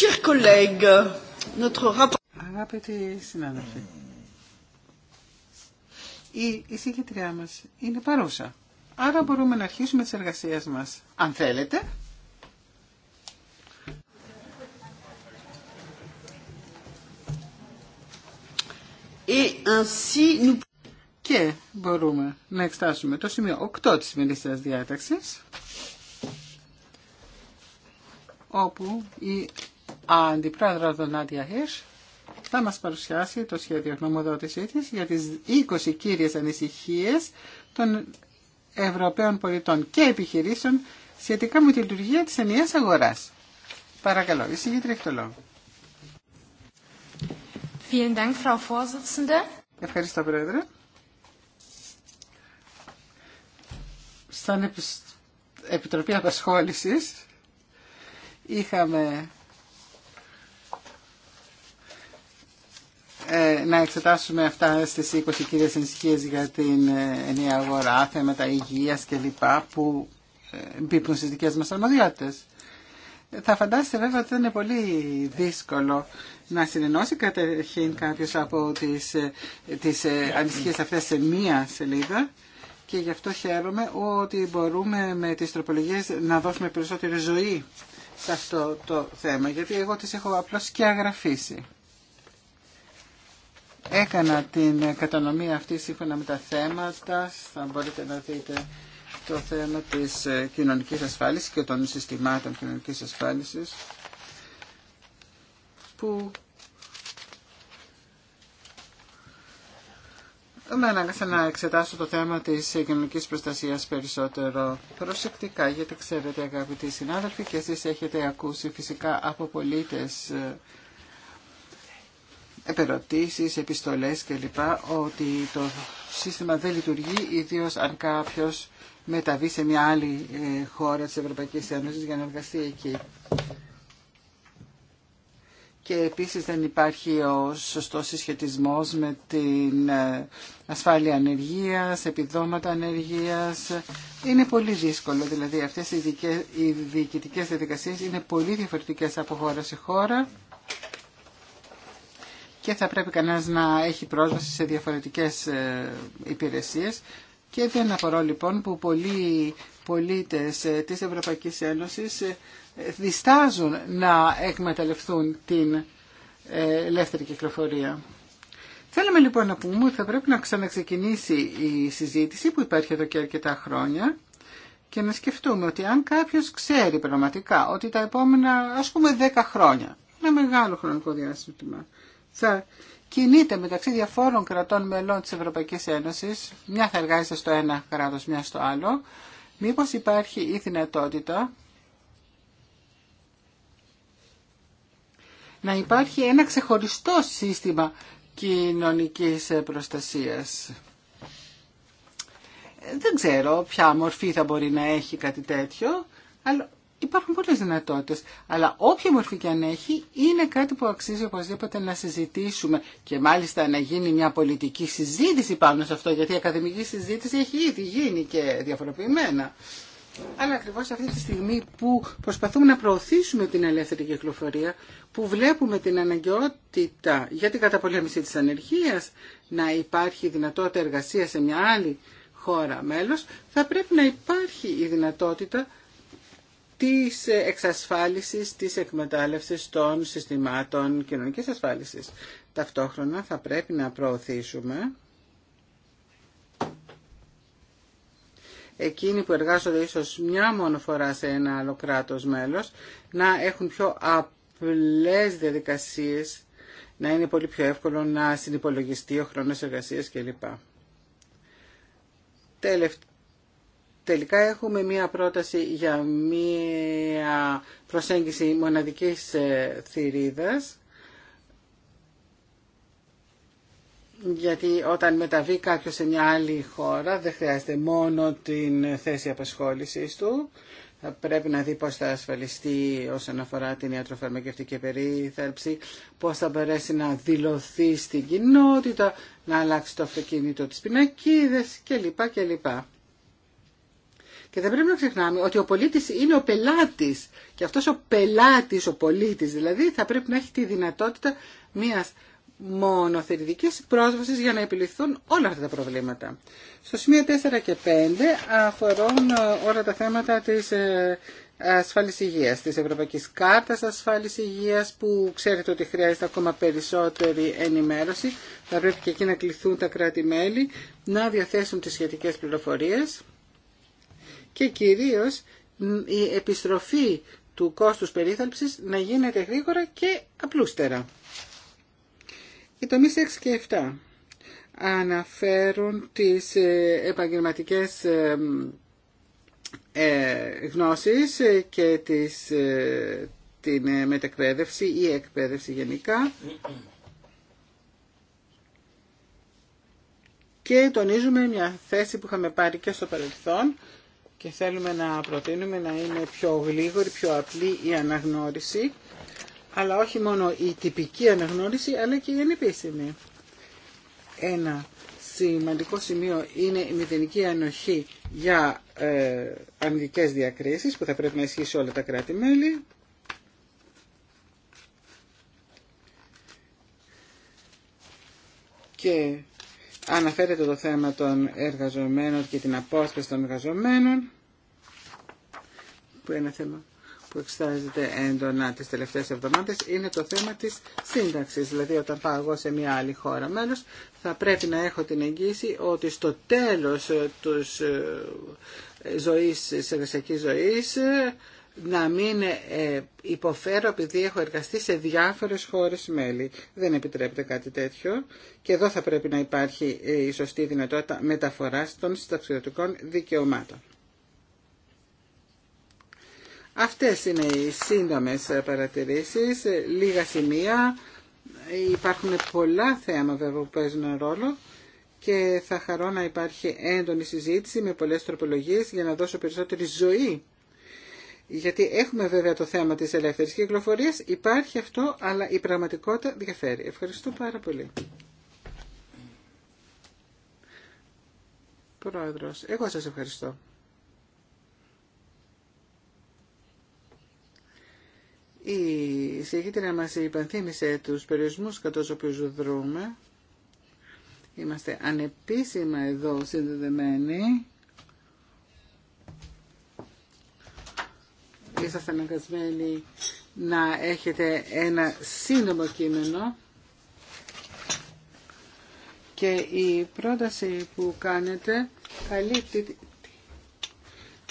Chers collègues, notre rapport... Αγαπητοί συνάδελφοι, η εισηγητριά μας είναι παρούσα. Άρα μπορούμε να αρχίσουμε τις εργασίες μας, αν θέλετε. Et ainsi nous... Και μπορούμε να εξτάσουμε το σημείο 8 της μελίστας διάταξης, όπου η αντιπρόεδρο τον Άντια θα μας παρουσιάσει το σχέδιο γνωμοδότησή για τις 20 κύριες ανησυχίες των Ευρωπαίων πολιτών και επιχειρήσεων σχετικά με τη λειτουργία της ενιαίας αγοράς. Παρακαλώ, η συγκήτρια έχει το λόγο. Ευχαριστώ, Πρόεδρε. Σαν Επιτροπή Απασχόλησης είχαμε Ε, να εξετάσουμε αυτά στις 20 κύριες ενισχύες για την ε, ενιαία αγορά, θέματα υγείας κλπ. που ε, μπήκουν στις δικές μας αρμοδιότητες. Θα φαντάσετε βέβαια ότι είναι πολύ δύσκολο να συνενώσει καταρχήν κάποιο από τις, τις ανησυχίες αυτές σε μία σελίδα και γι' αυτό χαίρομαι ότι μπορούμε με τις τροπολογίες να δώσουμε περισσότερη ζωή σε αυτό το θέμα γιατί εγώ τις έχω απλώς και αγραφήσει έκανα την κατανομή αυτή σύμφωνα με τα θέματα. Θα μπορείτε να δείτε το θέμα της ε, κοινωνικής ασφάλισης και των συστημάτων κοινωνικής ασφάλισης που με ανάγκασα να εξετάσω το θέμα της κοινωνικής προστασίας περισσότερο προσεκτικά, γιατί ξέρετε αγαπητοί συνάδελφοι και εσείς έχετε ακούσει φυσικά από πολίτες ε, επερωτήσεις, επιστολές κλπ. ότι το σύστημα δεν λειτουργεί, ιδίως αν κάποιος μεταβεί σε μια άλλη ε, χώρα της Ευρωπαϊκής Ένωσης για να εργαστεί εκεί. Και επίσης δεν υπάρχει ο σωστός συσχετισμός με την ε, ασφάλεια ανεργίας, επιδόματα ανεργίας. Είναι πολύ δύσκολο, δηλαδή αυτές οι διοικητικές διαδικασίες είναι πολύ διαφορετικές από χώρα σε χώρα και θα πρέπει κανένας να έχει πρόσβαση σε διαφορετικές ε, υπηρεσίες και δεν απορώ λοιπόν που πολλοί πολίτες ε, της Ευρωπαϊκής Ένωσης ε, διστάζουν να εκμεταλλευτούν την ελεύθερη κυκλοφορία. Θέλουμε λοιπόν να πούμε ότι θα πρέπει να ξαναξεκινήσει η συζήτηση που υπάρχει εδώ και αρκετά χρόνια και να σκεφτούμε ότι αν κάποιος ξέρει πραγματικά ότι τα επόμενα ας πούμε 10 χρόνια, ένα μεγάλο χρονικό διάστημα, θα κινείται μεταξύ διαφόρων κρατών μελών της Ευρωπαϊκής Ένωσης, μια θα εργάζεται στο ένα κράτος, μια στο άλλο, μήπως υπάρχει η δυνατότητα να υπάρχει ένα ξεχωριστό σύστημα κοινωνικής προστασίας. Δεν ξέρω ποια μορφή θα μπορεί να έχει κάτι τέτοιο, αλλά υπάρχουν πολλές δυνατότητες, αλλά όποια μορφή και αν έχει είναι κάτι που αξίζει οπωσδήποτε να συζητήσουμε και μάλιστα να γίνει μια πολιτική συζήτηση πάνω σε αυτό, γιατί η ακαδημική συζήτηση έχει ήδη γίνει και διαφοροποιημένα. Αλλά ακριβώς αυτή τη στιγμή που προσπαθούμε να προωθήσουμε την ελεύθερη κυκλοφορία, που βλέπουμε την αναγκαιότητα για την καταπολέμηση της ανεργίας, να υπάρχει δυνατότητα εργασία σε μια άλλη χώρα μέλος, θα πρέπει να υπάρχει η δυνατότητα της εξασφάλισης της εκμετάλλευσης των συστημάτων κοινωνικής ασφάλισης. Ταυτόχρονα θα πρέπει να προωθήσουμε εκείνοι που εργάζονται ίσως μια μόνο φορά σε ένα άλλο κράτος μέλος να έχουν πιο απλές διαδικασίες, να είναι πολύ πιο εύκολο να συνυπολογιστεί ο χρόνος εργασίας κλπ. Τελευταία τελικά έχουμε μία πρόταση για μία προσέγγιση μοναδικής ε, θηρίδας γιατί όταν μεταβεί κάποιος σε μια άλλη χώρα δεν χρειάζεται μόνο την θέση απασχόλησης του θα πρέπει να δει πώς θα ασφαλιστεί όσον αφορά την ιατροφαρμακευτική περίθαλψη, πώς θα μπορέσει να δηλωθεί στην κοινότητα, να αλλάξει το αυτοκίνητο της πινακίδες κλπ. Και δεν πρέπει να ξεχνάμε ότι ο πολίτης είναι ο πελάτης και αυτός ο πελάτης, ο πολίτης δηλαδή, θα πρέπει να έχει τη δυνατότητα μιας μονοθερητικής πρόσβασης για να επιληθούν όλα αυτά τα προβλήματα. Στο σημείο 4 και 5 αφορούν ε, όλα τα θέματα της ε, ασφάλισης υγείας, της Ευρωπαϊκής Κάρτας Ασφάλισης Υγείας που ξέρετε ότι χρειάζεται ακόμα περισσότερη ενημέρωση. Θα πρέπει και εκεί να κληθούν τα κράτη-μέλη να διαθέσουν τις σχετικές πληροφορίες και κυρίως η επιστροφή του κόστους περίθαλψης να γίνεται γρήγορα και απλούστερα. Οι τομείς 6 και 7 αναφέρουν τις ε, επαγγελματικές ε, ε, γνώσεις και τις, την μετεκπαίδευση ή εκπαίδευση γενικά και τονίζουμε μια θέση που είχαμε πάρει και στο παρελθόν και θέλουμε να προτείνουμε να είναι πιο γλίγορη, πιο απλή η αναγνώριση, αλλά όχι μόνο η τυπική αναγνώριση, αλλά και η ανεπίσημη. Ένα σημαντικό σημείο είναι η μηδενική ανοχή για ε, διακρίσεις που θα πρέπει να ισχύσει όλα τα κράτη-μέλη. Και αναφέρεται το θέμα των εργαζομένων και την απόσπαση των εργαζομένων, που είναι ένα θέμα που εξετάζεται έντονα τις τελευταίες εβδομάδες, είναι το θέμα της σύνταξης. Δηλαδή όταν πάω εγώ σε μια άλλη χώρα μέλος, θα πρέπει να έχω την εγγύηση ότι στο τέλος ε, της ε, ζωής, της ζωής, ε, να μην ε, υποφέρω επειδή έχω εργαστεί σε διάφορες χώρες μέλη. Δεν επιτρέπεται κάτι τέτοιο και εδώ θα πρέπει να υπάρχει ε, η σωστή δυνατότητα μεταφοράς των συνταξιδοτικών δικαιωμάτων. Αυτές είναι οι σύντομες ε, παρατηρήσεις, λίγα σημεία. Υπάρχουν πολλά θέματα βέβαια που παίζουν ρόλο και θα χαρώ να υπάρχει έντονη συζήτηση με πολλές τροπολογίες για να δώσω περισσότερη ζωή γιατί έχουμε βέβαια το θέμα της ελεύθερης κυκλοφορίας, υπάρχει αυτό, αλλά η πραγματικότητα διαφέρει. Ευχαριστώ πάρα πολύ. Πρόεδρος, εγώ σας ευχαριστώ. Η συγκίτρια μας υπενθύμησε τους περιορισμούς κατά τους οποίους δρούμε. Είμαστε ανεπίσημα εδώ συνδεδεμένοι είσαστε αναγκασμένοι να έχετε ένα σύντομο κείμενο και η πρόταση που κάνετε καλύπτει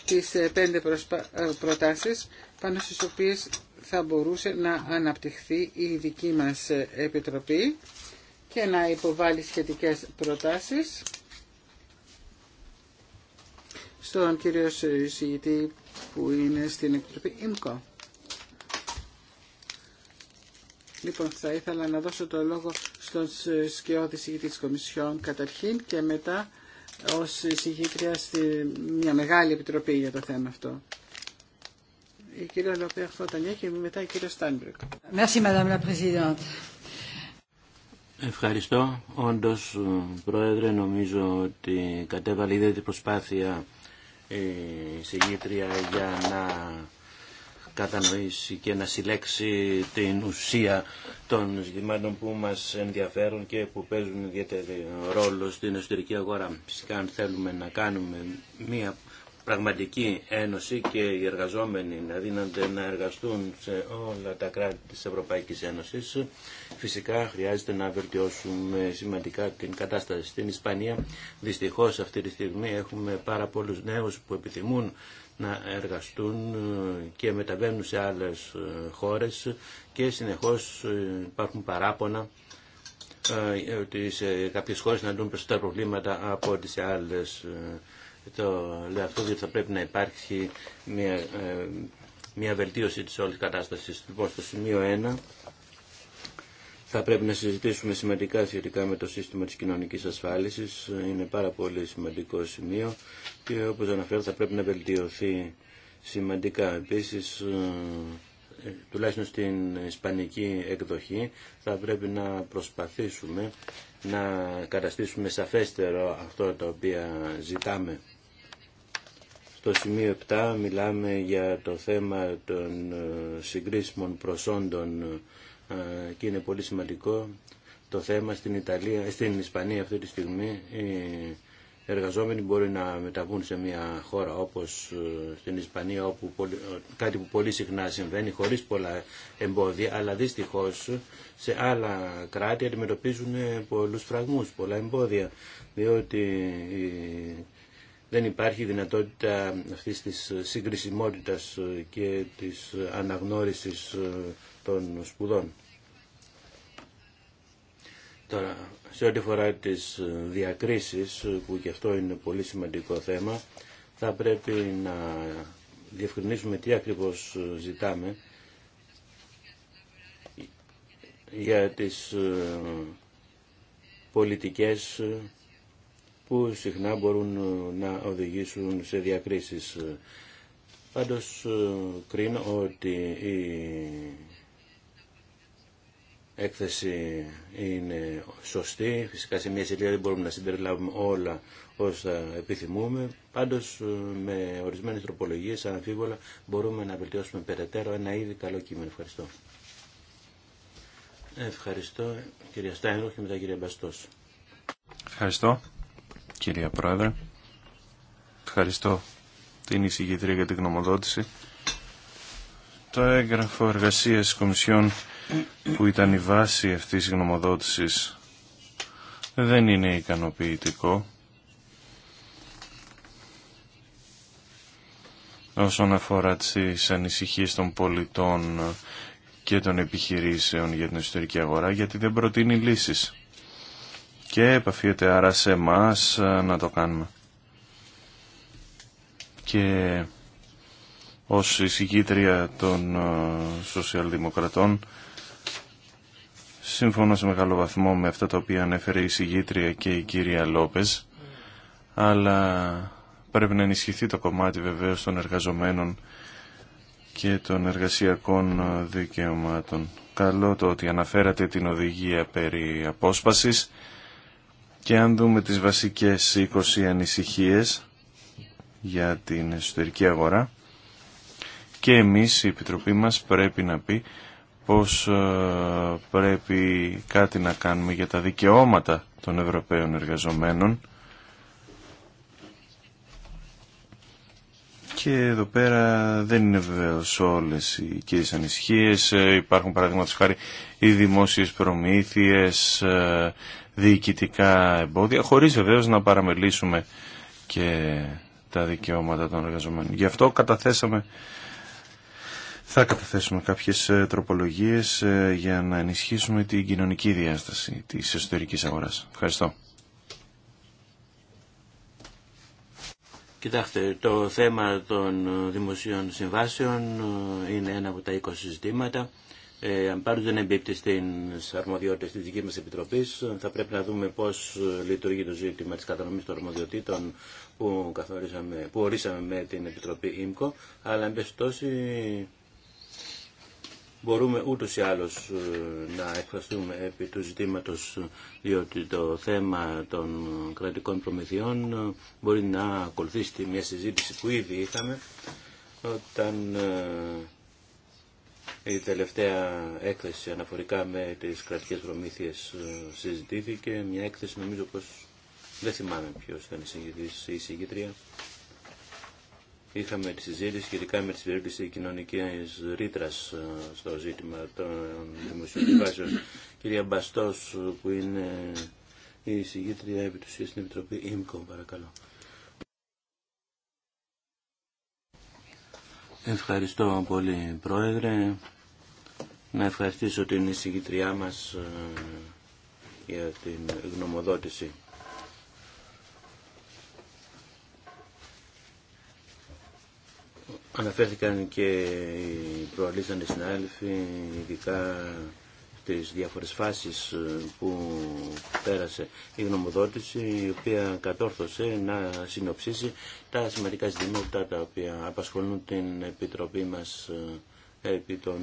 τις ε, πέντε ε, προτάσεις πάνω στις οποίες θα μπορούσε να αναπτυχθεί η δική μας ε, Επιτροπή και να υποβάλει σχετικές προτάσεις στον κύριο συγητή που είναι στην Επιτροπή ΙΜΚΟ. Λοιπόν, θα ήθελα να δώσω το λόγο στον σκιώδη συγητή της Κομισιόν καταρχήν και μετά ως συγγήτρια στη μια μεγάλη επιτροπή για το θέμα αυτό. Η κυρία Λοπέα Φωτανιά και μετά η κυρία Στάνμπρουκ. Ευχαριστώ. Όντως, Πρόεδρε, νομίζω ότι κατέβαλε ήδη την προσπάθεια συγγήτρια για να κατανοήσει και να συλλέξει την ουσία των ζητημάτων που μας ενδιαφέρουν και που παίζουν ιδιαίτερο ρόλο στην εσωτερική αγορά. Φυσικά αν θέλουμε να κάνουμε μία πραγματική ένωση και οι εργαζόμενοι να δίνονται να εργαστούν σε όλα τα κράτη της Ευρωπαϊκής Ένωσης, φυσικά χρειάζεται να βελτιώσουμε σημαντικά την κατάσταση στην Ισπανία. Δυστυχώς αυτή τη στιγμή έχουμε πάρα πολλούς νέους που επιθυμούν να εργαστούν και μεταβαίνουν σε άλλες χώρες και συνεχώς υπάρχουν παράπονα ε, ότι σε κάποιες χώρες να δουν περισσότερα προβλήματα από ό,τι σε άλλες ε, το λέω αυτό διότι θα πρέπει να υπάρξει μια, ε, μια βελτίωση της όλης κατάστασης. Λοιπόν, στο σημείο 1 θα πρέπει να συζητήσουμε σημαντικά σχετικά με το σύστημα της κοινωνικής ασφάλισης. Είναι πάρα πολύ σημαντικό σημείο και όπως αναφέρω θα πρέπει να βελτιωθεί σημαντικά. Επίσης, ε, τουλάχιστον στην ισπανική εκδοχή, θα πρέπει να προσπαθήσουμε να καταστήσουμε σαφέστερο αυτό το οποίο ζητάμε. Στο σημείο 7 μιλάμε για το θέμα των ε, συγκρίσιμων προσόντων ε, και είναι πολύ σημαντικό το θέμα στην, Ιταλία, στην Ισπανία αυτή τη στιγμή. Οι εργαζόμενοι μπορεί να μεταβούν σε μια χώρα όπως ε, στην Ισπανία όπου κάτι που πολύ συχνά συμβαίνει χωρίς πολλά εμπόδια αλλά δυστυχώς σε άλλα κράτη αντιμετωπίζουν πολλούς φραγμούς, πολλά εμπόδια διότι δεν υπάρχει δυνατότητα αυτής της συγκρισιμότητας και της αναγνώρισης ε, των σπουδών. Τώρα, σε ό,τι φορά τις ε, διακρίσεις, ε, που και αυτό είναι πολύ σημαντικό θέμα, θα πρέπει να διευκρινίσουμε τι ακριβώς ζητάμε για τις πολιτικές που συχνά μπορούν ε, να οδηγήσουν σε διακρίσεις. Πάντως ε, κρίνω ότι η έκθεση είναι σωστή. Φυσικά σε μια σελίδα δεν μπορούμε να συμπεριλάβουμε όλα όσα επιθυμούμε. Πάντως ε, με ορισμένες τροπολογίες αναμφίβολα μπορούμε να βελτιώσουμε περαιτέρω ένα ήδη καλό κείμενο. Ευχαριστώ. Ευχαριστώ κυρία Στάινρου και μετά κυρία Μπαστός. Ευχαριστώ κυρία Πρόεδρε. Ευχαριστώ την εισηγητρία για την γνωμοδότηση. Το έγγραφο εργασίας της που ήταν η βάση αυτής της γνωμοδότησης δεν είναι ικανοποιητικό. όσον αφορά τις ανησυχίες των πολιτών και των επιχειρήσεων για την ιστορική αγορά, γιατί δεν προτείνει λύσεις και επαφείται άρα σε εμά ε, να το κάνουμε. Και ως εισηγήτρια των ε, σοσιαλδημοκρατών σύμφωνα σε μεγάλο βαθμό με αυτά τα οποία ανέφερε η εισηγήτρια και η κυρία Λόπες αλλά πρέπει να ενισχυθεί το κομμάτι βεβαίως των εργαζομένων και των εργασιακών ε, δικαιωμάτων. Καλό το ότι αναφέρατε την οδηγία περί απόσπασης και αν δούμε τις βασικές 20 ανησυχίες για την εσωτερική αγορά και εμείς η Επιτροπή μας πρέπει να πει πως ε, πρέπει κάτι να κάνουμε για τα δικαιώματα των Ευρωπαίων εργαζομένων και εδώ πέρα δεν είναι βεβαίω όλες οι κύριες ανησυχίες ε, υπάρχουν παραδείγματος χάρη οι δημόσιες προμήθειες ε, διοικητικά εμπόδια, χωρίς βεβαίως να παραμελήσουμε και τα δικαιώματα των εργαζομένων. Γι' αυτό καταθέσαμε, θα καταθέσουμε κάποιες ε, τροπολογίες ε, για να ενισχύσουμε την κοινωνική διάσταση της εσωτερικής αγοράς. Ευχαριστώ. Κοιτάξτε, το θέμα των δημοσίων συμβάσεων ε, είναι ένα από τα 20 συζητήματα ε, αν πάρουν δεν εμπίπτει στις αρμοδιότητες της δικής μας Επιτροπής, θα πρέπει να δούμε πώς λειτουργεί το ζήτημα της κατανομής των αρμοδιοτήτων που, καθορίσαμε, που ορίσαμε με την Επιτροπή ΙΜΚΟ, αλλά εν πάση μπορούμε ούτως ή άλλως ε, να εκφραστούμε επί του ζητήματος, διότι το θέμα των κρατικών προμηθειών ε, μπορεί να ακολουθήσει μια συζήτηση που ήδη είχαμε, όταν η τελευταία έκθεση αναφορικά με τις κρατικές προμήθειες ε, συζητήθηκε. Μια έκθεση νομίζω πως δεν θυμάμαι ποιος ήταν η συγκεκριά. Είχαμε τη συζήτηση σχετικά με τη συζήτηση κοινωνικής ρήτρας ε, στο ζήτημα των δημοσιοβιβάσεων. Κυρία Μπαστός που είναι η συγκήτρια επί στην Επιτροπή ΙΜΚΟ, παρακαλώ. Ευχαριστώ πολύ Πρόεδρε. Να ευχαριστήσω την εισηγητριά μας ε, για την γνωμοδότηση. Αναφέρθηκαν και οι προαλήσαντες συνάδελφοι, ειδικά τις διάφορες φάσεις ε, που πέρασε η γνωμοδότηση η οποία κατόρθωσε να συνοψίσει τα σημαντικά ζητήματα τα οποία απασχολούν την Επιτροπή μας ε, επί των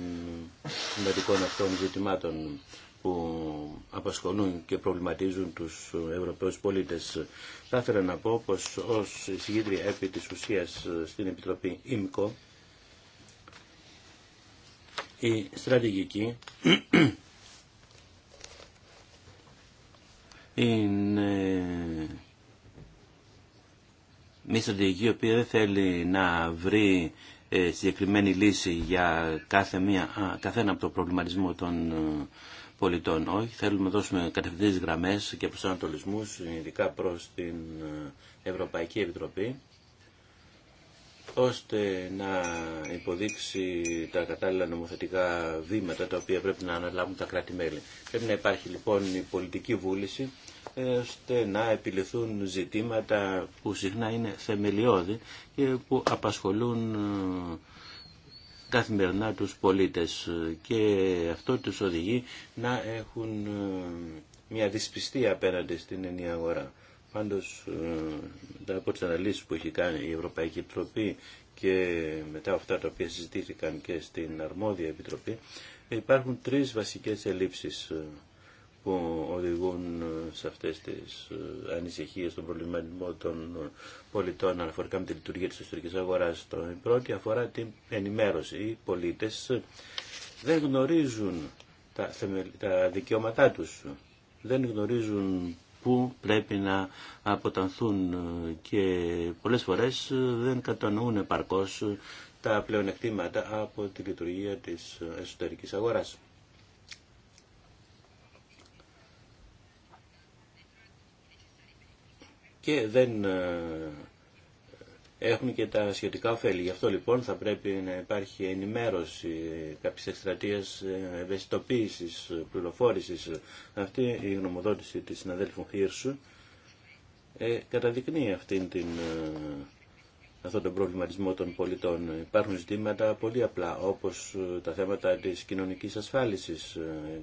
σημαντικών αυτών ζητημάτων που απασχολούν και προβληματίζουν τους Ευρωπαίους πολίτες. Θα ήθελα να πω πως ως επί της ουσίας ε, στην Επιτροπή ΙΜΚΟ η στρατηγική είναι μια στρατηγική η οποία δεν θέλει να βρει ε, συγκεκριμένη λύση για κάθε μία, καθένα από το προβληματισμό των ε, πολιτών. Όχι, θέλουμε να δώσουμε κατευθυντές γραμμές και προσανατολισμούς, ειδικά προς την ε, Ευρωπαϊκή Επιτροπή, ώστε να υποδείξει τα κατάλληλα νομοθετικά βήματα τα οποία πρέπει να αναλάβουν τα κράτη-μέλη. Πρέπει να υπάρχει λοιπόν η πολιτική βούληση ε, ώστε να επιληθούν ζητήματα που συχνά είναι θεμελιώδη και που απασχολούν ε, καθημερινά τους πολίτες και αυτό τους οδηγεί να έχουν ε, μια δυσπιστία απέναντι στην ενιαγωρά. Πάντως, ε, μετά από τις αναλύσεις που έχει κάνει η Ευρωπαϊκή Επιτροπή και μετά αυτά τα οποία συζητήθηκαν και στην αρμόδια Επιτροπή, υπάρχουν τρεις βασικές ελλείψεις ε, που οδηγούν ε, σε αυτές τις ανησυχίες, τον προβληματισμό των πολιτών αναφορικά με τη λειτουργία της ιστορικής αγοράς. Το πρώτη αφορά την ενημέρωση. Οι πολίτες δεν γνωρίζουν τα, δικαιώματά τους. Δεν γνωρίζουν που πρέπει να αποτανθούν ε, και πολλές φορές ε, δεν κατανοούν επαρκώς ε, τα πλεονεκτήματα από τη λειτουργία της εσωτερικής αγοράς. Και δεν έχουν και τα σχετικά ωφέλη. Γι' αυτό λοιπόν θα πρέπει να υπάρχει ενημέρωση, κάποιες εκστρατείε ε, ευαισθητοποίησης, πληροφόρηση. Αυτή η γνωμοδότηση της συναδέλφου Χίρσου ε, καταδεικνύει αυτήν την, ε, αυτόν τον προβληματισμό των πολιτών. Υπάρχουν ζητήματα πολύ απλά, όπως τα θέματα της κοινωνικής ασφάλισης,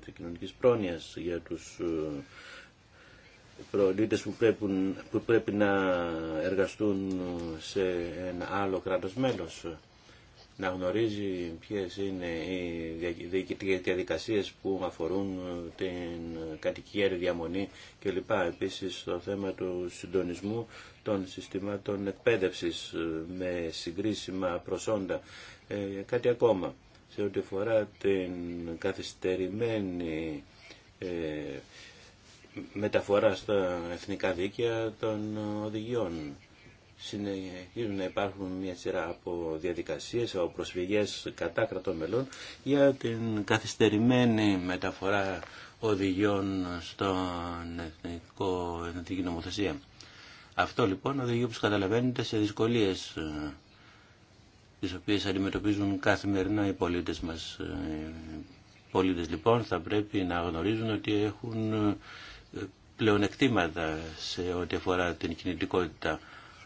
της κοινωνικής πρόνοιας για τους προλήτες που πρέπει, να εργαστούν σε ένα άλλο κράτος μέλος να γνωρίζει ποιες είναι οι διαδικασίε διαδικασίες που αφορούν την κατοικία, διαμονή κλπ. Επίσης το θέμα του συντονισμού των συστημάτων εκπαίδευσης ε, με συγκρίσιμα προσόντα. Ε, κάτι ακόμα σε ό,τι αφορά την καθυστερημένη ε, μεταφορά στα εθνικά δίκαια των οδηγιών. Συνεχίζουν να υπάρχουν μια σειρά από διαδικασίες, από προσφυγές κατά κρατών μελών για την καθυστερημένη μεταφορά οδηγιών στον εθνικό, εθνική νομοθεσία. Αυτό λοιπόν οδηγεί όπως καταλαβαίνετε σε δυσκολίες ε, τις οποίες αντιμετωπίζουν καθημερινά οι πολίτες μας. Ε, οι πολίτες λοιπόν θα πρέπει να γνωρίζουν ότι έχουν ε, πλεονεκτήματα σε ό,τι αφορά την κινητικότητα,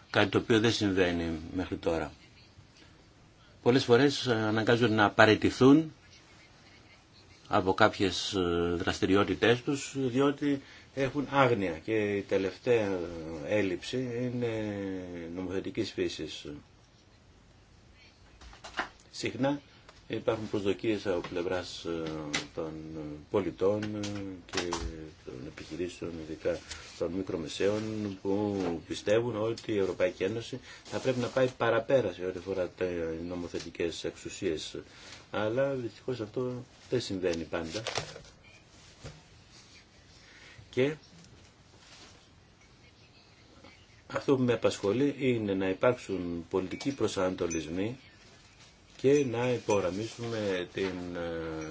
κάτι το οποίο δεν συμβαίνει μέχρι τώρα. Πολλές φορές αναγκάζονται να παραιτηθούν από κάποιες ε, δραστηριότητές τους, διότι έχουν άγνοια και η τελευταία έλλειψη είναι νομοθετικής φύσης. Συχνά Υπάρχουν προσδοκίες από πλευράς ε, των πολιτών ε, και των επιχειρήσεων, ειδικά των μικρομεσαίων, που πιστεύουν ότι η Ευρωπαϊκή Ένωση θα πρέπει να πάει παραπέρα σε ό,τι αφορά τα νομοθετικές εξουσίες. Αλλά δυστυχώς αυτό δεν συμβαίνει πάντα. Και αυτό που με απασχολεί είναι να υπάρξουν πολιτικοί προσανατολισμοί και να υπογραμμίσουμε την ε,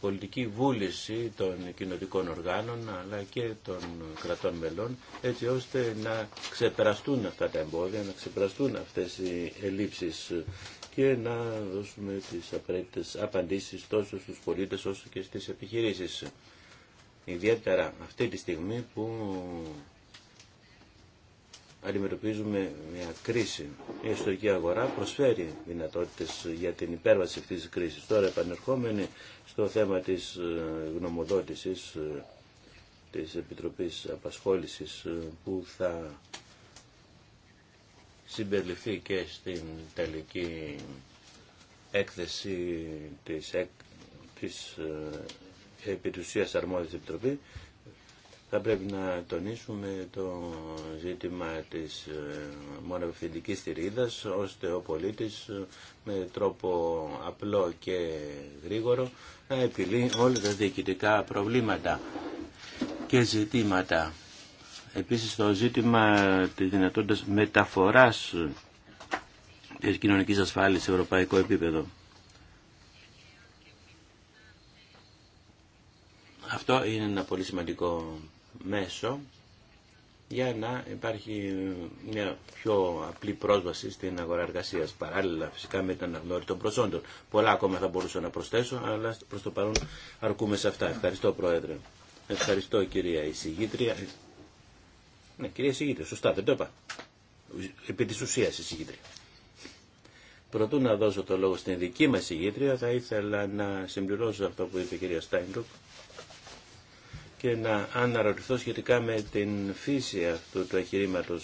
πολιτική βούληση των κοινωτικών οργάνων αλλά και των κρατών μελών έτσι ώστε να ξεπεραστούν αυτά τα εμπόδια, να ξεπεραστούν αυτές οι ελλείψεις και να δώσουμε τις απαραίτητες απαντήσεις τόσο στους πολίτες όσο και στις επιχειρήσεις. Ιδιαίτερα αυτή τη στιγμή που αντιμετωπίζουμε μια κρίση. Η ιστορική αγορά προσφέρει δυνατότητες για την υπέρβαση αυτής της κρίσης. Τώρα επανερχόμενη στο θέμα της ε, γνωμοδότησης ε, της Επιτροπής Απασχόλησης ε, που θα συμπεριληφθεί και στην τελική έκθεση της, της Επιτουσίας Αρμόδιας επιτροπής θα πρέπει να τονίσουμε το ζήτημα της ε, μονοευθυντικής στηρίδας, ώστε ο πολίτης ε, με τρόπο απλό και γρήγορο να επιλύει όλα τα διοικητικά προβλήματα και ζητήματα. Επίσης το ζήτημα της δυνατότητας μεταφοράς της κοινωνικής ασφάλισης σε ευρωπαϊκό επίπεδο. Αυτό είναι ένα πολύ σημαντικό μέσο για να υπάρχει μια πιο απλή πρόσβαση στην αγορά εργασία. παράλληλα φυσικά με την αναγνώριση των προσόντων. Πολλά ακόμα θα μπορούσα να προσθέσω, αλλά προ το παρόν αρκούμε σε αυτά. Ευχαριστώ Πρόεδρε. Ευχαριστώ κυρία εισηγήτρια. Ναι, κυρία εισηγήτρια, σωστά, δεν το είπα. Επί τη ουσία, εισηγήτρια. Προτού να δώσω το λόγο στην δική μα εισηγήτρια, θα ήθελα να συμπληρώσω αυτό που είπε η κυρία Στάινρουκ και να αναρωτηθώ σχετικά με την φύση αυτού του εγχειρήματο.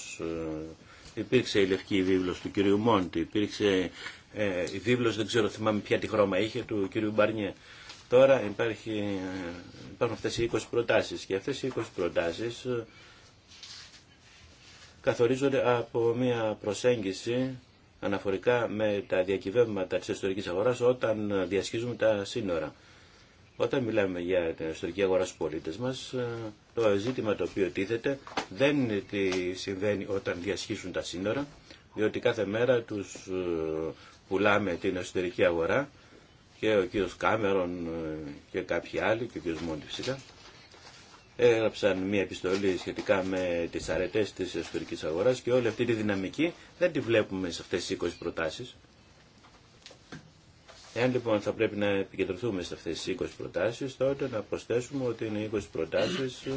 Ε, υπήρξε η λευκή βίβλος του κυρίου Μόντι, υπήρξε ε, η βίβλος, δεν ξέρω θυμάμαι ποια τη χρώμα είχε, του κυρίου Μπαρνιέ. Τώρα υπάρχει, ε, υπάρχουν αυτές οι 20 προτάσεις και αυτές οι 20 προτάσεις καθορίζονται από μια προσέγγιση αναφορικά με τα διακυβεύματα της ιστορικής αγοράς όταν διασχίζουμε τα σύνορα. Όταν μιλάμε για την εσωτερική αγορά στους πολίτες μας, ε, το ζήτημα το οποίο τίθεται δεν είναι τι συμβαίνει όταν διασχίσουν τα σύνορα, διότι κάθε μέρα τους ε, πουλάμε την εσωτερική αγορά και ο κύριος Κάμερον ε, και κάποιοι άλλοι και ο κύριος Μόντι φυσικά έγραψαν μια επιστολή σχετικά με τις αρετές της εσωτερικής αγοράς και όλη αυτή τη δυναμική δεν τη βλέπουμε σε αυτές τις 20 προτάσεις. Εάν λοιπόν θα πρέπει να επικεντρωθούμε σε αυτές τις 20 προτάσεις, τότε να προσθέσουμε ότι είναι 20 προτάσεις ε,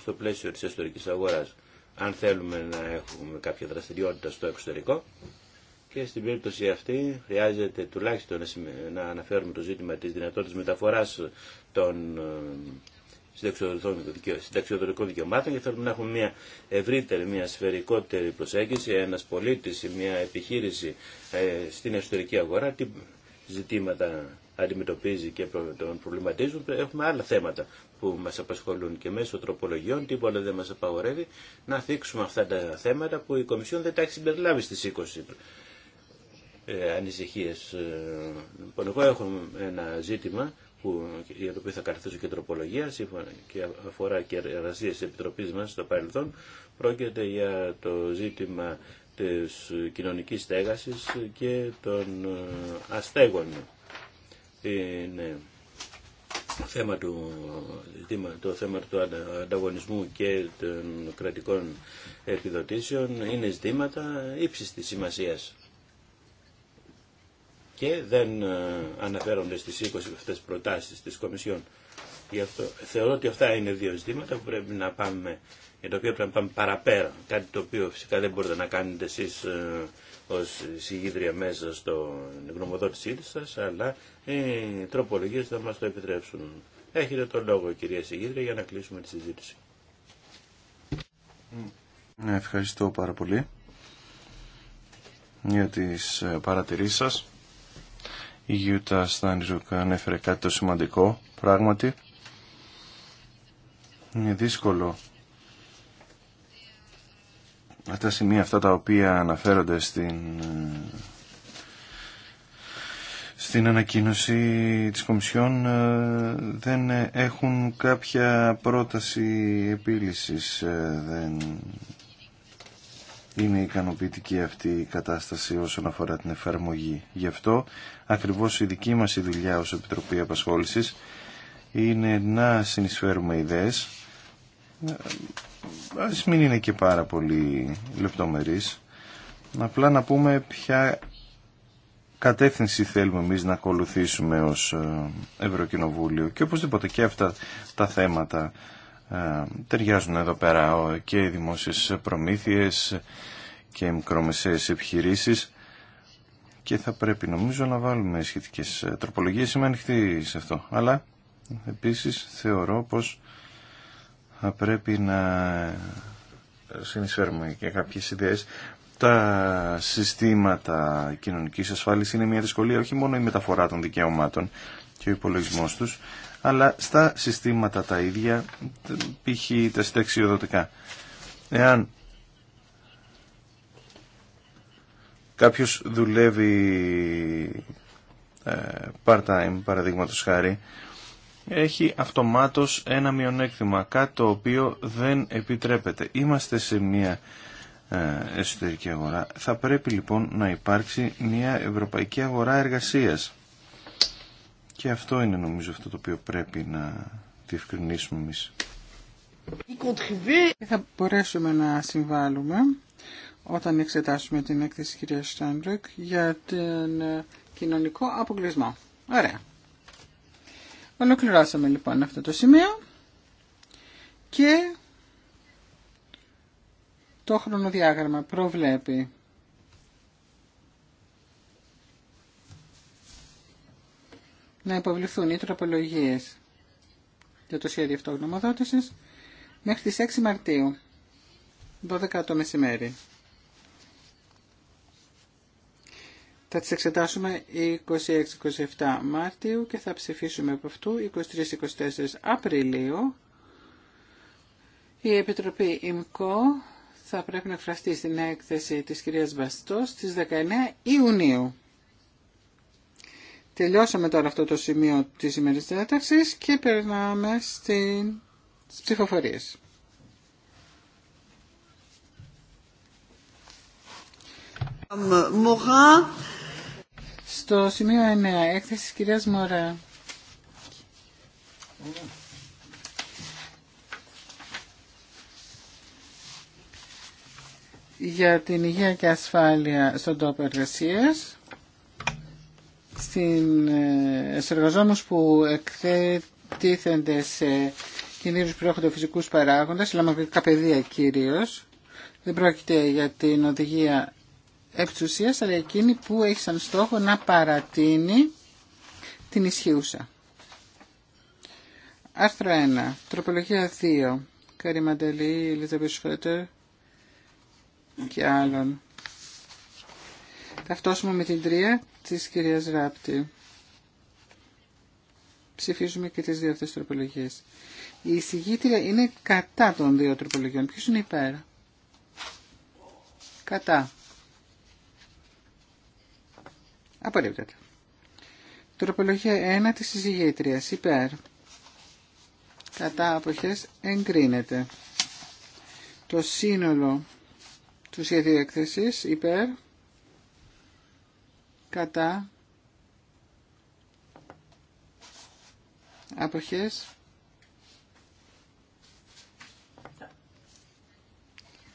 στο πλαίσιο της ιστορικής αγοράς. Αν θέλουμε να έχουμε κάποια δραστηριότητα στο εξωτερικό και στην περίπτωση αυτή χρειάζεται τουλάχιστον να αναφέρουμε το ζήτημα της δυνατότητας μεταφοράς των ε, συνταξιοδοτικών δικαιωμάτων και θέλουμε να έχουμε μια ευρύτερη, μια σφαιρικότερη προσέγγιση. ένα πολίτη ή μια επιχείρηση ε, στην εσωτερική αγορά τι ζητήματα αντιμετωπίζει και τον προβληματίζουν. Έχουμε άλλα θέματα που μας απασχολούν και μέσω τροπολογιών, τίποτα δεν μας απαγορεύει να θίξουμε αυτά τα θέματα που η Κομισιόν δεν τα έχει συμπεριλάβει στις 20 ε, ανησυχίες. Ε, λοιπόν, εγώ έχω ένα ζήτημα που, για το οποίο θα καρθούσε και τροπολογία και αφορά και εργασίε τη Επιτροπή μα στο παρελθόν, πρόκειται για το ζήτημα της κοινωνικής στέγασης και των ε, αστέγων. Είναι θέμα του, το θέμα του ανταγωνισμού και των κρατικών επιδοτήσεων είναι ζητήματα ύψης της σημασίας και δεν ε, αναφέρονται στις 20 αυτές προτάσεις της Κομισιόν. Γι' αυτό θεωρώ ότι αυτά είναι δύο ζητήματα που πρέπει να πάμε, για τα οποία πρέπει να πάμε παραπέρα. Κάτι το οποίο φυσικά δεν μπορείτε να κάνετε εσείς ε, ως συγγύδρια μέσα στο γνωμοδότησή σας, αλλά ε, οι τροπολογίες θα μας το επιτρέψουν. Έχετε τον λόγο κυρία Συγγύδρια για να κλείσουμε τη συζήτηση. Ναι, ευχαριστώ πάρα πολύ για τις παρατηρήσεις σας. Η Γιούτα Στάνιζουκ ανέφερε κάτι το σημαντικό, πράγματι. Είναι δύσκολο τα σημεία αυτά τα οποία αναφέρονται στην, ε, στην ανακοίνωση της Κομισιόν ε, δεν έχουν κάποια πρόταση επίλυσης. Ε, δεν είναι ικανοποιητική αυτή η κατάσταση όσον αφορά την εφαρμογή. Γι' αυτό ακριβώς η δική μας η δουλειά ως Επιτροπή Απασχόλησης είναι να συνεισφέρουμε ιδέες ας μην είναι και πάρα πολύ λεπτομερείς απλά να πούμε ποια κατεύθυνση θέλουμε εμείς να ακολουθήσουμε ως ε, Ευρωκοινοβούλιο και οπωσδήποτε και αυτά τα θέματα ε, ταιριάζουν εδώ πέρα και οι δημόσιες προμήθειες και οι μικρομεσαίες επιχειρήσεις και θα πρέπει νομίζω να βάλουμε σχετικές τροπολογίες. Είμαι ανοιχτή σε αυτό. Αλλά επίσης θεωρώ πως θα πρέπει να συνεισφέρουμε και κάποιες ιδέες. Τα συστήματα κοινωνικής ασφάλισης είναι μια δυσκολία όχι μόνο η μεταφορά των δικαιωμάτων και ο υπολογισμός τους, αλλά στα συστήματα τα ίδια, π.χ. τα συνταξιοδοτικά. Εάν κάποιος δουλεύει ε, part-time, παραδείγματο χάρη, έχει αυτομάτως ένα μειονέκτημα, κάτι το οποίο δεν επιτρέπεται. Είμαστε σε μια ε, εσωτερική αγορά. Θα πρέπει λοιπόν να υπάρξει μια ευρωπαϊκή αγορά εργασίας. Και αυτό είναι νομίζω αυτό το οποίο πρέπει να διευκρινίσουμε εμείς. Θα μπορέσουμε να συμβάλλουμε όταν εξετάσουμε την έκθεση κυρία για τον ε, κοινωνικό αποκλεισμό. Ωραία. Ολοκληρώσαμε λοιπόν αυτό το σημείο και το χρονοδιάγραμμα προβλέπει να υποβληθούν οι τροπολογίες για το σχέδιο αυτό μέχρι τις 6 Μαρτίου, 12 το μεσημέρι. Θα τις εξετάσουμε 26-27 Μάρτιου και θα ψηφίσουμε από αυτού 23-24 Απριλίου. Η Επιτροπή ΙΜΚΟ θα πρέπει να εκφραστεί στην έκθεση της κυρίας Βαστός στις 19 Ιουνίου. Τελειώσαμε τώρα αυτό το σημείο της σημερινής διάταξης και περνάμε στην... στις ψηφοφορίες. Στο σημείο 9, έκθεση της κυρίας Μωρά. Για την υγεία και ασφάλεια στον τόπο εργασίας στην, σε εργαζόμενους που εκτίθενται σε κινδύνους που φυσικού φυσικούς παράγοντες, λαμβανικά παιδεία κυρίως, δεν πρόκειται για την οδηγία εξουσίας, αλλά εκείνη που έχει σαν στόχο να παρατείνει την ισχύουσα. Άρθρο 1. Τροπολογία 2. Καρή Μαντελή, Ελίζα και άλλων. Ταυτόσιμο με την τρία της κυρίας Ράπτη. Ψηφίζουμε και τις δύο αυτές τροπολογίες. Η εισηγήτρια είναι κατά των δύο τροπολογιών. Ποιος είναι υπέρ. Κατά. Απορρίπτεται. Τροπολογία 1 της εισηγήτριας. Υπέρ. Κατά αποχές εγκρίνεται. Το σύνολο του σχεδίου έκθεσης υπέρ κατά αποχές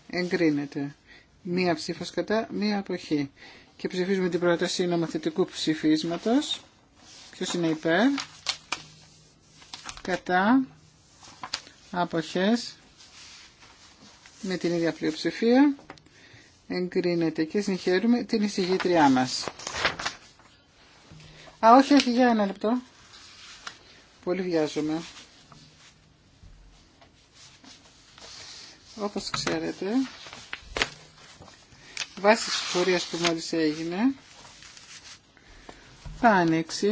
εγκρίνεται. Μία ψήφος κατά, μία αποχή. Και ψηφίζουμε την πρόταση νομοθετικού ψηφίσματος. Ποιος είναι υπέρ. Κατά. Αποχές. Με την ίδια πλειοψηφία. Εγκρίνεται και συγχαίρουμε την εισηγήτριά μας. Α, όχι, όχι, για ένα λεπτό. Πολύ βιάζομαι. Όπως ξέρετε, βάσει της που μόλις έγινε, θα άνοιξει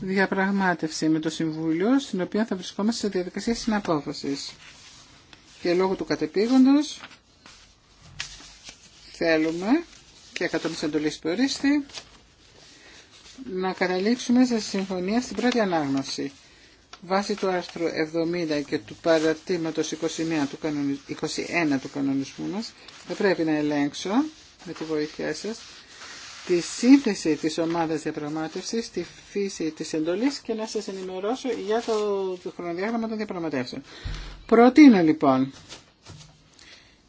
διαπραγμάτευση με το Συμβούλιο, στην οποία θα βρισκόμαστε σε διαδικασία συναπόφασης. Και λόγω του κατεπήγοντος, θέλουμε και εκατόμιση εντολής που ορίστη, να καταλήξουμε σε συμφωνία στην πρώτη ανάγνωση. Βάσει του άρθρου 70 και του παρατήματος 21 του, 21 του κανονισμού μας, θα πρέπει να ελέγξω, με τη βοήθειά σας, τη σύνθεση της ομάδας διαπραγμάτευσης, τη φύση της εντολής και να σας ενημερώσω για το, το χρονοδιάγραμμα των διαπραγματεύσεων. Προτείνω λοιπόν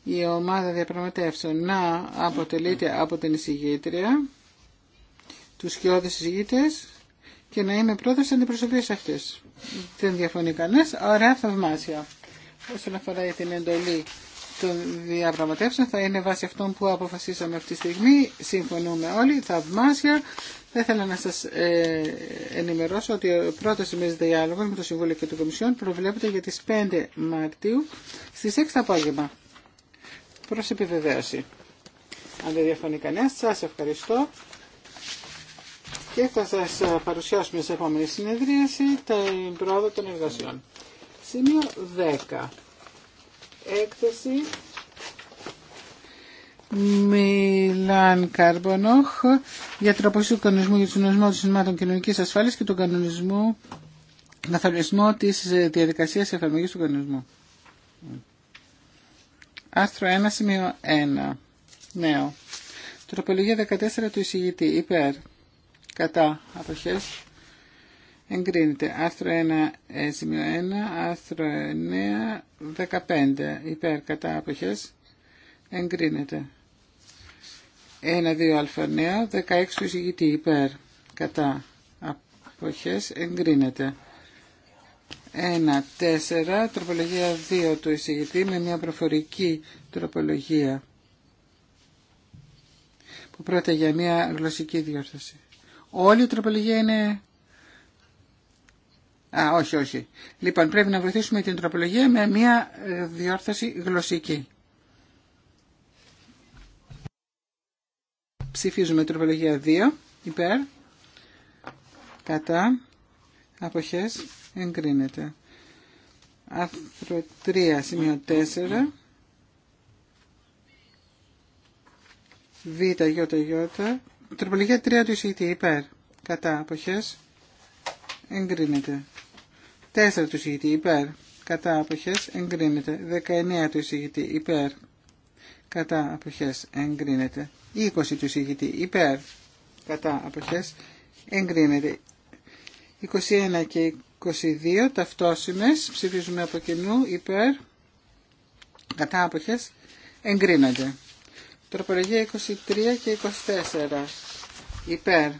η ομάδα διαπραγματεύσεων να αποτελείται από την εισηγήτρια, τους σκιώδες συζητητές και να είμαι πρόεδρος αντιπροσωπείας αυτής. Δεν διαφωνεί κανένας. Ωραία, θαυμάσια. Όσον αφορά για την εντολή των διαπραγματεύσεων θα είναι βάσει αυτών που αποφασίσαμε αυτή τη στιγμή. Συμφωνούμε όλοι, θαυμάσια. Θα ήθελα να σας ε, ενημερώσω ότι ο πρώτος ημέρας διάλογος με το Συμβούλιο και το Κομισιόν προβλέπεται για τις 5 Μαρτίου στις 6 το απόγευμα. Προς επιβεβαίωση. Αν δεν διαφωνεί κανένα, σα ευχαριστώ και θα σας ε, παρουσιάσουμε σε επόμενη συνεδρίαση την πρόοδο των εργασιών. Σημείο 10. Έκθεση Μιλάν Κάρμπονοχ για την του κανονισμού για του συνοσμό των συστημάτων κοινωνική ασφάλεια και τον κανονισμό καθορισμό τη ε, διαδικασία εφαρμογή του κανονισμού. Άρθρο 1, σημείο 1. Νέο. Τροπολογία 14 του εισηγητή. Υπέρ κατά αποχές εγκρίνεται. Άρθρο 1, ε, σημείο 1, άρθρο 9, 15 υπέρ κατά αποχές εγκρίνεται. 1, 2, α, 16 του εισηγητή υπέρ κατά αποχές εγκρίνεται. 1-4, τροπολογία 2 του εισηγητή με μια προφορική τροπολογία που πρόκειται για μια γλωσσική διόρθωση. Όλη η τροπολογία είναι... Α, όχι, όχι. Λοιπόν, πρέπει να βοηθήσουμε την τροπολογία με μια ε, διόρθωση γλωσσική. Ψηφίζουμε τροπολογία 2, υπέρ, κατά, αποχές, εγκρίνεται. Άρθρο 3, σημείο 4. Β, Ι, Ι, Τροπολογία 3 του εισηγητή υπέρ. Κατά αποχές εγκρίνεται. 4 του εισηγητή υπέρ. Κατά αποχές εγκρίνεται. 19 του εισηγητή υπέρ. Κατά αποχές εγκρίνεται. 20 του εισηγητή υπέρ. Κατά αποχές εγκρίνεται. 21 και 22 ταυτόσημες ψηφίζουμε από κοινού υπέρ. Κατά αποχές εγκρίνονται. Τροπολογία 23 και 24. Υπέρ.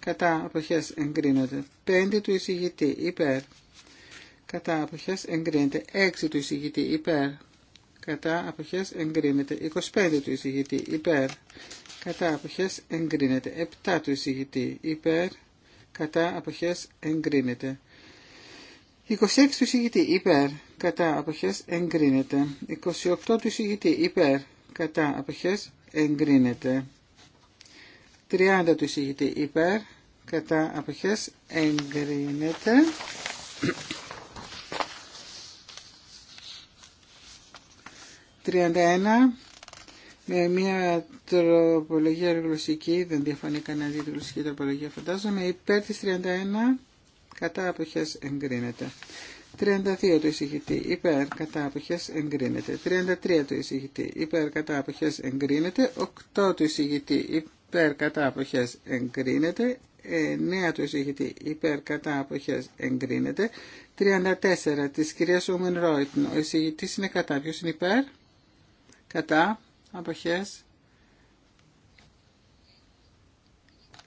Κατά απόχέ εγκρίνονται. 5 του εισηγητή. Υπέρ. Κατά αποχέ εγκρίνεται. 6 του εισηγητή. Υπέρ. Κατά αποχές εγκρίνεται. 25 του εισηγητή. Υπέρ. Κατά αποχές εγκρίνεται. 7 του εισηγητή. Υπέρ. Κατά απόχέ εγκρίνεται. 26 του εισηγητή. Υπέρ. Κατά απόχέ εγκρίνεται. 28 του εισηγητή. Υπέρ. Κατά αποχές εγκρίνεται. 30 του εισηγητή υπέρ, κατά αποχές εγκρίνεται. 31 με μια τροπολογία γλωσσική, δεν διαφωνεί κανένα για τη γλωσσική τροπολογία φαντάζομαι, υπέρ της 31 κατά αποχές εγκρίνεται. 32 το εισηγητή υπέρ κατά εγκρίνεται. 33 το εισηγητή υπέρ κατά εγκρίνεται. 8 το εισηγητή υπέρ κατά εγκρίνεται. 9 το εισηγητή υπέρ κατά εγκρίνεται. 34 της κυρίας Ουμεν Ρόιτν. Ο εισηγητής είναι κατά. Ποιος είναι υπέρ? Κατά αποχές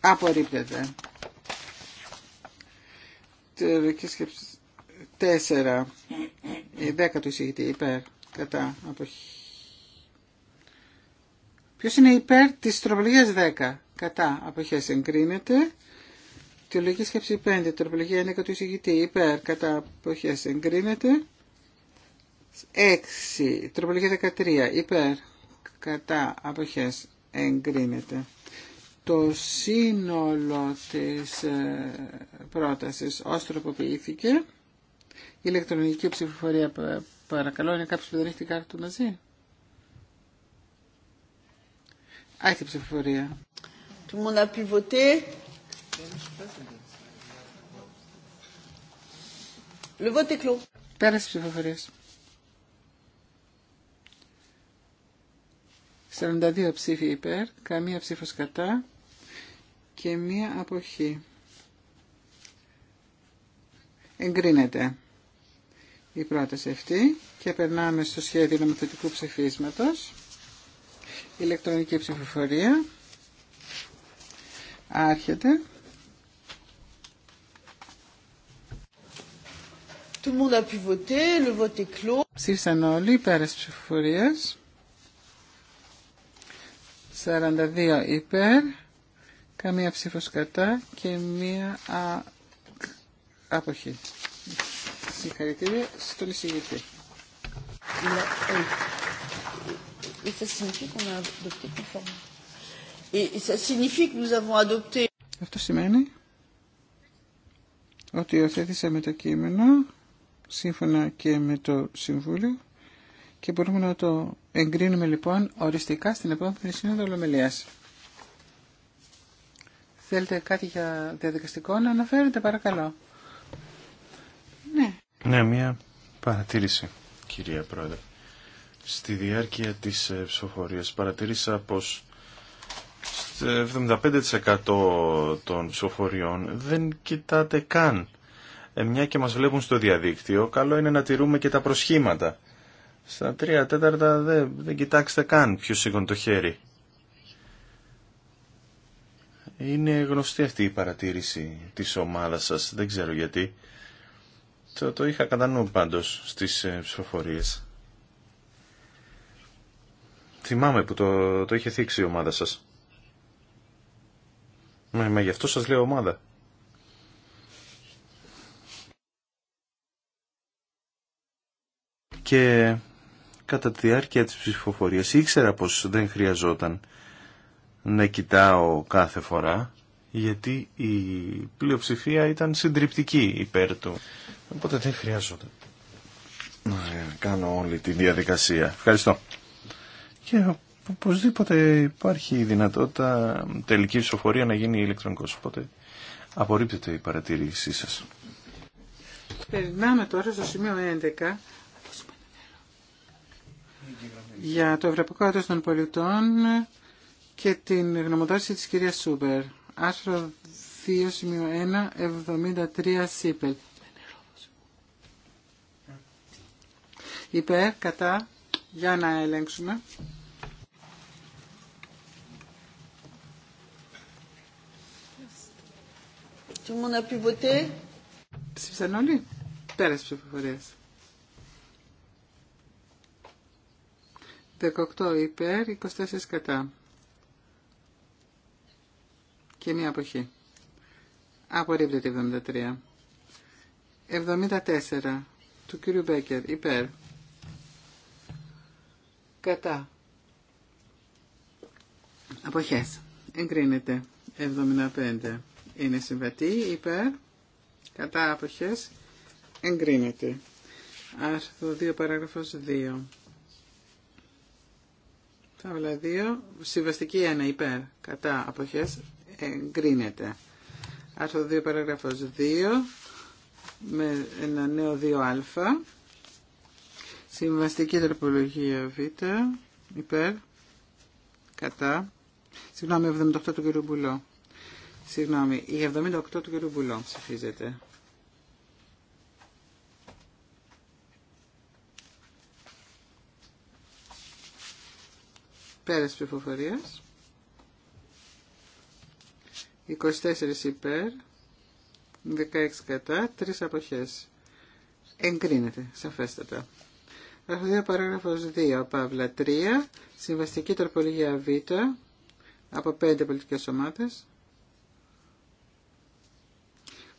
απορρίπτεται. σκέψη 4. Η 10 του εισηγητή υπέρ. Κατά. Αποχή. Ποιος είναι υπέρ της τροπολογίας 10. Κατά. Αποχές εγκρίνεται. Τιολογική σκέψη 5. Τροπολογία 11 του εισηγητή υπέρ. Κατά. Αποχές εγκρίνεται. 6. Τροπολογία 13. Υπέρ. Κατά. Αποχές εγκρίνεται. Το σύνολο της ε, πρότασης ως τροποποιήθηκε. Η ηλεκτρονική ψηφοφορία. Παρακαλώ, είναι κάποιος που δεν έχει την κάρτα του μαζί. Άρχιε ψηφοφορία. Του le πιβωτή ψηφοφορία. 42 ψήφοι υπέρ, καμία ψήφος κατά και μία αποχή. Εγκρίνεται η πρόταση αυτή και περνάμε στο σχέδιο νομοθετικού ψηφίσματος. Ηλεκτρονική ψηφοφορία. Άρχεται. Tout le monde a pu Ψήφισαν όλοι υπέρ της ψηφοφορίας. 42 υπέρ, καμία ψήφος κατά και μία α... αποχή. Συγχαρητήρια στον εισηγητή. Αυτό σημαίνει ότι με το κείμενο σύμφωνα και με το Συμβούλιο και μπορούμε να το εγκρίνουμε λοιπόν οριστικά στην επόμενη Σύνοδο Ολομελίας. Θέλετε κάτι για διαδικαστικό να αναφέρετε παρακαλώ. Ναι, μια παρατήρηση, κυρία Πρόεδρε. Στη διάρκεια της ε, ψηφοφορία παρατήρησα πως 75% των ψηφοφοριών δεν κοιτάτε καν. Ε, μια και μας βλέπουν στο διαδίκτυο, καλό είναι να τηρούμε και τα προσχήματα. Στα τρία τέταρτα δεν, δεν κοιτάξτε καν ποιο σήκωνε το χέρι. Είναι γνωστή αυτή η παρατήρηση της ομάδας σας, δεν ξέρω γιατί το είχα κατά νου πάντως στις ε, ψηφοφορίες. Θυμάμαι που το, το είχε θίξει η ομάδα σας. Μα, μα γι' αυτό σας λέω ομάδα. Και κατά τη διάρκεια της ψηφοφορίας ήξερα πως δεν χρειαζόταν να κοιτάω κάθε φορά γιατί η πλειοψηφία ήταν συντριπτική υπέρ του. Οπότε δεν να Κάνω όλη τη διαδικασία. Ευχαριστώ. Και οπωσδήποτε υπάρχει η δυνατότητα τελική ψηφοφορία να γίνει ηλεκτρονικός. Οπότε απορρίπτεται η παρατήρησή σας. Περνάμε τώρα στο σημείο 11 για το Ευρωπαϊκό Έτος των Πολιτών και την γνωμοδότηση της κυρίας Σούμπερ άρθρο 2.1 73 σύπελ. Υπέρ, κατά, για να ελέγξουμε. Ψήφισαν όλοι. Πέρασε ψηφοφορία. 18 υπέρ, 24 κατά και μία αποχή. Απορρίπτεται 73. 74 του κύριου Μπέκερ υπέρ. Κατά. Αποχές. Εγκρίνεται 75. Είναι συμβατή υπέρ. Κατά αποχές. Εγκρίνεται. Άρθρο 2 παράγραφος 2. Ταύλα 2. Συμβαστική 1 υπέρ. Κατά αποχές εγκρίνεται. Άρθρο 2 παραγραφός 2 με ένα νέο 2α. Συμβαστική τροπολογία β. Υπέρ. Κατά. Συγγνώμη, 78 του κ. Μπουλό. Συγγνώμη, η 78 του κ. Μπουλό ψηφίζεται. Πέρας ψηφοφορίας. 24 υπέρ, 16 κατά, 3 αποχές. Εγκρίνεται, σαφέστατα. 2, παράγραφος 2, Παύλα 3, συμβαστική τροπολογία Β, από 5 πολιτικές ομάδες.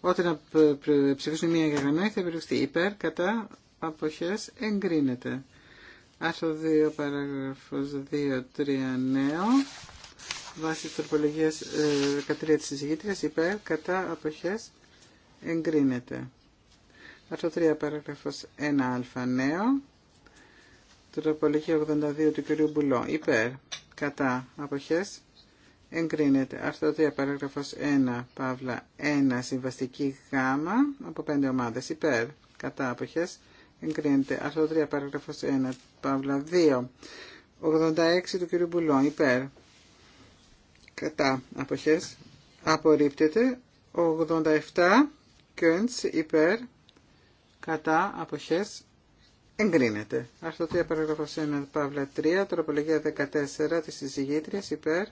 Όταν ψηφίσουν μία γραμμή θα περιοριστεί υπέρ, κατά, αποχές, εγκρίνεται. Άρθρο 2, παράγραφος 2, 3, νέο βάσει της τροπολογίας 13 ε, τη συζητήτριας υπέρ κατά αποχές εγκρίνεται. Άρθρο 3 παράγραφος 1α νέο. Τροπολογία 82 του κυρίου Μπουλό υπέρ κατά αποχές εγκρίνεται. Άρθρο 3 παράγραφος 1 παύλα 1 συμβαστική γάμα από 5 ομάδες υπέρ κατά αποχές εγκρίνεται. Άρθρο 3 παράγραφος 1 παύλα 2. 86 του κυρίου Μπουλό υπέρ κατά αποχές απορρίπτεται 87 κιόντς υπέρ κατά αποχές εγκρίνεται. Αυτό 3 παραγραφός 1 παύλα 3 τροπολογία 14 της συζυγήτριας υπέρ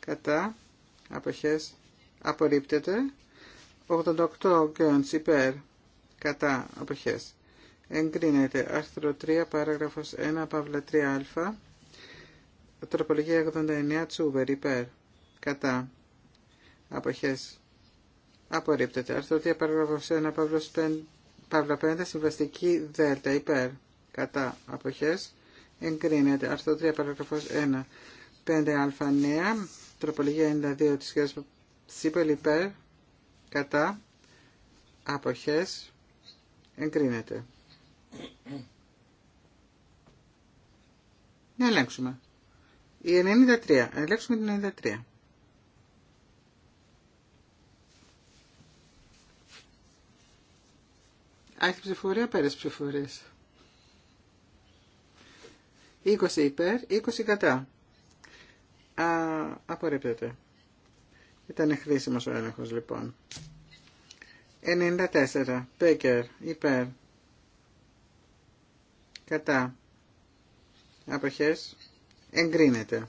κατά αποχές απορρίπτεται 88 κιόντς υπέρ κατά αποχές εγκρίνεται άρθρο 3 παράγραφος 1 παύλα 3α Τροπολογία 89 Τσούβερ υπέρ. Κατά. Αποχές. Απορρίπτεται. Αρθρωτία παράγραφος 1 Παύλο 5. Παύλα 5, συμβαστική δέλτα, υπέρ, κατά, αποχές, εγκρίνεται. Άρθρο 3, παραγραφός 1, 5α νέα, τροπολογία 92 τη υπέρ, κατά, αποχές, εγκρίνεται. Να ελέγξουμε. Η 93. Ελέγξουμε την 93. Άχι ψηφορία, πέρες ψηφορίες. 20 υπέρ, 20 κατά. Α, απορρίπτεται. Ήταν χρήσιμος ο έλεγχος λοιπόν. 94. Πέκερ, υπέρ. Κατά. Αποχές εγκρίνεται.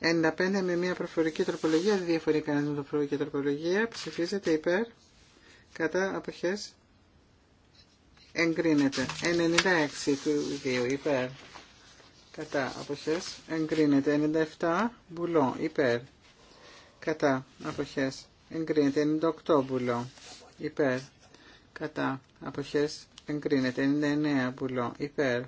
95 με μια προφορική τροπολογία, δεν διαφορεί κανένα με προφορική τροπολογία, ψηφίζεται υπέρ, κατά αποχές, εγκρίνεται. 96 του 2 υπέρ, κατά αποχές, εγκρίνεται. 97 μπουλό υπέρ, κατά αποχές, εγκρίνεται. 98 μπουλό υπέρ, κατά αποχές, εγκρίνεται. 99 μπουλό υπέρ,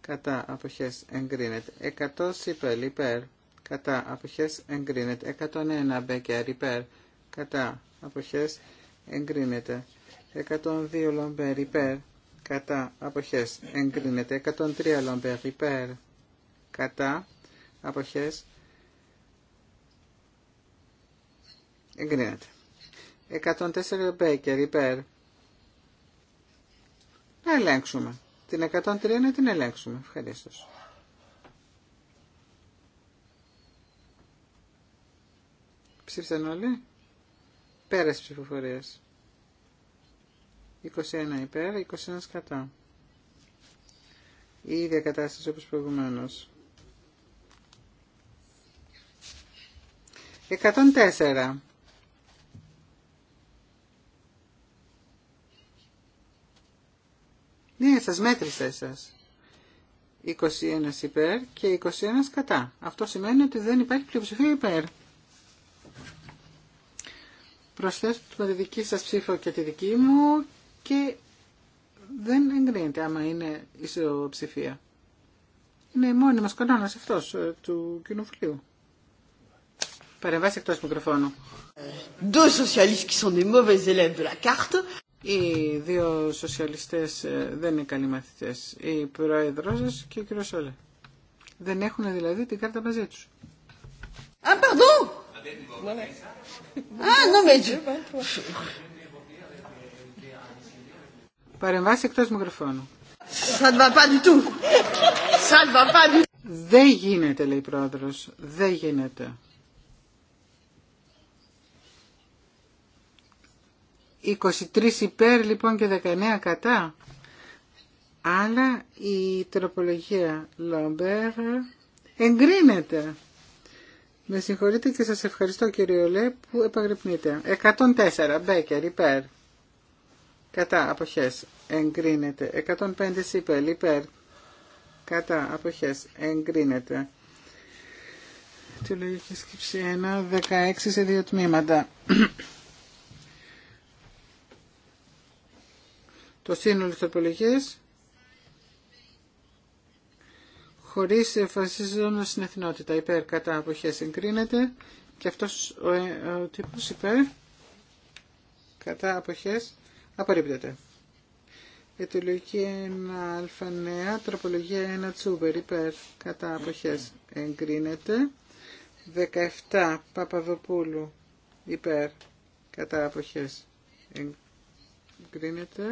κατά αποχές εγκρίνεται 100 σιπέλ υπέρ κατά αποχές εγκρίνεται 101 μπέκερ υπέρ κατά αποχές εγκρίνεται 102 λομπέρ υπέρ κατά αποχές εγκρίνεται 103 λομπέρ υπέρ κατά αποχές εγκρίνεται 104 μπέκερ υπέρ να ελέγξουμε την 103 να την ελέγξουμε. Ευχαριστώ. Ψήφισαν όλοι. Πέρασε ψηφοφορία. 21 υπέρ, 21 κατά. Η ίδια κατάσταση όπως προηγουμένως. 104. Ναι, σας μέτρησα εσάς. 21 υπέρ και 21 κατά. Αυτό σημαίνει ότι δεν υπάρχει πλειοψηφία υπέρ. Προσθέσουμε τη δική σας ψήφο και τη δική μου και δεν εγκρίνεται άμα είναι ισοψηφία. Είναι η μόνη μας κανόνας αυτός ε, του κοινοβουλίου. Παρεμβάσει εκτός μικροφώνου. Deux socialistes qui sont mauvais élèves de la carte. Οι δύο σοσιαλιστές ε, δεν είναι καλοί μαθητές. Η πρόεδρός σας και ο κύριος Σόλε. Δεν έχουν δηλαδή την κάρτα μαζί τους. Α, παρδού! Α, Παρεμβάσει εκτός μικροφώνου. Δεν γίνεται, λέει η πρόεδρος. Δεν γίνεται. 23 υπέρ λοιπόν και 19 κατά. Αλλά η τροπολογία Λόμπερ εγκρίνεται. Με συγχωρείτε και σας ευχαριστώ κύριε Λέ που επαγρυπνείτε. 104 Μπέκερ υπέρ. Κατά αποχές εγκρίνεται. 105 Σίπελ υπέρ. Κατά αποχές εγκρίνεται. Τη λογική σκέψη 1, 16 σε δύο τμήματα. το σύνολο της τροπολογίας χωρίς εμφασίζοντας στην εθνότητα. Υπέρ κατά αποχές εγκρίνεται και αυτός ο, ε, ο τύπος υπέρ κατά αποχές απορρίπτεται. Ετολογία 1 α νέα, τροπολογία 1 τσούβερ υπέρ κατά αποχές εγκρίνεται. 17 Παπαδοπούλου υπέρ κατά αποχές εγκρίνεται εγκρίνεται.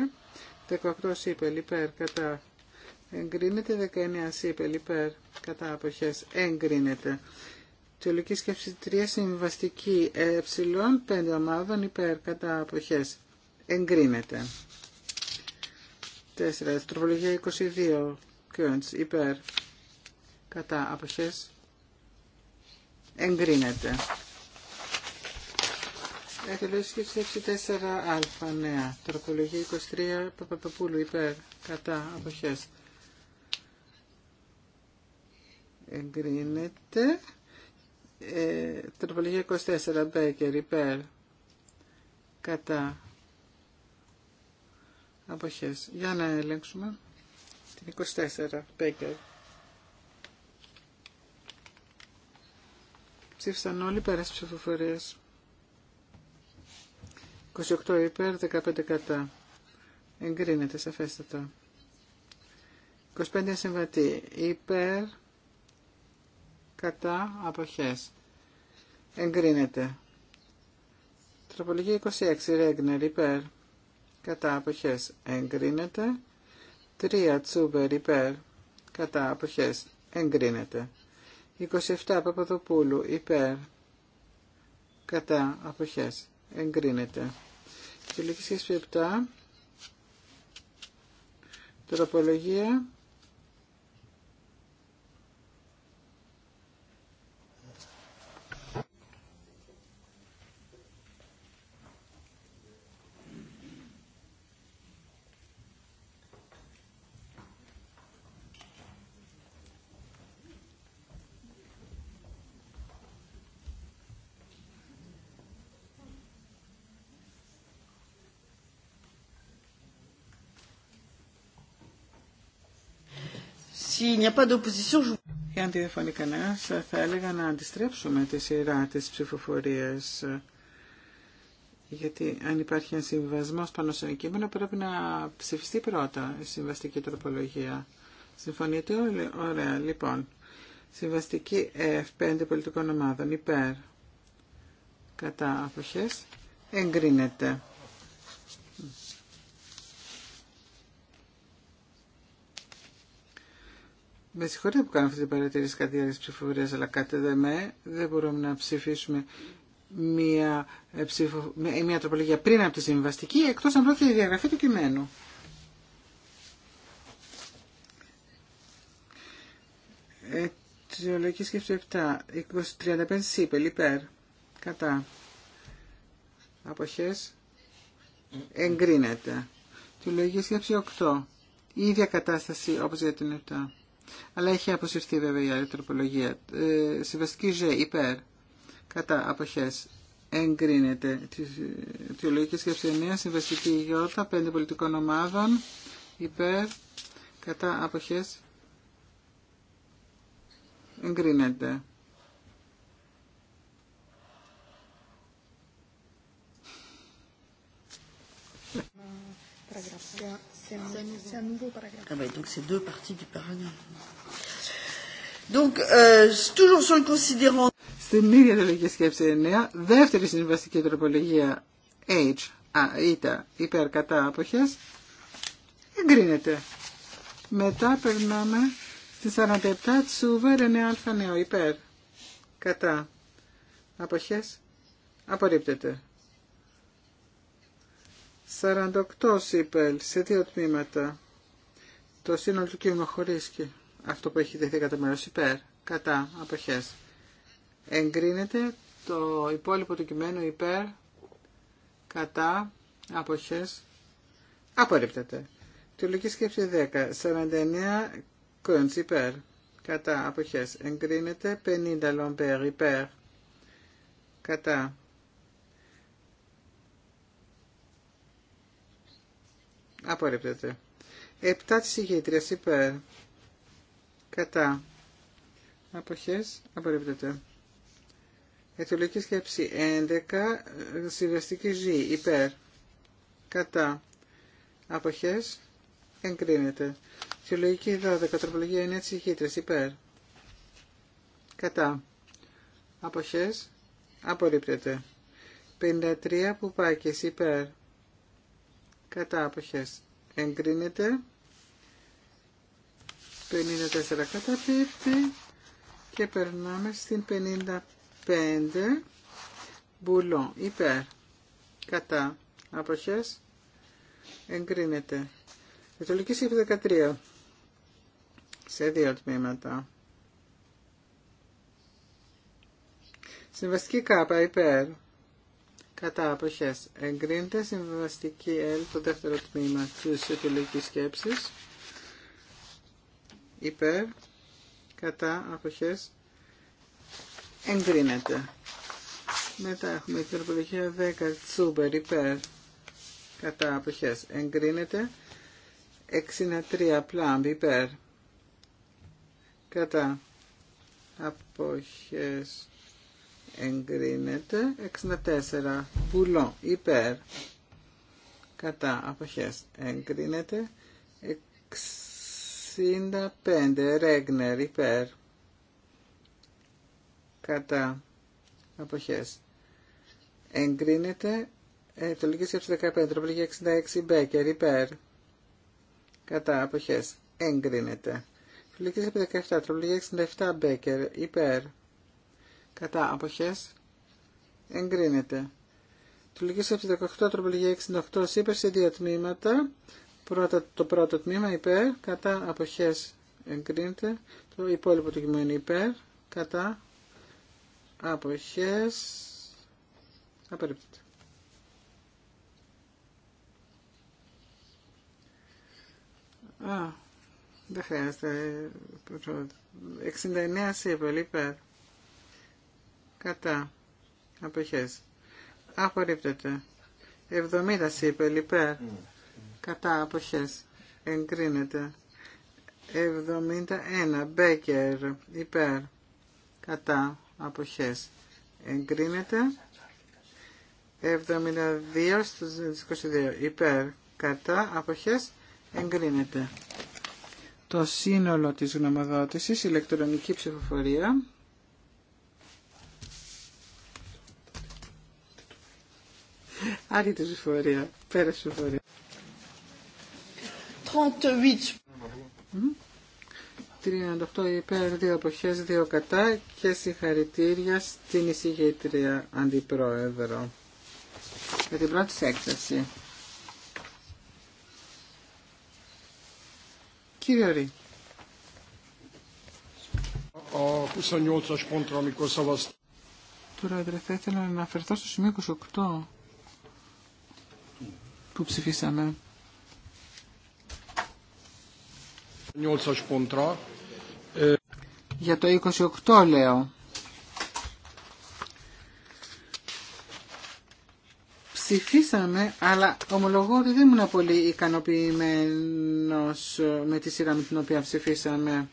18 σύπελ υπέρ κατά εγκρίνεται. 19 σύπελ υπέρ κατά αποχές εγκρίνεται. Τελική σκέψη 3 συμβαστική ε, 5 ομάδων υπέρ κατά αποχές εγκρίνεται. 4. Τροπολογία 22 Κιόντς υπέρ κατά αποχές εγκρίνεται. Εθελώς και 4 4α, νέα. Τροπολογία 23, Παπαπαπούλου, υπέρ, κατά, αποχές. Εγκρίνεται. Ε, τροπολογία 24, Μπέκερ, υπέρ, κατά, αποχές. Για να ελέγξουμε την 24, Μπέκερ. Ψήφισαν όλοι πέρας ψηφοφορίες. 28 υπέρ, 15 κατά. Εγκρίνεται σαφέστατα. 25 συμβατή υπέρ, κατά, αποχές. Εγκρίνεται. Τροπολογία 26 Ρέγνερ υπέρ, κατά, αποχές. Εγκρίνεται. 3 Τσούμπερ υπέρ, κατά, αποχές. Εγκρίνεται. 27 Παπαδοπούλου υπέρ, κατά, αποχές εγκρίνεται αιτιολογική 7, τροπολογία Και αν τη κανένα, θα έλεγα να αντιστρέψουμε τη σειρά τη ψηφοφορία. Γιατί αν υπάρχει ένα συμβασμό πάνω σε ένα κείμενο, πρέπει να ψηφιστεί πρώτα η συμβαστική τροπολογία. Συμφωνείτε όλοι. Ωραία. Λοιπόν, συμβαστική F5 πολιτικών ομάδων υπέρ κατά αποχές εγκρίνεται. Με συγχωρείτε που κάνω αυτή την παρατήρηση κατά τη διάρκεια τη ψηφοφορία, αλλά κάτι δεν με, δεν μπορούμε να ψηφίσουμε μία, ε, ψηφο, μία τροπολογία πριν από τη συμβαστική, εκτός αν πρόκειται η διαγραφή του κειμένου. Ε, Τριολογική σκέψη 7. 2035 35 σύπελ υπέρ. Κατά. Αποχές. Εγκρίνεται. Τριολογική σκέψη 8. Η ίδια κατάσταση όπως για την 7. Αλλά έχει αποσυρθεί βέβαια η άλλη τροπολογία. Ε, συμβαστική Ζ, υπέρ, κατά αποχέ. εγκρίνεται. Αιτιολογική σκέψη 9, συμβαστική Ι, πέντε πολιτικών ομάδων, υπέρ, κατά απόχέ. εγκρίνεται. C'est un nouveau paragraphe. Ah ouais, donc c'est deux parties du paragraphe. Donc, euh, toujours sur le considérant. Στην ίδια τελική σκέψη 9, δεύτερη συμβαστική τροπολογία H, α, ήτα, υπέρ κατά αποχές, εγκρίνεται. Μετά περνάμε στη 47 τσούβερ 9α νέο, υπέρ κατά αποχές, απορρίπτεται. 48 ΣΥΠΕΛ σε δύο τμήματα. Το σύνολο του κείμενου χωρίσκει. Αυτό που έχει δεχθεί κατά μέρο υπέρ. Κατά. απόχέ. Εγκρίνεται το υπόλοιπο του κειμένου υπέρ. Κατά. αποχέ. Απορρίπτεται. Τουλική σκέψη 10. 49 κόντ υπέρ. Κατά. αποχέ. Εγκρίνεται. 50 λομπέρ υπέρ. Κατά. Απορρίπτεται. 7 της ηγήτριας υπέρ. Κατά. Αποχές. Απορρίπτεται. Ετιολογική σκέψη 11. Συμβαστική ζή Υπέρ. Κατά. Αποχές. Εγκρίνεται. Αιτιολογική 12. Τροπολογία 9 της ηγήτριας υπέρ. Κατά. Αποχές. Απορρίπτεται. 53 πουπάκες υπέρ κατά αποχές εγκρίνεται 54 καταπίπτει και περνάμε στην 55 μπουλό υπέρ κατά αποχές εγκρίνεται Μητολική σύμφη 13 σε δύο τμήματα Συμβαστική κάπα υπέρ κατά αποχές εγκρίνεται συμβαστική L το δεύτερο τμήμα του αιτιολογικής σκέψη υπέρ κατά αποχές εγκρίνεται μετά έχουμε την τροπολογία 10 τσούμπερ υπέρ κατά αποχές εγκρίνεται 63 πλάμπ υπέρ κατά αποχές εγκρίνεται 64 βουλό υπέρ κατά αποχές εγκρίνεται 65 ρέγνερ υπέρ κατά αποχές εγκρίνεται ε, το 15 τροπολογία 66 μπέκερ υπέρ κατά αποχές εγκρίνεται Φιλική 17, τροπολογία 67 μπέκερ υπέρ κατά αποχές εγκρίνεται. Του λυγής 18, τροπολογία 68, σύπερ σε δύο τμήματα. Πρώτα, το πρώτο τμήμα υπέρ, κατά αποχές εγκρίνεται. Το υπόλοιπο του κειμένου υπέρ, κατά αποχές απερίπτεται. Α, δεν χρειάζεται. 69 σύπερ, υπέρ κατά αποχές απορρίπτεται 70 λιπέρ, υπέρ mm. κατά αποχές εγκρίνεται 71 μπέκερ υπέρ κατά αποχές εγκρίνεται 72 στους 22 υπέρ κατά αποχές εγκρίνεται το σύνολο της γνωμοδότησης ηλεκτρονική ψηφοφορία Άρη η ζωφορία. Πέρασε η ζωφορία. 38 υπέρ, δύο εποχές, 2 κατά και συγχαρητήρια στην εισηγήτρια αντιπρόεδρο για την πρώτη έκταση. Κύριε Ρή. Πρόεδρε, θα ήθελα να αναφερθώ στο σημείο 28 που ψηφίσαμε. Για το 28 λέω. Ψηφίσαμε, αλλά ομολογώ ότι δεν ήμουν πολύ ικανοποιημένο με τη σειρά με την οποία ψηφίσαμε.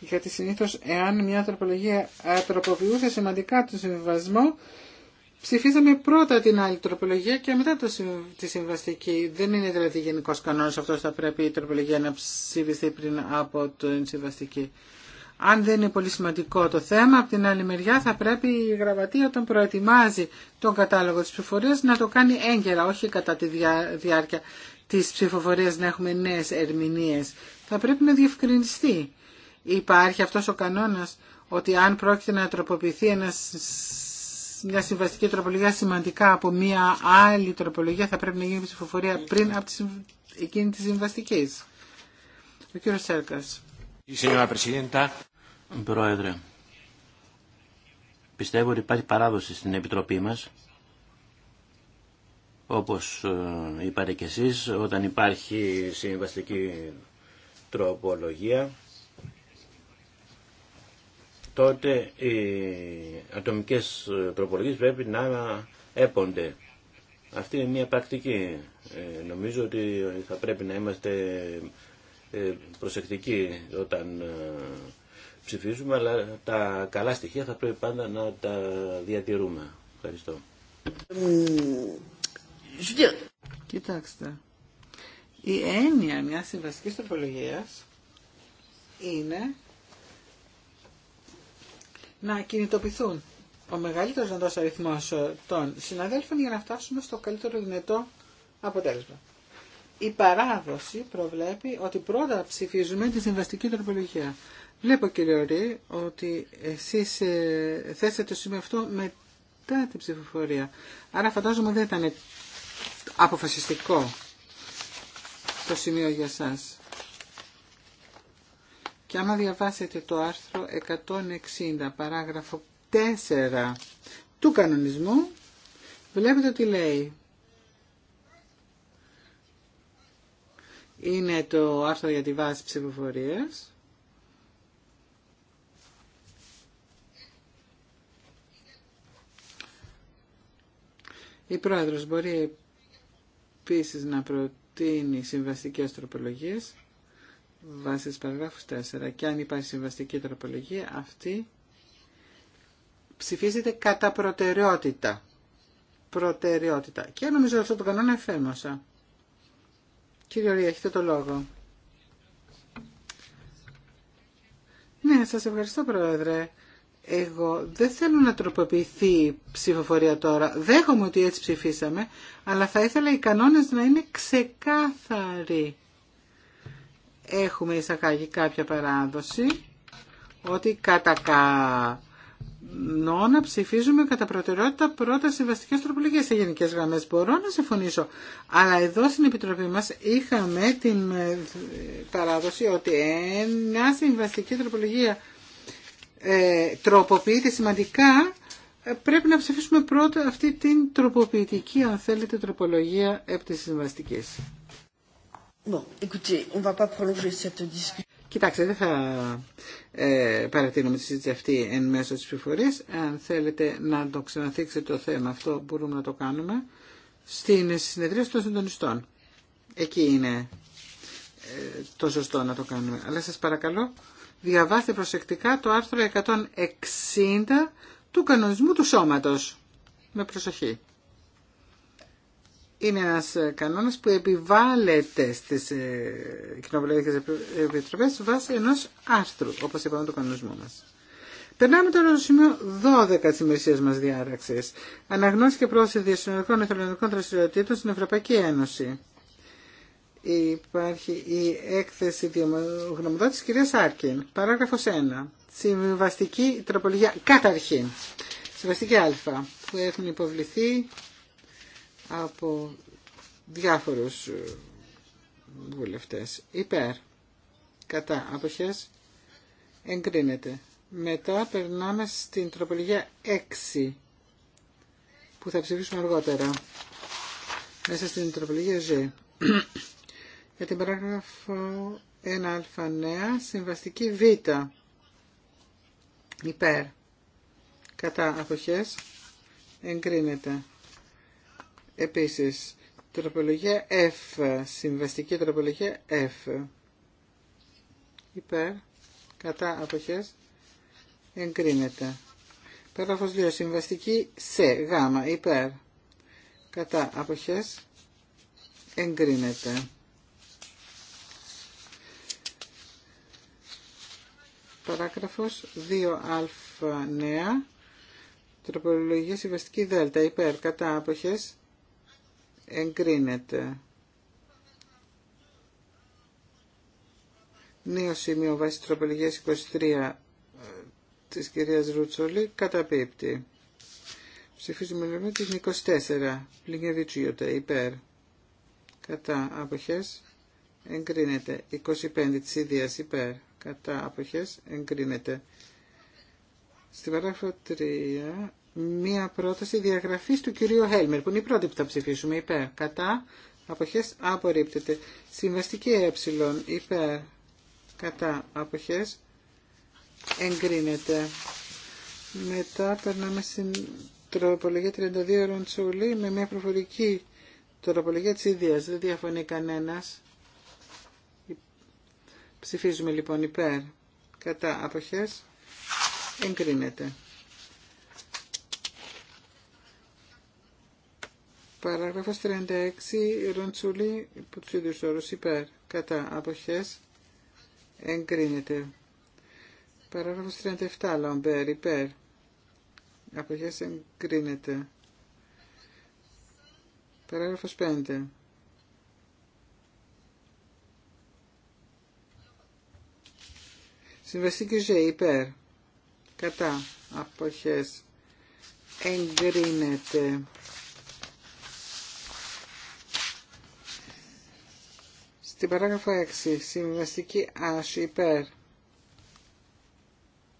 Γιατί συνήθως εάν μια τροπολογία τροποποιούσε σημαντικά τον συμβιβασμό, Ψηφίσαμε πρώτα την άλλη τροπολογία και μετά το, τη συμβαστική. Δεν είναι δηλαδή γενικό κανόνα αυτό θα πρέπει η τροπολογία να ψηφιστεί πριν από την συμβαστική. Αν δεν είναι πολύ σημαντικό το θέμα, από την άλλη μεριά θα πρέπει η γραμματεία όταν προετοιμάζει τον κατάλογο της ψηφοφορίας να το κάνει έγκαιρα, όχι κατά τη διάρκεια της ψηφοφορίας να έχουμε νέες ερμηνείες. Θα πρέπει να διευκρινιστεί. Υπάρχει αυτός ο κανόνας ότι αν πρόκειται να τροποποιηθεί ένας μια συμβαστική τροπολογία σημαντικά από μια άλλη τροπολογία θα πρέπει να γίνει ψηφοφορία πριν από τη εκείνη τη συμβαστική. Ο κύριο Σέρκα. Πρόεδρε, πιστεύω ότι υπάρχει παράδοση στην Επιτροπή μας όπως ε, είπατε και εσείς, όταν υπάρχει συμβαστική τροπολογία τότε οι ατομικές τροπολογίες πρέπει να έπονται. Αυτή είναι μια πρακτική. Ε, νομίζω ότι θα πρέπει να είμαστε ε, προσεκτικοί όταν ε, ψηφίζουμε, αλλά τα καλά στοιχεία θα πρέπει πάντα να τα διατηρούμε. Ευχαριστώ. Κοιτάξτε, η έννοια μιας συμβαστικής τροπολογίας είναι να κινητοποιηθούν ο μεγαλύτερο δυνατό αριθμό ε, των συναδέλφων για να φτάσουμε στο καλύτερο δυνατό αποτέλεσμα. Η παράδοση προβλέπει ότι πρώτα ψηφίζουμε τη συμβαστική τροπολογία. Βλέπω κύριε ότι εσείς ε, θέσατε το σημείο αυτό μετά την ψηφοφορία. Άρα φαντάζομαι δεν ήταν αποφασιστικό το σημείο για σας. Και άμα διαβάσετε το άρθρο 160 παράγραφο 4 του κανονισμού βλέπετε τι λέει. Είναι το άρθρο για τη βάση ψηφοφορίας. Η πρόεδρος μπορεί επίσης να προτείνει συμβαστικές τροπολογίες βάσει της παραγράφου 4 και αν υπάρχει συμβαστική τροπολογία αυτή ψηφίζεται κατά προτεραιότητα. Προτεραιότητα. Και νομίζω αυτό το κανόνα εφέμωσα. Κύριε Ρία, έχετε το λόγο. Ναι, σας ευχαριστώ Πρόεδρε. Εγώ δεν θέλω να τροποποιηθεί η ψηφοφορία τώρα. Δέχομαι ότι έτσι ψηφίσαμε, αλλά θα ήθελα οι κανόνες να είναι ξεκάθαροι έχουμε εισακάγει κάποια παράδοση ότι κατά κανόνα ψηφίζουμε κατά προτεραιότητα πρώτα συμβαστικέ τροπολογίε σε γενικέ γραμμέ. Μπορώ να συμφωνήσω. Αλλά εδώ στην Επιτροπή μα είχαμε την ε, παράδοση ότι μια συμβαστική τροπολογία ε, τροποποιείται σημαντικά ε, πρέπει να ψηφίσουμε πρώτα αυτή την τροποποιητική, αν θέλετε, τροπολογία επί της συμβαστικής. Κοιτάξτε, δεν θα ε, παρατείνουμε τη συζήτηση αυτή εν μέσω της πληροφορίας. Αν θέλετε να το ξαναθίξετε το θέμα αυτό, μπορούμε να το κάνουμε στην συνεδρία των συντονιστών. Εκεί είναι ε, το σωστό να το κάνουμε. Αλλά σας παρακαλώ, διαβάστε προσεκτικά το άρθρο 160 του κανονισμού του σώματος. Με προσοχή είναι ένας ε, κανόνας που επιβάλλεται στις ε, κοινοβουλευτικές επιτροπές βάσει ενός άρθρου, όπως είπαμε του κανονισμού μας. Περνάμε τώρα στο σημείο 12 της ημερησίας μας διάραξης. Αναγνώση και πρόσθεση διασυνορικών εθελοντικών δραστηριοτήτων στην Ευρωπαϊκή Ένωση. Υπάρχει η έκθεση γνωμοδότης κυρίας Άρκιν, παράγραφος 1. Συμβαστική τροπολογία καταρχήν. Συμβαστική α, που έχουν υποβληθεί από διάφορους ε, βουλευτές. Υπέρ. Κατά. Αποχές. Εγκρίνεται. Μετά περνάμε στην τροπολογία 6 που θα ψηφίσουμε αργότερα μέσα στην τροπολογία G. Για την παράγραφο 1α νέα συμβαστική β υπέρ κατά αποχές εγκρίνεται. Επίσης, τροπολογία F, συμβαστική τροπολογία F. Υπέρ, κατά αποχές, εγκρίνεται. Πέραφος 2, συμβαστική σε, γάμα, υπέρ, κατά αποχές, εγκρίνεται. Παράγραφος 2α νέα, τροπολογία συμβαστική δέλτα, υπέρ, κατά αποχές, εγκρίνεται. Νέο σημείο βάση τροπολογίας 23 ε, της κυρίας Ρουτσολή καταπίπτει. Ψηφίζουμε λέμε λοιπόν την 24. Πληγεβιτσιούτα υπέρ. Κατά αποχές εγκρίνεται. 25 της ίδιας υπέρ. Κατά αποχές εγκρίνεται. Στην παράγραφο 3 μία πρόταση διαγραφής του κυρίου Χέλμερ, που είναι η πρώτη που θα ψηφίσουμε, υπέρ, κατά, αποχές, απορρίπτεται. Συμβαστική ε, υπέρ, κατά, αποχές, εγκρίνεται. Μετά περνάμε στην τροπολογία 32 Ροντσούλη με μια προφορική τροπολογία της ίδιας. Δεν διαφωνεί κανένας. Ψηφίζουμε λοιπόν υπέρ. Κατά αποχές εγκρίνεται. Παράγραφος 36, Ροντσούλη, που τους ίδιους υπέρ, κατά, αποχές, εγκρίνεται. Παράγραφος 37, Λαμπέρ, υπέρ, αποχές, εγκρίνεται. Παράγραφος 5. Συμβαστική Ζ, υπέρ, κατά, αποχές, εγκρίνεται. Στην παράγραφο 6, συμβαστική άσχη. υπέρ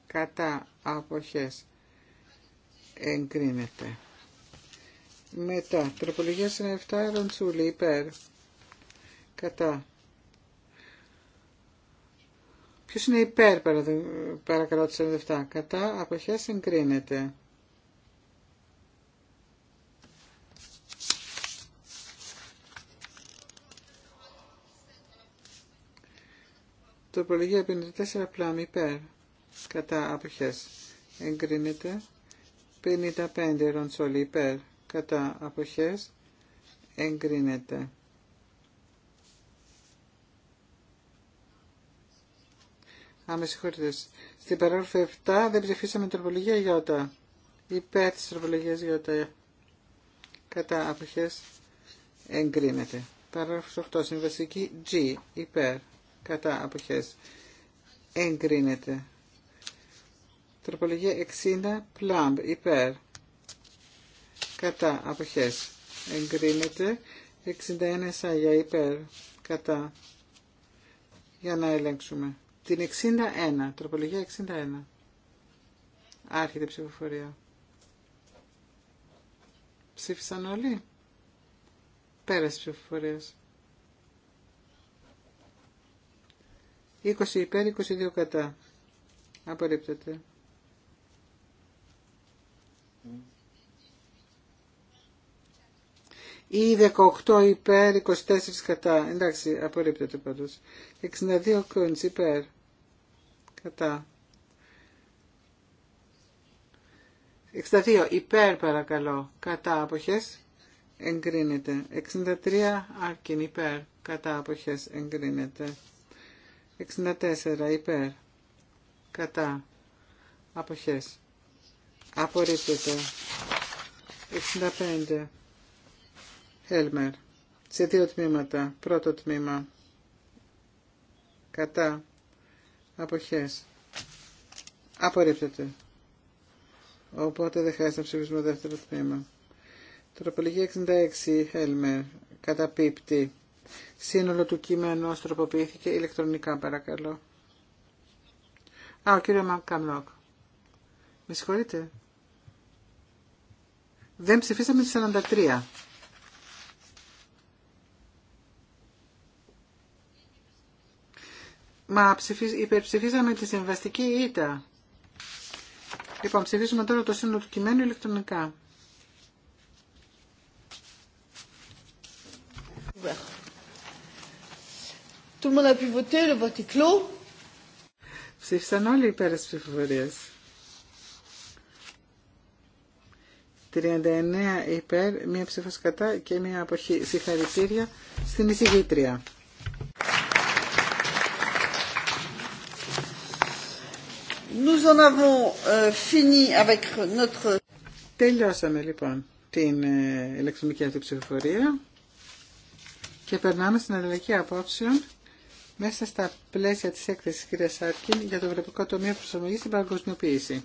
κατά αποχές εγκρίνεται. Μετά, τροπολογία 47 ραντσούλη υπέρ κατά. Ποιος είναι υπέρ παρακαλώ τη 47 κατά αποχές εγκρίνεται. Τροπολογία 54 πλάμ υπέρ. Κατά αποχές. Εγκρίνεται. 55 ροντσόλι υπέρ. Κατά αποχές. Εγκρίνεται. Άμε με συγχωρείτε. Στην παράγραφο 7 δεν ψηφίσαμε τροπολογία Ιώτα. Υπέρ της τροπολογίας Ιώτα. Κατά αποχές εγκρίνεται. Παράγραφος 8. Συμβασική G. Υπέρ κατά αποχές εγκρίνεται. Τροπολογία 60 πλάμπ υπέρ κατά αποχές εγκρίνεται. 61 σάγια υπέρ κατά για να ελέγξουμε. Την 61, τροπολογία 61. Άρχεται η ψηφοφορία. Ψήφισαν όλοι. Πέρασε ψηφοφορίας. 20 υπέρ, 22 κατά. Απορρίπτεται. 18 υπέρ, 24 κατά. Εντάξει, απορρίπτεται πάντως. 62 κόντς υπέρ. Κατά. 62 υπέρ παρακαλώ. Κατά αποχές. Εγκρίνεται. 63 άρκιν υπέρ. Κατά αποχές. Εγκρίνεται. 64 υπέρ κατά αποχές απορρίπτεται 65 Χέλμερ σε δύο τμήματα πρώτο τμήμα κατά αποχές απορρίπτεται οπότε δεν χρειάζεται να ψηφίσουμε δεύτερο τμήμα τροπολογία 66 Χέλμερ καταπίπτει Σύνολο του κείμενου αστροποποιήθηκε ηλεκτρονικά παρακαλώ. Α, ο κύριο Μακαμλόκ. Με συγχωρείτε. Δεν ψηφίσαμε τις 43. Μα υπερψηφίσαμε τη συμβαστική ήττα. Λοιπόν, ψηφίσουμε τώρα το σύνολο του κειμένου ηλεκτρονικά. Tout le monde a pu voter, le vote est clos. Ψήφισαν όλοι υπέρ της ψηφοφορίας. 39 υπέρ, μία ψήφος κατά και μία αποχή. Συγχαρητήρια στην εισηγήτρια. Euh, Τελειώσαμε λοιπόν την ε, ηλεκτρονική αυτή ψηφοφορία και περνάμε στην αλληλεγγύη απόψεων μέσα στα πλαίσια της έκθεσης κυρία Σάρκιν για το Ευρωπαϊκό Τομείο Προσαρμογής στην Παγκοσμιοποίηση.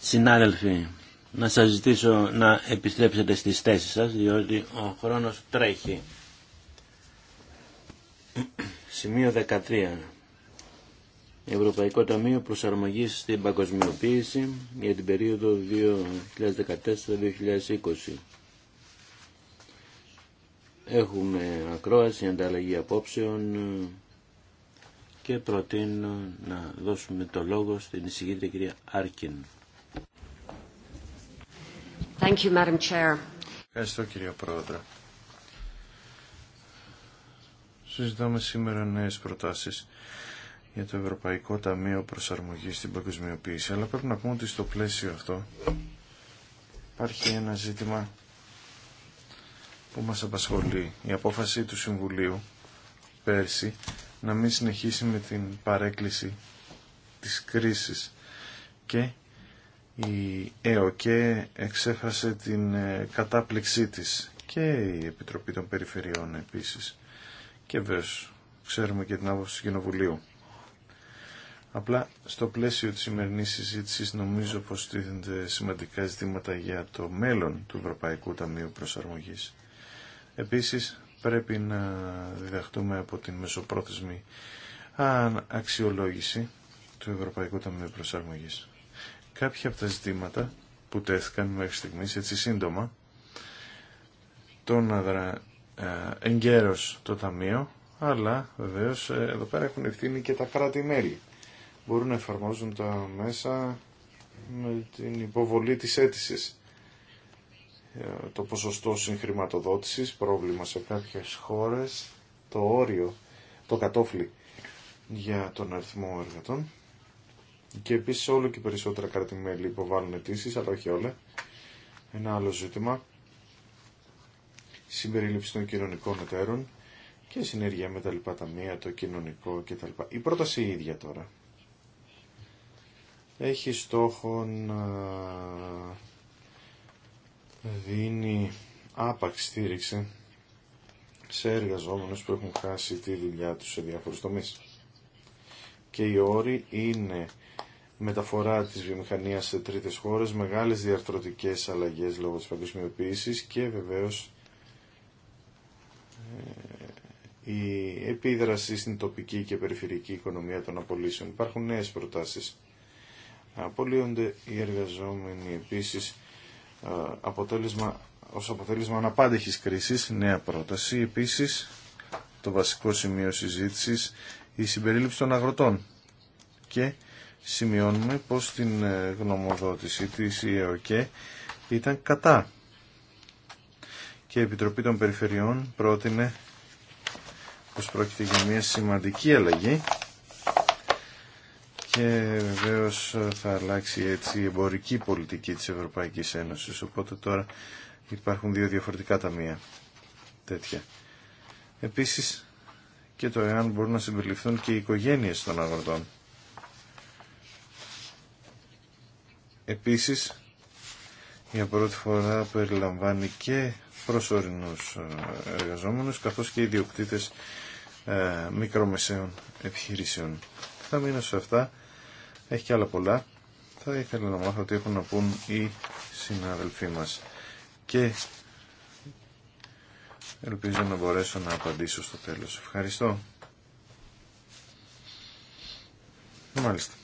Συνάδελφοι, να σας ζητήσω να επιστρέψετε στις θέσεις σας, διότι ο χρόνος τρέχει. Σημείο 13. Ευρωπαϊκό Ταμείο προσαρμογή στην Παγκοσμιοποίηση για την περίοδο 2014-2020. Έχουμε ακρόαση, ανταλλαγή απόψεων, και προτείνω να δώσουμε το λόγο στην εισηγήτρια κυρία Άρκιν. Thank you, Madam Chair. Ευχαριστώ κυρία Πρόεδρε. Συζητάμε σήμερα νέες προτάσεις για το Ευρωπαϊκό Ταμείο Προσαρμογής στην Παγκοσμιοποίηση, αλλά πρέπει να πούμε ότι στο πλαίσιο αυτό υπάρχει ένα ζήτημα που μας απασχολεί. Η απόφαση του Συμβουλίου πέρσι να μην συνεχίσει με την παρέκκληση της κρίσης και η ΕΟΚΕ εξέφρασε την ε, κατάπληξή της και η Επιτροπή των Περιφερειών επίσης και βέβαια ξέρουμε και την άποψη του Κοινοβουλίου. Απλά στο πλαίσιο της σημερινής συζήτησης νομίζω πως τίθενται σημαντικά ζητήματα για το μέλλον του Ευρωπαϊκού Ταμείου Προσαρμογής. Επίσης πρέπει να διδαχτούμε από την μεσοπρόθεσμη αξιολόγηση του Ευρωπαϊκού Ταμείου Προσαρμογής. Κάποια από τα ζητήματα που τέθηκαν μέχρι στιγμής, έτσι σύντομα, το να δρα, ε, το Ταμείο, αλλά βεβαίως ε, εδώ πέρα έχουν ευθύνη και τα κράτη-μέλη. Μπορούν να εφαρμόζουν τα μέσα με την υποβολή της αίτησης. Ε, το ποσοστό συγχρηματοδότησης, πρόβλημα σε κάποιες χώρες, το όριο, το κατόφλι για τον αριθμό εργατών και επίσης όλο και περισσότερα κράτη-μέλη υποβάλλουν αιτήσει, αλλά όχι όλα. Ένα άλλο ζήτημα, συμπερίληψη των κοινωνικών εταίρων και συνέργεια με τα λοιπά ταμεία, το κοινωνικό κτλ. Η πρόταση η ίδια τώρα έχει στόχο να δίνει άπαξ στήριξη σε εργαζόμενους που έχουν χάσει τη δουλειά τους σε διάφορους τομείς. Και οι όροι είναι μεταφορά της βιομηχανίας σε τρίτες χώρες, μεγάλες διαρθρωτικές αλλαγές λόγω της παγκοσμιοποίησης και βεβαίως ε, η επίδραση στην τοπική και περιφερική οικονομία των απολύσεων. Υπάρχουν νέες προτάσεις. Απολύονται οι εργαζόμενοι επίσης ε, αποτέλεσμα, ως αποτέλεσμα αναπάντεχης κρίσης, νέα πρόταση. Επίσης, το βασικό σημείο συζήτησης, η συμπερίληψη των αγροτών. Και σημειώνουμε πως την ε, γνωμοδότηση της ΕΟΚΕ ήταν κατά. Και η Επιτροπή των Περιφερειών πρότεινε πως πρόκειται για μια σημαντική αλλαγή και βεβαίω θα αλλάξει έτσι η εμπορική πολιτική της Ευρωπαϊκής Ένωσης. Οπότε τώρα υπάρχουν δύο διαφορετικά ταμεία τέτοια. Επίσης και το εάν μπορούν να συμπεριληφθούν και οι οικογένειες των αγροτών. Επίσης για πρώτη φορά περιλαμβάνει και προσωρινούς ε, εργαζόμενους καθώς και ιδιοκτήτες ε, μικρομεσαίων επιχειρήσεων. Θα μείνω σε αυτά έχει και άλλα πολλά. Θα ήθελα να μάθω τι έχουν να πούν οι συναδελφοί μας. Και ελπίζω να μπορέσω να απαντήσω στο τέλος. Ευχαριστώ. Μάλιστα.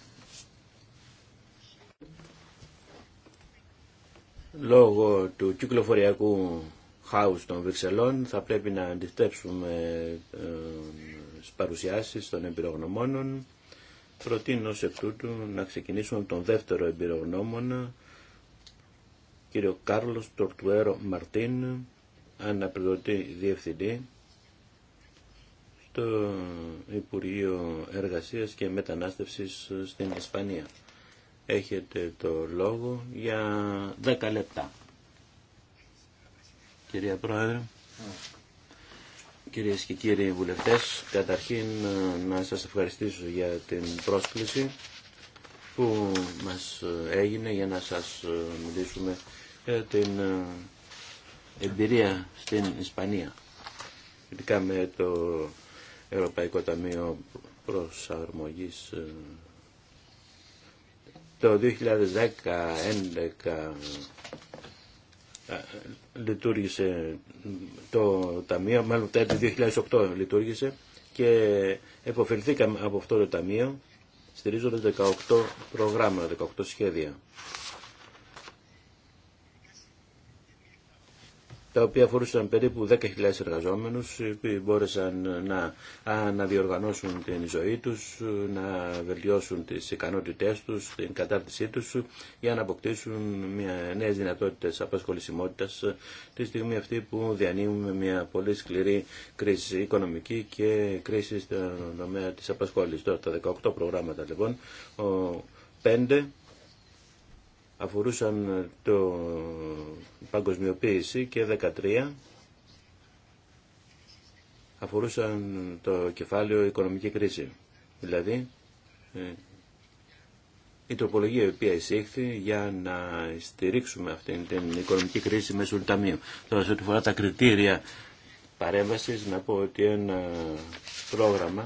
Λόγω του κυκλοφοριακού χάους των Βρυξελών θα πρέπει να αντιστρέψουμε στις ε, παρουσιάσεις των εμπειρογνωμόνων Προτείνω σε τούτου να ξεκινήσουμε τον δεύτερο εμπειρογνώμονα, κύριο Κάρλος Τορτουέρο Μαρτίν, αναπληρωτή διευθυντή στο Υπουργείο Εργασίας και Μετανάστευσης στην Ισπανία. Έχετε το λόγο για δέκα λεπτά. Κυρία Πρόεδρε. Κυρίες και κύριοι βουλευτές, καταρχήν ε, να σας ευχαριστήσω για την πρόσκληση που μας ε, έγινε για να σας ε, μιλήσουμε για την εμπειρία στην Ισπανία Ειδικά με το Ευρωπαϊκό Ταμείο Προσαρμογής το 2010-2011 λειτουργήσε το Ταμείο, μάλλον το 2008 λειτουργήσε και εποφελθήκαμε από αυτό το Ταμείο στηρίζοντας 18 προγράμματα, 18 σχέδια. τα οποία αφορούσαν περίπου 10.000 εργαζόμενους οι οποίοι μπόρεσαν να αναδιοργανώσουν την ζωή τους, να βελτιώσουν τις ικανότητές τους, την κατάρτισή τους για να αποκτήσουν μια, νέες δυνατότητες απασχολησιμότητας τη στιγμή αυτή που διανύουμε μια πολύ σκληρή κρίση οικονομική και κρίση στον τομέα της απασχόλησης. Τώρα τα 18 προγράμματα λοιπόν, 5 αφορούσαν ε, το παγκοσμιοποίηση και 13 αφορούσαν το κεφάλαιο οικονομική κρίση. Δηλαδή, ε, η τροπολογία η οποία εισήχθη για να στηρίξουμε αυτή την οικονομική κρίση μέσω του Ταμείου. Τώρα, σε ό,τι φορά τα κριτήρια παρέμβασης, να πω ότι ένα πρόγραμμα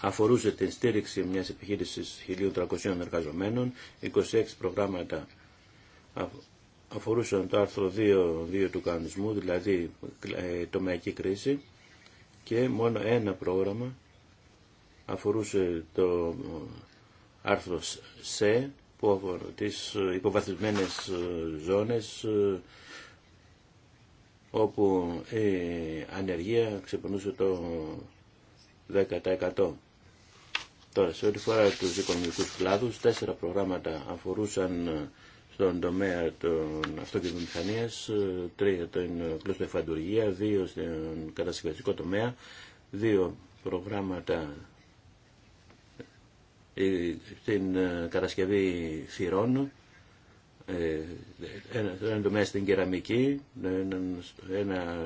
αφορούσε την στήριξη μιας επιχείρησης 1.300 εργαζομένων, 26 προγράμματα αφορούσαν το άρθρο 2 του κανονισμού, δηλαδή ε, τομεακή κρίση, και μόνο ένα πρόγραμμα αφορούσε το άρθρο C, που τις υποβαθμισμένες ε, ζώνες ε, όπου η ανεργία ξεπερνούσε το 10%. Τώρα, σε ό,τι φορά τους οικονομικού κλάδου, τέσσερα προγράμματα αφορούσαν ε, στον τομέα των αυτοκινητομηχανίας, ε, τρία στην εφαντουργία, δύο στον κατασκευαστικό τομέα, δύο προγράμματα ε, στην κατασκευή θυρών, ένα τομέα στην κεραμική, ένα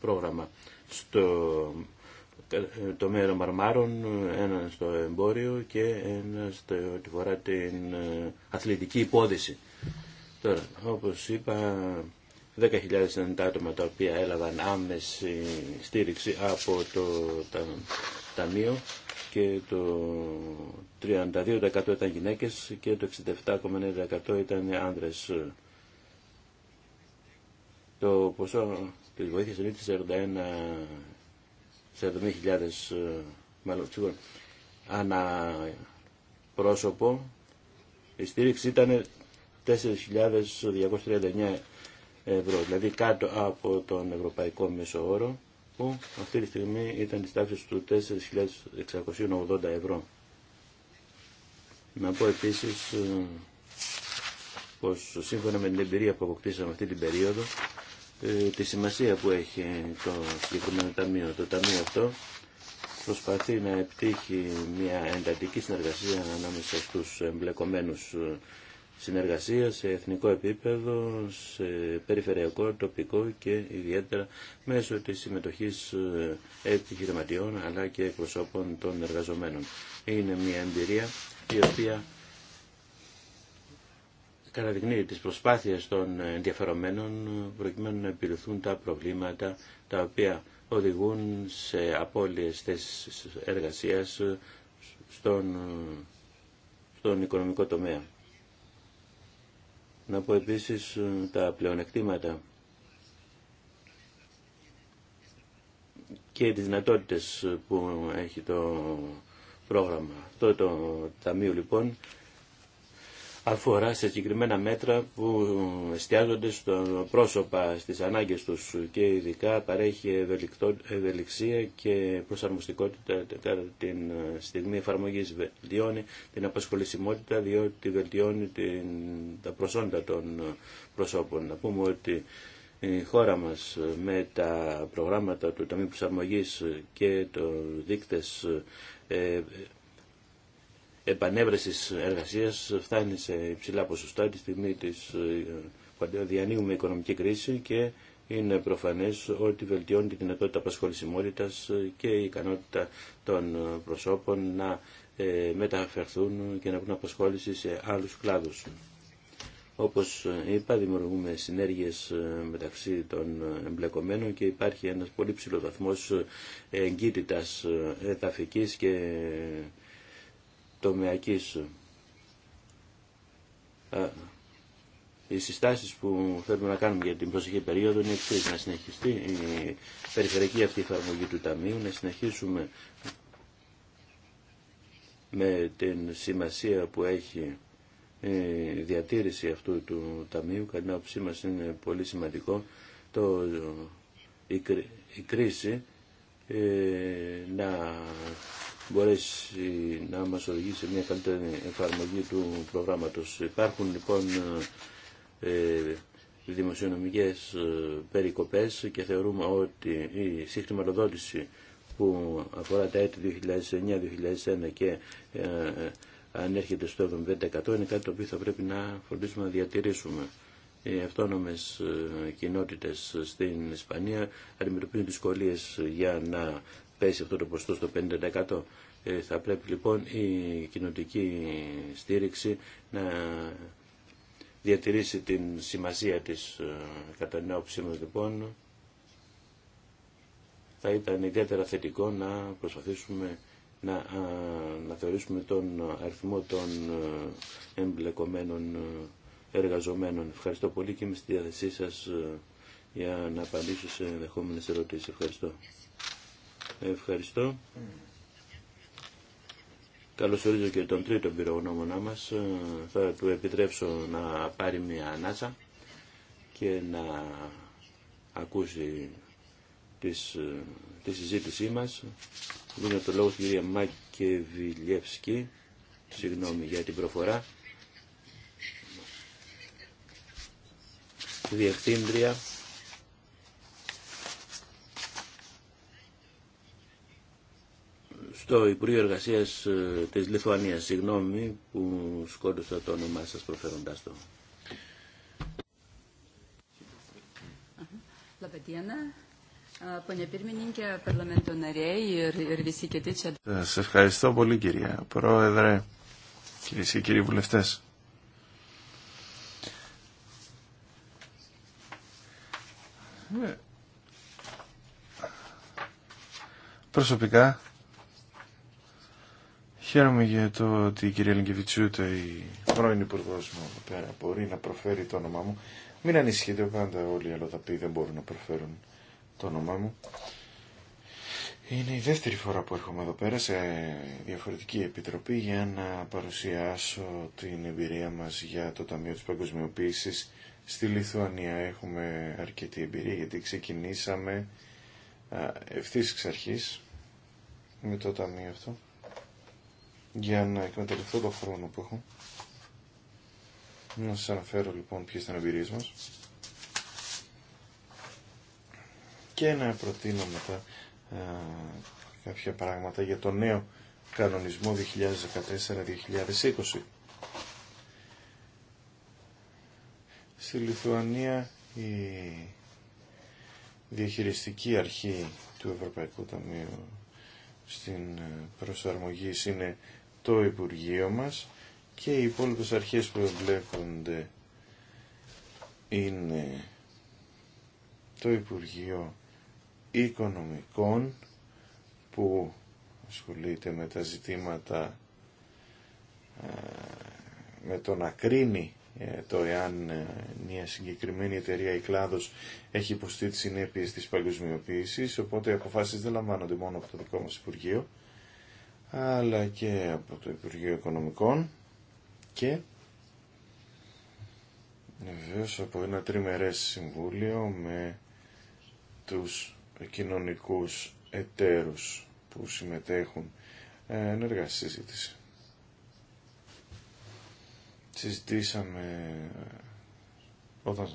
πρόγραμμα στο το μέρο μαρμάρων, ένα στο εμπόριο και ένα στο ότι φορά την ε, αθλητική υπόδηση. Τώρα, όπως είπα, 10.000 άτομα τα οποία έλαβαν άμεση στήριξη από το Ταμείο και το 32% ήταν γυναίκες και το 67,9% ήταν άνδρες. Το ποσό της βοήθειας είναι 41 70.000 ε, μάλλον ανά πρόσωπο η στήριξη ήταν 4.239 ευρώ, δηλαδή κάτω από τον ευρωπαϊκό μέσο όρο που αυτή τη στιγμή ήταν τη τάξη του 4.680 ευρώ. Να πω επίσης ε, πως σύμφωνα με την εμπειρία που αποκτήσαμε αυτή την περίοδο ε, τη σημασία που έχει το συγκεκριμένο ταμείο. Το ταμείο αυτό προσπαθεί να επιτύχει μια εντατική συνεργασία ανάμεσα στους εμπλεκομένους ε, συνεργασία σε εθνικό επίπεδο, σε περιφερειακό, τοπικό και ιδιαίτερα μέσω της συμμετοχής ε, επιχειρηματιών αλλά και προσώπων των εργαζομένων. Είναι μια εμπειρία η οποία καταδεικνύει τις προσπάθειες των ενδιαφερομένων προκειμένου να επιληθούν τα προβλήματα τα οποία οδηγούν σε απώλειες θέσεις εργασίας στον, στον οικονομικό τομέα. Να πω επίσης ε, τα πλεονεκτήματα και τις δυνατότητες που έχει το πρόγραμμα. Αυτό το ταμείο λοιπόν αφορά σε συγκεκριμένα μέτρα που εστιάζονται στο πρόσωπα, στις ανάγκες τους και ειδικά παρέχει ευελιξία και προσαρμοστικότητα την στιγμή εφαρμογής βελτιώνει την απασχολησιμότητα διότι βελτιώνει την, τα προσόντα των προσώπων. Να πούμε ότι η χώρα μας με τα προγράμματα του Ταμείου Προσαρμογής και το δείκτες ε, επανέβρεσης εργασίας φτάνει σε υψηλά ποσοστά τη στιγμή που ε, διανύουμε οικονομική κρίση και είναι προφανές ότι βελτιώνει τη δυνατότητα απασχολησιμότητα ε, και η ικανότητα των ε, προσώπων να μεταφερθούν και να βρουν απασχόληση σε άλλους κλάδους. Όπως είπα, δημιουργούμε συνέργειες μεταξύ των εμπλεκομένων και υπάρχει ένας πολύ ψηλό βαθμός εγκύτητας και ε, οι συστάσει που θέλουμε να κάνουμε για την προσεχή περίοδο είναι εξή. Να συνεχιστεί η περιφερειακή αυτή εφαρμογή του Ταμείου, να συνεχίσουμε με την σημασία που έχει η διατήρηση αυτού του Ταμείου. Κατά την άποψή μα είναι πολύ σημαντικό το, η, κρίση ε, να μπορέσει να μας οδηγήσει σε μια καλύτερη εφαρμογή του προγράμματος. Υπάρχουν λοιπόν ε, ε, δημοσιονομικές ε, περικοπές και θεωρούμε ότι η συγχρηματοδότηση που αφορά τα έτη 2009-2001 και αν έρχεται στο 75% είναι κάτι το οποίο θα πρέπει να φροντίσουμε να διατηρήσουμε. Οι αυτόνομες κοινότητες στην Ισπανία αντιμετωπίζουν δυσκολίες για να πέσει αυτό το ποστό στο 50%. Ε, θα πρέπει λοιπόν η κοινωτική στήριξη να διατηρήσει την σημασία της ε, κατά την άποψή λοιπόν. Θα ήταν ιδιαίτερα θετικό να προσπαθήσουμε να, να θεωρήσουμε τον αριθμό των ε, εμπλεκομένων εργαζομένων. Ευχαριστώ πολύ και είμαι στη διάθεσή σας για να απαντήσω σε ενδεχόμενες ερωτήσεις. Ευχαριστώ. Ευχαριστώ. ορίζω και τον τρίτο πυρογνώμονά μας. Ε, θα του επιτρέψω να πάρει μια ανάσα και να ακούσει τις ε, τη συζήτησή μας. Δίνω το λόγο στην κυρία Μακεβιλιεύσκη, συγγνώμη για την προφορά, διευθύντρια στο Υπουργείο εργασία ε, τη Λιθουανία. Συγγνώμη που σκότωσα το όνομά σα προφέροντα το. Ε, σας ευχαριστώ πολύ κυρία Πρόεδρε, κυρίε και κύριοι βουλευτέ. Ε, προσωπικά Χαίρομαι για το ότι η κυρία Λιγκεβιτσούτα, η πρώην υπουργό μου πέρα, μπορεί να προφέρει το όνομά μου. Μην ανησυχείτε, πάντα όλοι οι αλλοδαποί δεν μπορούν να προφέρουν το όνομά μου. Είναι η δεύτερη φορά που έρχομαι εδώ πέρα σε διαφορετική επιτροπή για να παρουσιάσω την εμπειρία μας για το Ταμείο της παγκοσμιοποίηση στη Λιθουανία. Έχουμε αρκετή εμπειρία γιατί ξεκινήσαμε ευθύ εξ αρχής με το Ταμείο αυτό για να εκμεταλλευτώ το χρόνο που έχω. Να σας αναφέρω λοιπόν ποιες ήταν οι εμπειρίες μας. Και να προτείνω μετά α, ε, κάποια πράγματα για το νέο κανονισμό 2014-2020. Στη Λιθουανία η διαχειριστική αρχή του Ευρωπαϊκού Ταμείου στην ε, προσαρμογή είναι το Υπουργείο μας και οι υπόλοιπες αρχές που εμπλέκονται είναι το Υπουργείο Οικονομικών που ασχολείται με τα ζητήματα ε, με το να κρίνει ε, το εάν ε, μια συγκεκριμένη εταιρεία ή κλάδος έχει υποστεί τις συνέπειες της παγκοσμιοποίησης, οπότε οι αποφάσεις δεν λαμβάνονται μόνο από το δικό μας Υπουργείο, αλλά και από το Υπουργείο Οικονομικών και βεβαίω από ένα τριμερές συμβούλιο με τους κοινωνικούς εταίρους που συμμετέχουν ε, ενεργά στη συζήτηση. Συζητήσαμε όταν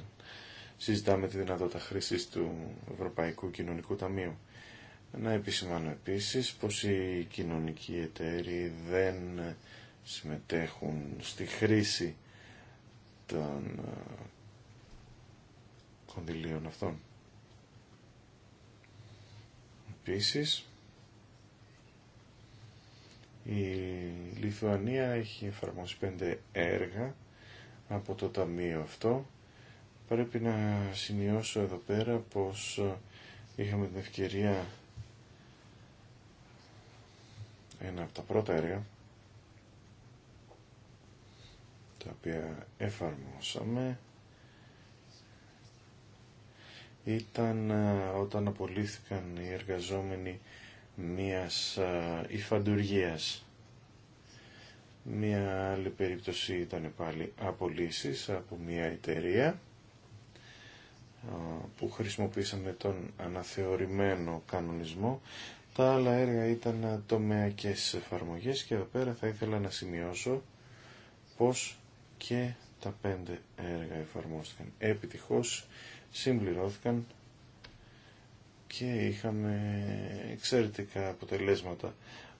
συζητάμε τη δυνατότητα χρήσης του Ευρωπαϊκού Κοινωνικού Ταμείου. Να επισημάνω επίσης πως οι κοινωνικοί εταίροι δεν συμμετέχουν στη χρήση των ε, κονδυλίων αυτών. Επίσης, η Λιθουανία έχει εφαρμόσει πέντε έργα από το ταμείο αυτό. Πρέπει να σημειώσω εδώ πέρα πως ε, είχαμε την ευκαιρία ένα από τα πρώτα έργα τα οποία εφαρμόσαμε ήταν ε, όταν απολύθηκαν οι εργαζόμενοι μιας ε, υφαντουργίας. Μια άλλη περίπτωση ήταν πάλι απολύσεις από μια εταιρεία ε, που χρησιμοποίησαμε τον αναθεωρημένο κανονισμό τα άλλα έργα ήταν τομεακές εφαρμογές και εδώ πέρα θα ήθελα να σημειώσω πως και τα πέντε έργα εφαρμόστηκαν. Επιτυχώς συμπληρώθηκαν και είχαμε εξαιρετικά αποτελέσματα.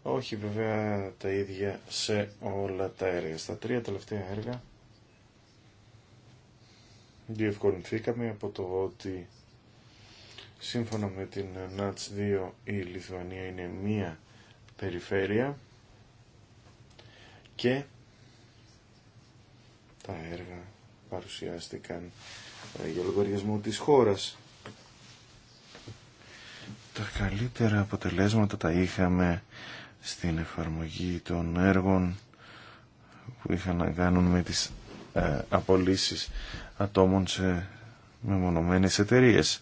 Όχι βέβαια τα ίδια σε όλα τα έργα. Στα τρία τελευταία έργα διευκολυνθήκαμε από το ότι Σύμφωνα με την ΝΑΤΣ 2 η Λιθουανία είναι μία περιφέρεια και τα έργα παρουσιάστηκαν ε, για λογαριασμό της χώρας. Τα καλύτερα αποτελέσματα τα είχαμε στην εφαρμογή των έργων που είχαν να κάνουν με τις ε, απολύσεις ατόμων σε μεμονωμένες εταιρείες.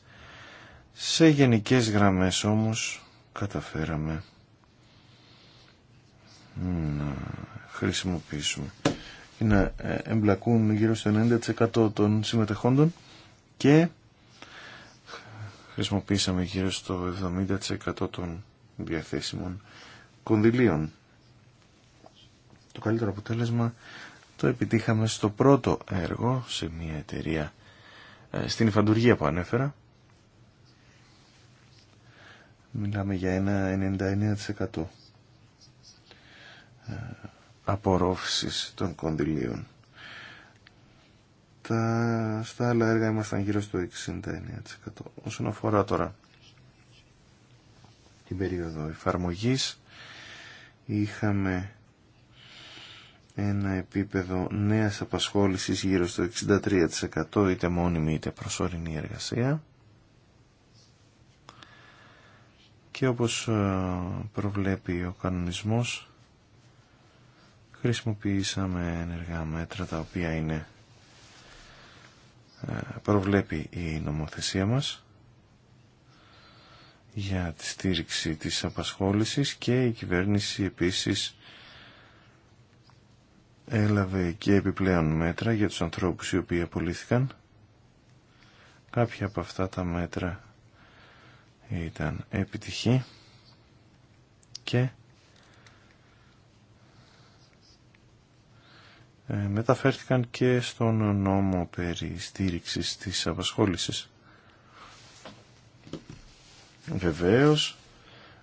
Σε γενικές γραμμές όμως καταφέραμε να χρησιμοποιήσουμε και να ε, εμπλακούν γύρω στο 90% των συμμετεχόντων και χρησιμοποίησαμε γύρω στο 70% των διαθέσιμων κονδυλίων. Το καλύτερο αποτέλεσμα το επιτύχαμε στο πρώτο έργο σε μια εταιρεία ε, στην υφαντουργία που ανέφερα Μιλάμε για ένα 99% ε, απορρόφησης των κονδυλίων. Τα, στα άλλα έργα ήμασταν γύρω στο 69%. Όσον αφορά τώρα την περίοδο εφαρμογής, είχαμε ένα επίπεδο νέας απασχόλησης γύρω στο 63% είτε μόνιμη είτε προσωρινή εργασία. και όπως ε, προβλέπει ο κανονισμός χρησιμοποιήσαμε ενεργά μέτρα τα οποία είναι ε, προβλέπει η νομοθεσία μας για τη στήριξη της απασχόλησης και η κυβέρνηση επίσης έλαβε και επιπλέον μέτρα για τους ανθρώπους οι οποίοι απολύθηκαν. Κάποια από αυτά τα μέτρα ήταν επιτυχή και ε, μεταφέρθηκαν και στον νόμο περί στήριξης της απασχόλησης. Βεβαίως,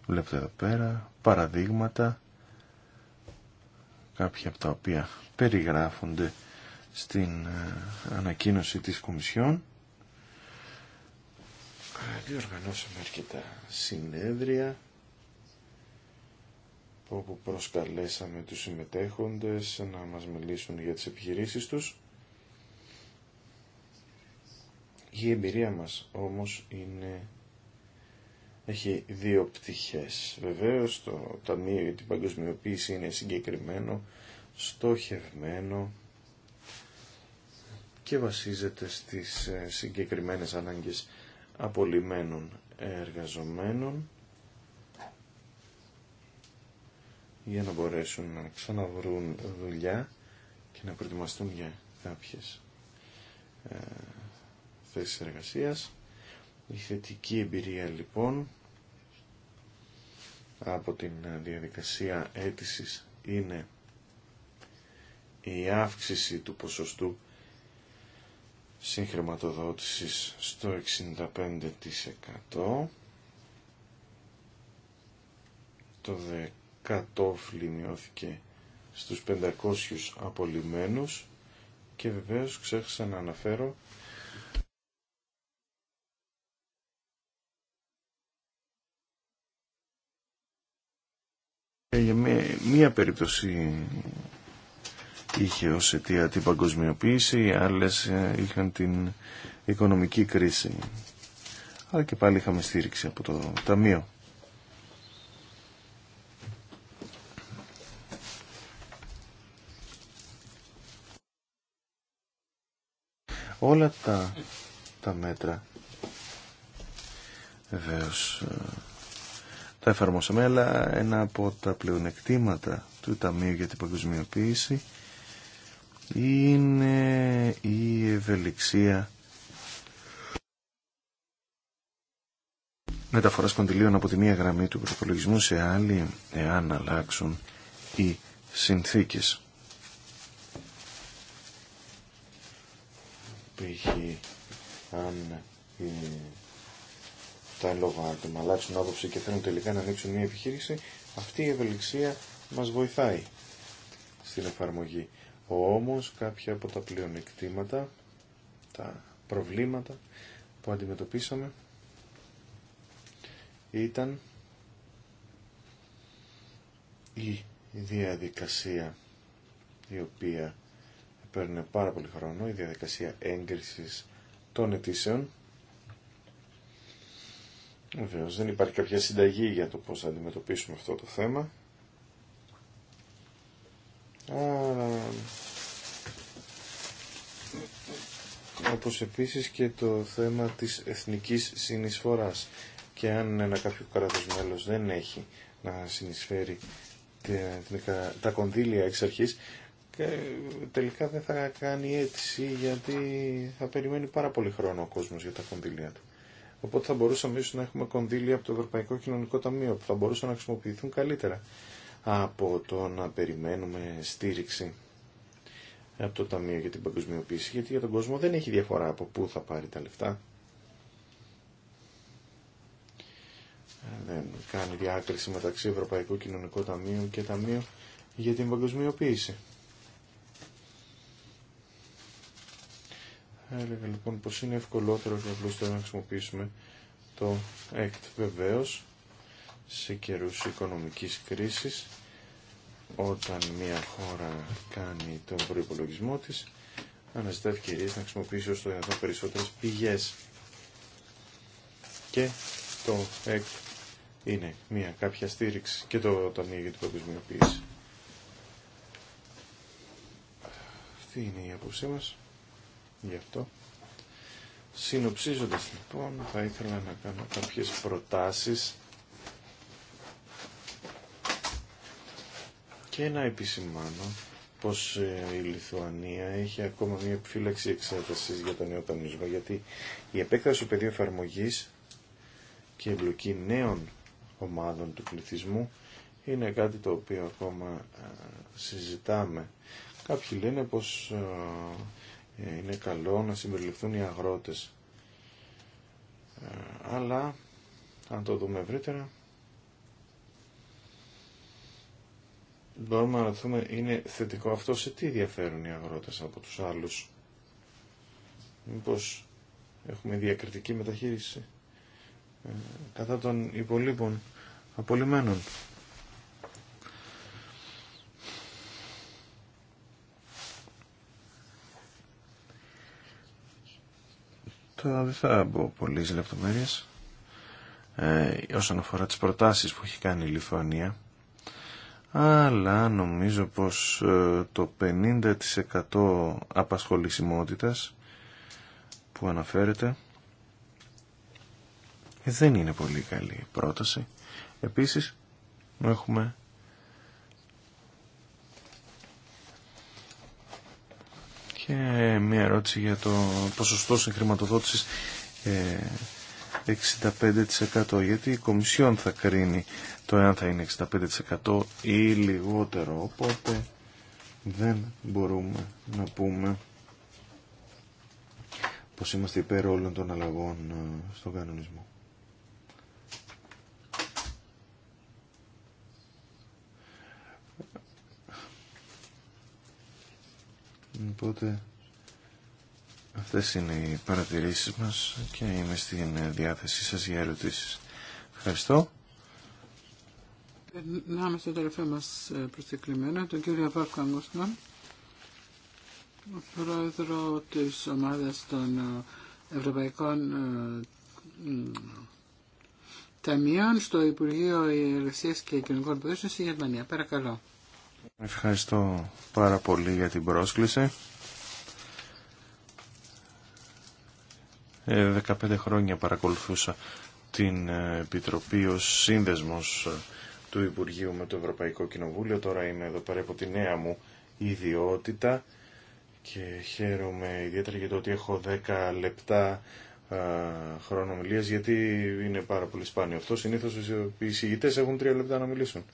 βλέπετε εδώ πέρα, παραδείγματα, κάποια από τα οποία περιγράφονται στην ε, ανακοίνωση της Κομισιόν διοργανώσαμε αρκετά συνέδρια όπου προσκαλέσαμε τους συμμετέχοντες να μας μιλήσουν για τις επιχειρήσεις τους. Η εμπειρία μας όμως είναι... έχει δύο πτυχές. Βεβαίως το Ταμείο για την Παγκοσμιοποίηση είναι συγκεκριμένο, στοχευμένο και βασίζεται στις ε, συγκεκριμένες ανάγκες απολυμένων εργαζομένων για να μπορέσουν να ξαναβρούν δουλειά και να προετοιμαστούν για κάποιες ε, θέσεις εργασίας. Η θετική εμπειρία λοιπόν από την διαδικασία αίτησης είναι η αύξηση του ποσοστού συγχρηματοδότησης στο 65% το δεκατόφλι μειώθηκε στους 500 απολυμμένους και βεβαίως ξέχασα να αναφέρω ε, για μία περίπτωση είχε ως αιτία την παγκοσμιοποίηση, οι άλλες ε, είχαν την οικονομική κρίση. Αλλά και πάλι είχαμε στήριξη από το Ταμείο. Όλα τα, τα μέτρα βεβαίω ε, τα εφαρμόσαμε, αλλά ένα από τα πλεονεκτήματα του Ταμείου για την Παγκοσμιοποίηση είναι η ευελιξία μεταφορά κοντιλίων από τη μία γραμμή του προπολογισμού σε άλλη εάν αλλάξουν οι συνθήκες. Π.χ. αν ε, τα λόγα άτομα αλλάξουν άποψη και θέλουν τελικά να ανοίξουν μια επιχείρηση, αυτή η ευελιξία μας βοηθάει στην εφαρμογή όμως κάποια από τα πλεονεκτήματα, τα προβλήματα που αντιμετωπίσαμε ήταν η διαδικασία η οποία παίρνει πάρα πολύ χρόνο, η διαδικασία έγκρισης των αιτήσεων. Βεβαίω δεν υπάρχει κάποια συνταγή για το πώς θα αντιμετωπίσουμε αυτό το θέμα όπως επίσης και το θέμα της εθνικής συνεισφοράς και αν ένα κάποιο κράτος μέλος δεν έχει να συνεισφέρει τα κονδύλια εξ αρχής ε, τελικά δεν θα κάνει αίτηση γιατί θα περιμένει πάρα πολύ χρόνο ο κόσμος για τα κονδύλια του. Οπότε θα μπορούσαμε ίσως να έχουμε κονδύλια από το Ευρωπαϊκό Κοινωνικό Ταμείο που θα μπορούσαν να χρησιμοποιηθούν καλύτερα από το να περιμένουμε στήριξη από το Ταμείο για την Παγκοσμιοποίηση, γιατί για τον κόσμο δεν έχει διαφορά από πού θα πάρει τα λεφτά. Δεν κάνει διάκριση μεταξύ Ευρωπαϊκού Κοινωνικού Ταμείου και Ταμείου για την Παγκοσμιοποίηση. Έλεγα λοιπόν πως είναι ευκολότερο και απλώς να χρησιμοποιήσουμε το ΕΚΤ βεβαίως σε καιρούς οικονομικής κρίσης όταν μια χώρα κάνει τον προϋπολογισμό της αναζητά ευκαιρίες να χρησιμοποιήσει όσο το δυνατόν περισσότερες πηγές και το ΕΚ είναι μια κάποια στήριξη και το Ταμείο για την Παγκοσμιοποίηση. Αυτή είναι η απόψή μας γι' αυτό. Συνοψίζοντας λοιπόν θα ήθελα να κάνω κάποιες προτάσεις και να επισημάνω πως ε, η Λιθουανία έχει ακόμα μια επιφύλαξη εξέτασης για τον νέο πανίσμα γιατί η επέκταση του πεδίου εφαρμογή και η εμπλοκή νέων ομάδων του πληθυσμού είναι κάτι το οποίο ακόμα ε, συζητάμε. Κάποιοι λένε πως ε, είναι καλό να συμπεριληφθούν οι αγρότες, αλλά αν το δούμε ευρύτερα, μπορούμε να ρωτούμε είναι θετικό αυτό σε τι διαφέρουν οι αγρότες από τους άλλους. Μήπως έχουμε διακριτική μεταχείριση ε, κατά των υπολείπων απολυμένων. Τώρα δεν θα μπω πολλές λεπτομέρειες ε, όσον αφορά τις προτάσεις που έχει κάνει η Λιθουανία αλλά νομίζω πως ε, το 50% απασχολησιμότητας που αναφέρεται ε, δεν είναι πολύ καλή πρόταση. Επίσης έχουμε και μία ερώτηση για το ποσοστό συγχρηματοδότησης ε, 65% γιατί η Κομισιόν θα κρίνει το εάν θα είναι 65% ή λιγότερο οπότε δεν μπορούμε να πούμε πως είμαστε υπέρ όλων των αλλαγών ε, στον κανονισμό. Οπότε Αυτές είναι οι παρατηρήσεις μας και είμαι στην διάθεσή σας για ερωτήσεις. Ευχαριστώ. Περνάμε στο τελευταίο μας ε, προσκεκλημένο, τον κύριο Βάρκο Αγκούσνα, πρόεδρο της ομάδα των ε, Ευρωπαϊκών ε, Ταμείων στο Υπουργείο Ελευθερίας και Κοινωνικών Υποδέσεων στη Γερμανία. Παρακαλώ. Ευχαριστώ πάρα πολύ για την πρόσκληση. 15 ε, χρόνια παρακολουθούσα την ε, Επιτροπή ω σύνδεσμος ε, του Υπουργείου με το Ευρωπαϊκό Κοινοβούλιο. Τώρα είμαι εδώ πέρα από τη νέα μου ιδιότητα και χαίρομαι ιδιαίτερα για το ότι έχω 10 λεπτά χρόνο γιατί είναι πάρα πολύ σπάνιο αυτό. Συνήθως οι εισηγητές έχουν 3 λεπτά να μιλήσουν.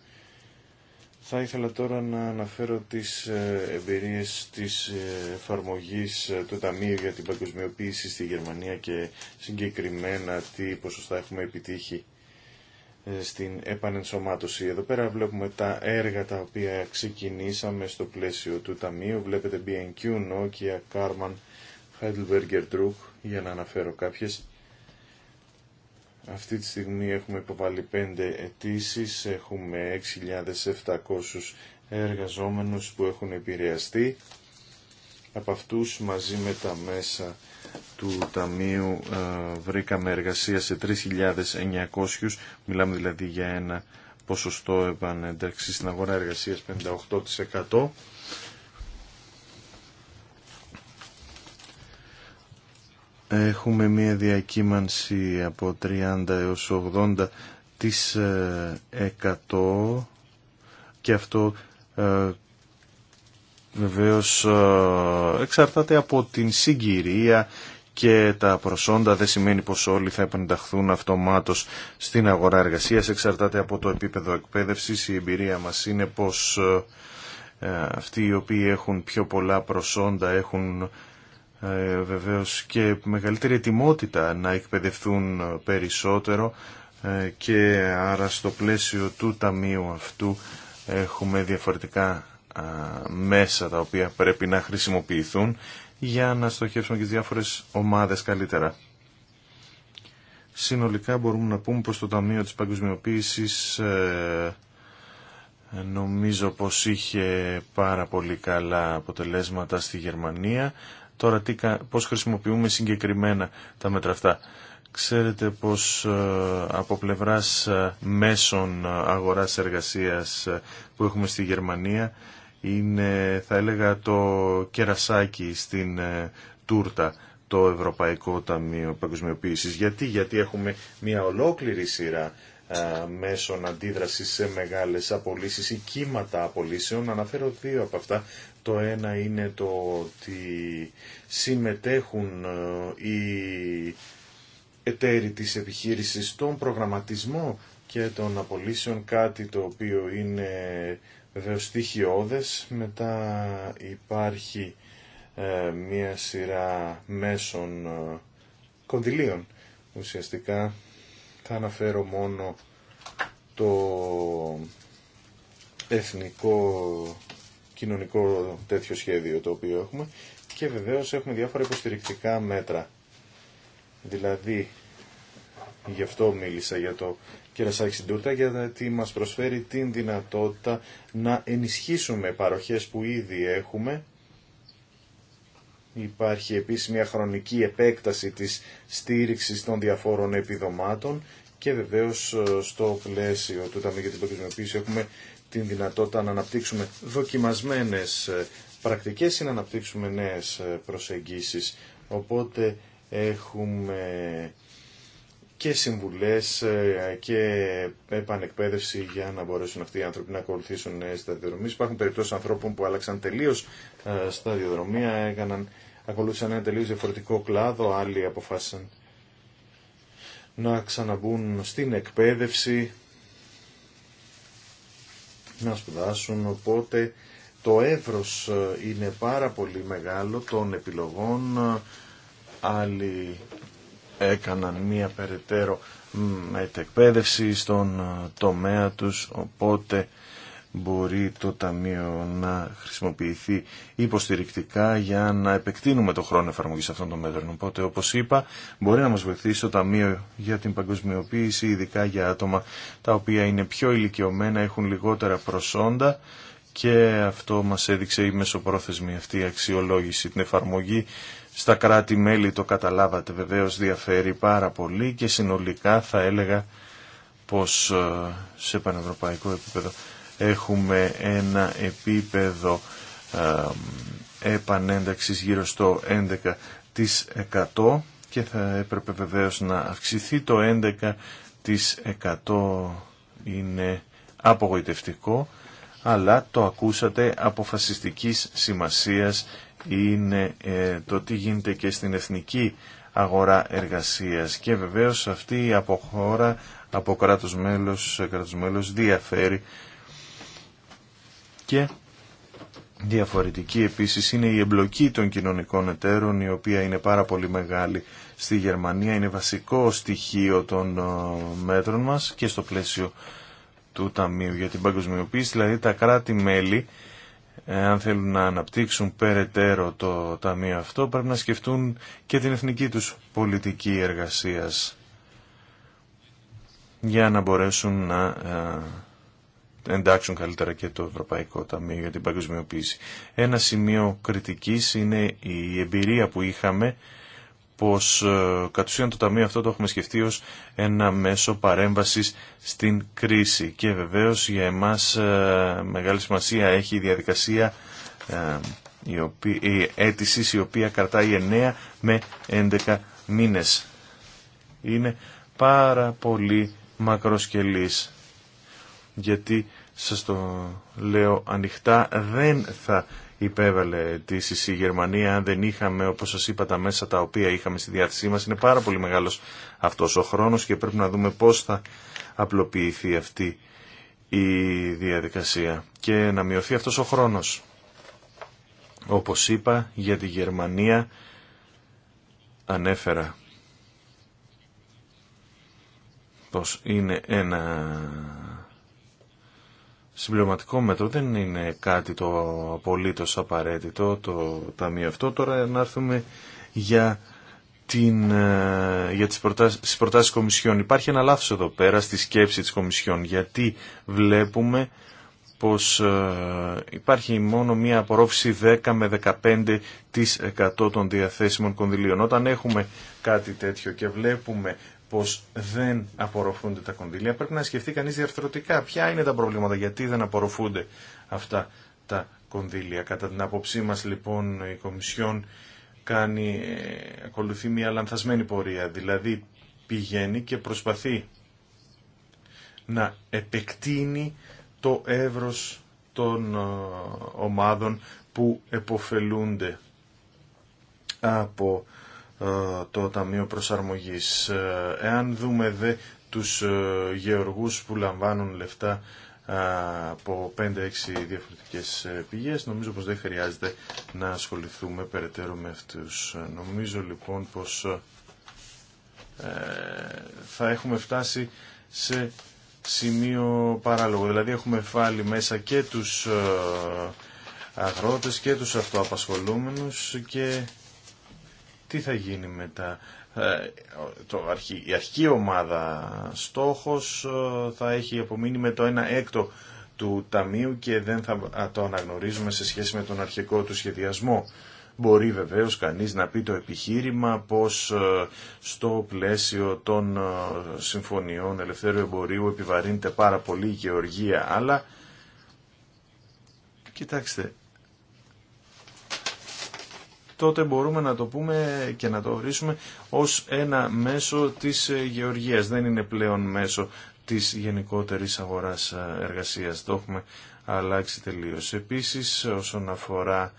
Θα ήθελα τώρα να αναφέρω τις ε, εμπειρίες της ε, εφαρμογής ε, του Ταμείου για την Παγκοσμιοποίηση στη Γερμανία και συγκεκριμένα τι ποσοστά έχουμε επιτύχει στην επανενσωμάτωση. Εδώ πέρα βλέπουμε τα έργα τα οποία ξεκινήσαμε στο πλαίσιο του Ταμείου. Βλέπετε BNQ, Nokia, Carman, Heidelberger Druck, για να αναφέρω κάποιες. Αυτή τη στιγμή έχουμε υποβάλει πέντε αιτήσει, έχουμε 6.700 εργαζόμενους που έχουν επηρεαστεί. Από αυτούς μαζί με τα μέσα του Ταμείου ε, βρήκαμε εργασία σε 3.900, μιλάμε δηλαδή για ένα ποσοστό επανένταξη στην αγορά εργασίας 58%. έχουμε μία διακύμανση από 30 έως 80 της 100 ε, και αυτό ε, βεβαίως ε, εξαρτάται από την συγκυρία και τα προσόντα δεν σημαίνει πως όλοι θα επενταχθούν αυτομάτως στην αγορά εργασίας, εξαρτάται από το επίπεδο εκπαίδευσης. Η εμπειρία μας είναι πως αυτοί οι οποίοι έχουν πιο πολλά προσόντα έχουν ε, βεβαίως και μεγαλύτερη ετοιμότητα να εκπαιδευτούν περισσότερο ε, και άρα στο πλαίσιο του ταμείου αυτού έχουμε διαφορετικά μέσα τα οποία πρέπει να χρησιμοποιηθούν για να στοχεύσουμε και τις διάφορες ομάδες καλύτερα. Συνολικά μπορούμε να πούμε πως το Ταμείο της Παγκοσμιοποίησης ε, νομίζω πως είχε πάρα πολύ καλά αποτελέσματα στη Γερμανία Τώρα τι, πώς χρησιμοποιούμε συγκεκριμένα τα μέτρα αυτά. Ξέρετε πως ε, από πλευράς ε, μέσων ε, αγοράς εργασίας που έχουμε στη Γερμανία είναι θα έλεγα το κερασάκι στην τούρτα το Ευρωπαϊκό Ταμείο Παγκοσμιοποίησης. Γιατί, γιατί έχουμε μια ολόκληρη σειρά ε, μέσων αντίδραση σε μεγάλες απολύσει ή κύματα απολύσεων. Αναφέρω δύο από αυτά. Το ένα είναι το ότι συμμετέχουν ε, οι εταίροι της επιχείρησης στον προγραμματισμό και των απολύσεων, κάτι το οποίο είναι βεβαίως στοιχειώδες. Μετά υπάρχει ε, μία σειρά μέσων κονδυλίων ουσιαστικά θα αναφέρω μόνο το εθνικό κοινωνικό τέτοιο σχέδιο το οποίο έχουμε και βεβαίως έχουμε διάφορα υποστηρικτικά μέτρα. Δηλαδή, γι' αυτό μίλησα για το κερασάκι στην τούρτα, γιατί μας προσφέρει την δυνατότητα να ενισχύσουμε παροχές που ήδη έχουμε Υπάρχει επίσης μια χρονική επέκταση της στήριξης των διαφόρων επιδομάτων και βεβαίως ε, στο πλαίσιο του Ταμείου για την έχουμε την δυνατότητα να αναπτύξουμε δοκιμασμένες ε, πρακτικές ή να αναπτύξουμε νέες ε, προσεγγίσεις. Οπότε έχουμε και συμβουλές και επανεκπαίδευση για να μπορέσουν αυτοί οι άνθρωποι να ακολουθήσουν νέες σταδιοδρομίες. Υπάρχουν περιπτώσεις ανθρώπων που άλλαξαν τελείως σταδιοδρομία, έκαναν ακολούθησαν ένα τελείω διαφορετικό κλάδο, άλλοι αποφάσισαν να ξαναμπούν στην εκπαίδευση, να σπουδάσουν, οπότε το εύρος ε, είναι πάρα πολύ μεγάλο των επιλογών, άλλοι έκαναν μία περαιτέρω μετεκπαίδευση στον ε, τομέα τους, οπότε μπορεί το Ταμείο να χρησιμοποιηθεί υποστηρικτικά για να επεκτείνουμε το χρόνο εφαρμογής αυτών των μέτρων. Οπότε, όπως είπα, μπορεί να μας βοηθήσει το Ταμείο για την παγκοσμιοποίηση, ειδικά για άτομα τα οποία είναι πιο ηλικιωμένα, έχουν λιγότερα προσόντα και αυτό μας έδειξε η μεσοπρόθεσμη αυτή αξιολόγηση, την εφαρμογή στα κράτη-μέλη το καταλάβατε βεβαίως διαφέρει πάρα πολύ και συνολικά θα έλεγα πως ε, σε πανευρωπαϊκό επίπεδο έχουμε ένα επίπεδο επανένταξης γύρω στο 11% και θα έπρεπε βεβαίως να αυξηθεί το 11% είναι απογοητευτικό αλλά το ακούσατε αποφασιστικής σημασίας είναι ε, το τι γίνεται και στην εθνική αγορά εργασίας και βεβαίως αυτή η αποχώρα από κράτος μέλος κράτος μέλος διαφέρει και διαφορετική επίσης είναι η εμπλοκή των κοινωνικών εταίρων η οποία είναι πάρα πολύ μεγάλη στη Γερμανία είναι βασικό στοιχείο των ε, μέτρων μας και στο πλαίσιο του Ταμείου για την παγκοσμιοποίηση δηλαδή τα κράτη-μέλη ε, αν θέλουν να αναπτύξουν περαιτέρω το Ταμείο αυτό πρέπει να σκεφτούν και την εθνική τους πολιτική εργασίας για να μπορέσουν να ε, εντάξουν καλύτερα και το Ευρωπαϊκό Ταμείο για την παγκοσμιοποίηση. Ένα σημείο κριτικής είναι η εμπειρία που είχαμε πως ε, κατ' ουσίαν το Ταμείο αυτό το έχουμε σκεφτεί ως ένα μέσο παρέμβασης στην κρίση. Και βεβαίως για εμάς ε, μεγάλη σημασία έχει η διαδικασία ε, η, η αίτηση η οποία κρατάει 9 με 11 μήνες. Είναι πάρα πολύ μακροσκελής γιατί σας το λέω ανοιχτά, δεν θα υπέβαλε τη η Γερμανία αν δεν είχαμε, όπως σας είπα, τα μέσα τα οποία είχαμε στη διάθεσή μας. Είναι πάρα πολύ μεγάλος αυτός ο χρόνος και πρέπει να δούμε πώς θα απλοποιηθεί αυτή η διαδικασία και να μειωθεί αυτός ο χρόνος. Όπως είπα, για τη Γερμανία ανέφερα πως είναι ένα συμπληρωματικό μέτρο δεν είναι κάτι το απολύτω απαραίτητο το ταμείο αυτό. Τώρα να έρθουμε για, την, ε, για τις, προτάσεις, τις Κομισιόν. Υπάρχει ένα λάθος εδώ πέρα στη σκέψη της Κομισιόν γιατί βλέπουμε πως ε, υπάρχει μόνο μία απορρόφηση 10 με 15% των διαθέσιμων κονδυλίων. Όταν έχουμε κάτι τέτοιο και βλέπουμε Πω δεν απορροφούνται τα κονδύλια. Πρέπει να σκεφτεί κανεί διαρθρωτικά ποια είναι τα προβλήματα, γιατί δεν απορροφούνται αυτά τα κονδύλια. Κατά την άποψή μα, λοιπόν η Κομισιόν κάνει, ε, ακολουθεί μια λανθασμένη πορεία, δηλαδή πηγαίνει και προσπαθεί να επεκτείνει το εύρος των ε, ομάδων που εποφελούνται από ε, το Ταμείο Προσαρμογής. Ε, εάν δούμε δε τους ε, γεωργούς που λαμβάνουν λεφτά από 5-6 διαφορετικές πηγές, νομίζω πως δεν χρειάζεται να ασχοληθούμε περαιτέρω με αυτούς. Νομίζω λοιπόν πως θα έχουμε φτάσει σε σημείο παράλογο. Δηλαδή έχουμε φάλει μέσα και τους αγρότες και τους αυτοαπασχολούμενους και τι θα γίνει μετά. Ε, το αρχι η αρχική ομάδα στόχος ε, θα έχει απομείνει με το 1 έκτο του Ταμείου και δεν θα το αναγνωρίζουμε σε σχέση με τον αρχικό του σχεδιασμό. Μπορεί βεβαίως κανείς να πει το επιχείρημα πως ε, στο πλαίσιο των συμφωνιών ελευθέρου εμπορίου επιβαρύνεται πάρα πολύ η γεωργία, αλλά κοιτάξτε, τότε μπορούμε να το πούμε και να το ορίσουμε ως ένα μέσο της ε, γεωργίας. Δεν είναι πλέον μέσο της γενικότερης αγοράς ε, εργασίας. Το έχουμε αλλάξει τελείως. Επίσης, όσον αφορά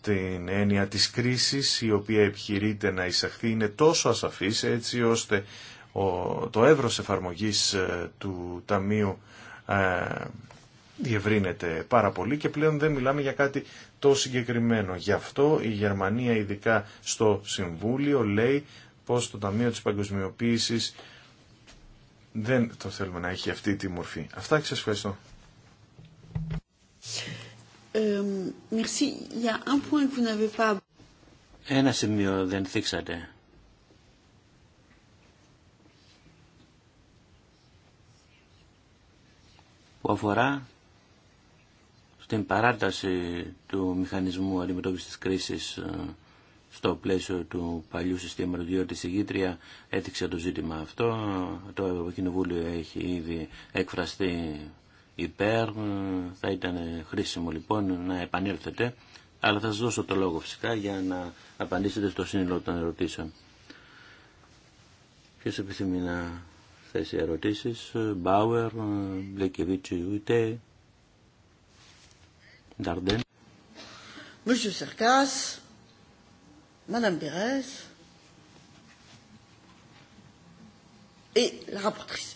την έννοια της κρίσης, η οποία επιχειρείται να εισαχθεί, είναι τόσο ασαφής έτσι ώστε το εύρος εφαρμογής ε, του Ταμείου διευρύνεται πάρα πολύ και πλέον δεν μιλάμε για κάτι το συγκεκριμένο. Γι' αυτό η Γερμανία ειδικά στο Συμβούλιο λέει πως το Ταμείο της Παγκοσμιοποίησης δεν το θέλουμε να έχει αυτή τη μορφή. Αυτά και σας ευχαριστώ. Ένα σημείο δεν θίξατε. Που αφορά την παράταση του μηχανισμού αντιμετώπισης της κρίσης ε, στο πλαίσιο του παλιού συστήματος, διότι η Γήτρια έδειξε το ζήτημα αυτό. Το Ευρωκοινοβούλιο έχει ήδη εκφραστεί υπέρ. Θα ήταν χρήσιμο λοιπόν να επανέλθετε. Αλλά θα σας δώσω το λόγο φυσικά για να απαντήσετε στο σύνολο των ερωτήσεων. Ποιος επιθυμεί να θέσει ερωτήσεις. Μπάουερ, Μπλεκεβίτσι, Νταρντέν. Monsieur Sarkas, Madame Pérez et la rapportrice.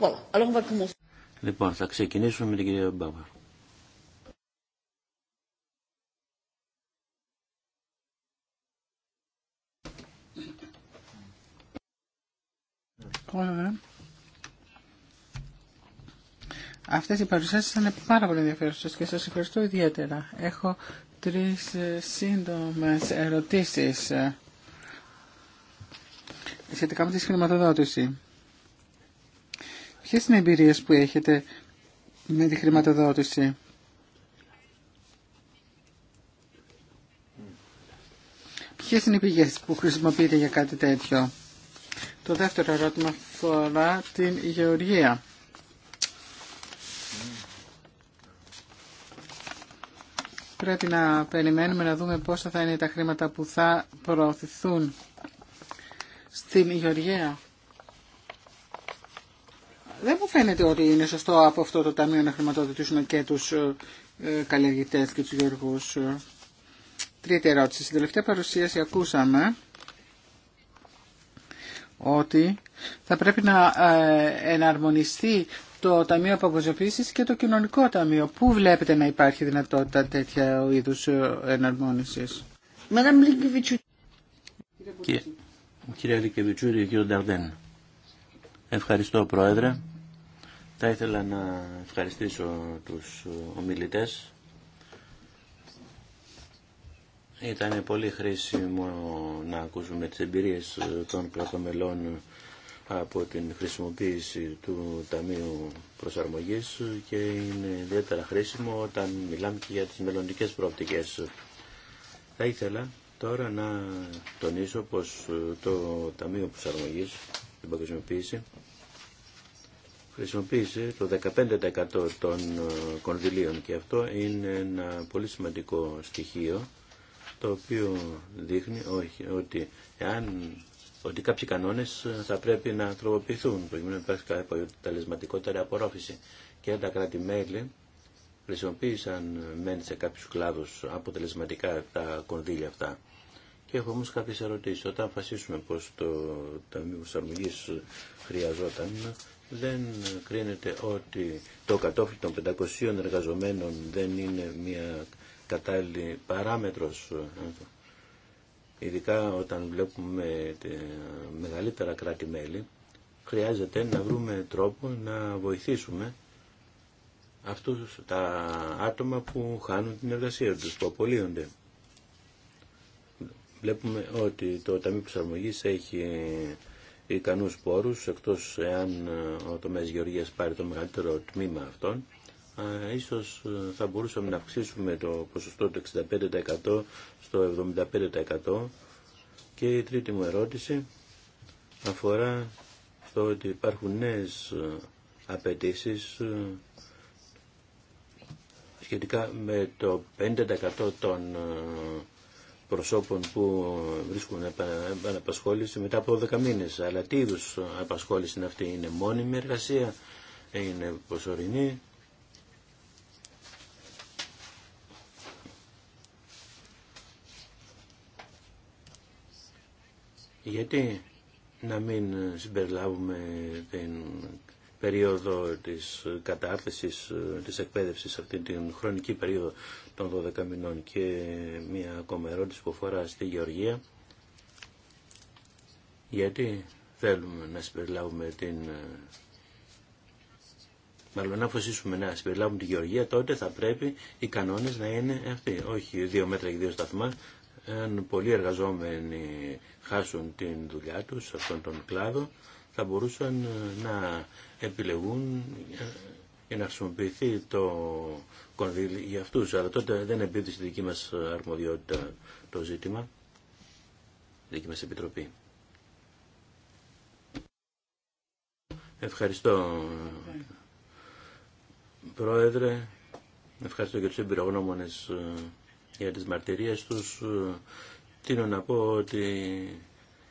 Voilà, alors on va commencer. Λοιπόν, θα ξεκινήσουμε με την κυρία Μπάμπα. Αυτές οι παρουσιάσεις ήταν πάρα πολύ ενδιαφέρουσες και σας ευχαριστώ ιδιαίτερα. Έχω τρεις ε, σύντομες ερωτήσεις ε, σχετικά με τη χρηματοδότηση. Ποιες είναι οι εμπειρίες που έχετε με τη χρηματοδότηση. Ποιες είναι οι πηγές που χρησιμοποιείτε για κάτι τέτοιο. Το δεύτερο ερώτημα αφορά την γεωργία. Πρέπει να περιμένουμε να δούμε πόσα θα είναι τα χρήματα που θα προωθηθούν στην Γεωργία. Δεν μου φαίνεται ότι είναι σωστό από αυτό το ταμείο να χρηματοδοτήσουν και τους ε, καλλιεργητές και τους γεωργούς. Τρίτη ερώτηση. Στην τελευταία παρουσίαση ακούσαμε ότι θα πρέπει να ε, εναρμονιστεί το Ταμείο Παγκοσμιοποίησης και το Κοινωνικό Ταμείο. Πού βλέπετε να υπάρχει δυνατότητα τέτοια είδου εναρμόνισης. Κύριε Λικεβιτσούρη, κύριο Νταρδέν. Ευχαριστώ Πρόεδρε. Θα ήθελα να ευχαριστήσω τους ομιλητές. Ήταν πολύ χρήσιμο να ακούσουμε τις εμπειρίες των πρωτομελών από την χρησιμοποίηση του Ταμείου Προσαρμογής και είναι ιδιαίτερα χρήσιμο όταν μιλάμε και για τις μελλοντικέ προοπτικές. Θα ήθελα τώρα να τονίσω πως το Ταμείο Προσαρμογής, την παγκοσμιοποίηση, χρησιμοποίησε το 15% των κονδυλίων και αυτό είναι ένα πολύ σημαντικό στοιχείο το οποίο δείχνει ότι εάν ότι κάποιοι κανόνε ε, θα πρέπει να τροποποιηθούν προκειμένου να υπάρξει αποτελεσματικότερη απορρόφηση. Και τα κράτη-μέλη χρησιμοποίησαν ε, μεν σε κάποιου κλάδου αποτελεσματικά τα κονδύλια αυτά. Και έχω όμω κάποιε ερωτήσει. Όταν αποφασίσουμε πω το Ταμείο Προσαρμογή χρειαζόταν, δεν κρίνεται ότι το κατόφλι των 500 εργαζομένων δεν είναι μια κατάλληλη παράμετρος ε, ειδικά όταν βλέπουμε μεγαλύτερα κράτη-μέλη, χρειάζεται να βρούμε τρόπο να βοηθήσουμε αυτούς τα άτομα που χάνουν την εργασία τους, που απολύονται. Βλέπουμε ότι το Ταμείο Προσαρμογής έχει ικανούς πόρους, εκτός εάν ο τομέας Γεωργίας πάρει το μεγαλύτερο τμήμα αυτών, ίσως ε, θα μπορούσαμε να αυξήσουμε το ποσοστό του 65% στο 75% και η τρίτη μου ερώτηση αφορά στο ότι υπάρχουν νέες ε, απαιτήσει ε, σχετικά με το 50% των προσώπων που βρίσκουν επανεπασχόληση μετά από 12 μήνες. Αλλά τι είδους απασχόληση είναι αυτή, είναι μόνιμη εργασία, είναι ποσορινή Γιατί να μην συμπεριλάβουμε την περίοδο της κατάρτισης, της εκπαίδευσης αυτή την χρονική περίοδο των 12 μηνών και μια ακόμα ερώτηση που αφορά στη Γεωργία γιατί θέλουμε να συμπεριλάβουμε την μάλλον να αποφασίσουμε να συμπεριλάβουμε τη γεωργία τότε θα πρέπει οι κανόνες να είναι αυτοί όχι δύο μέτρα και δύο σταθμά Εάν πολλοί εργαζόμενοι χάσουν την δουλειά τους σε αυτόν τον κλάδο, θα μπορούσαν ε, να επιλεγούν για να χρησιμοποιηθεί το κονδύλι για αυτούς. Αλλά τότε δεν εμπίπτει στη δική μας αρμοδιότητα το ζήτημα, δική μας επιτροπή. Ευχαριστώ, Πρόεδρε. Ευχαριστώ και τους εμπειρογνώμονες ε, για τις μαρτυρίες τους. Ε, τίνω να πω ότι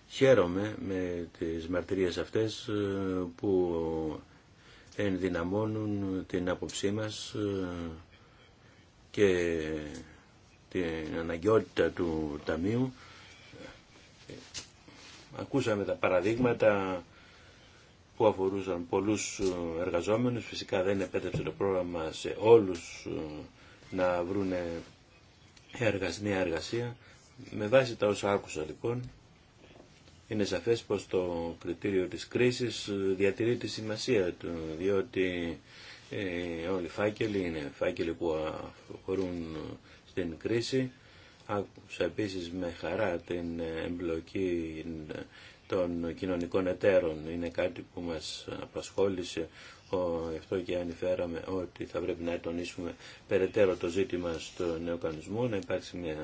χαίρομαι με τις μαρτυρίες αυτές ε, που ενδυναμώνουν την άποψή μας ε, και την αναγκαιότητα του Ταμείου. Ακούσαμε τα παραδείγματα που αφορούσαν πολλούς εργαζόμενους. Φυσικά δεν επέτρεψε το πρόγραμμα σε όλους να βρούνε εργασία, εργασία. Με βάση τα όσα άκουσα λοιπόν, είναι σαφές πως το κριτήριο της κρίσης ε, διατηρεί τη σημασία του, διότι ε, όλοι οι φάκελοι είναι φάκελοι που αφορούν ε, στην κρίση. Άκουσα επίσης με χαρά την εμπλοκή των κοινωνικών εταίρων. Είναι κάτι που μας απασχόλησε Γι' αυτό και ανηφέραμε ότι θα πρέπει να τονίσουμε περαιτέρω το ζήτημα στο νέο κανονισμό, να υπάρξει μια,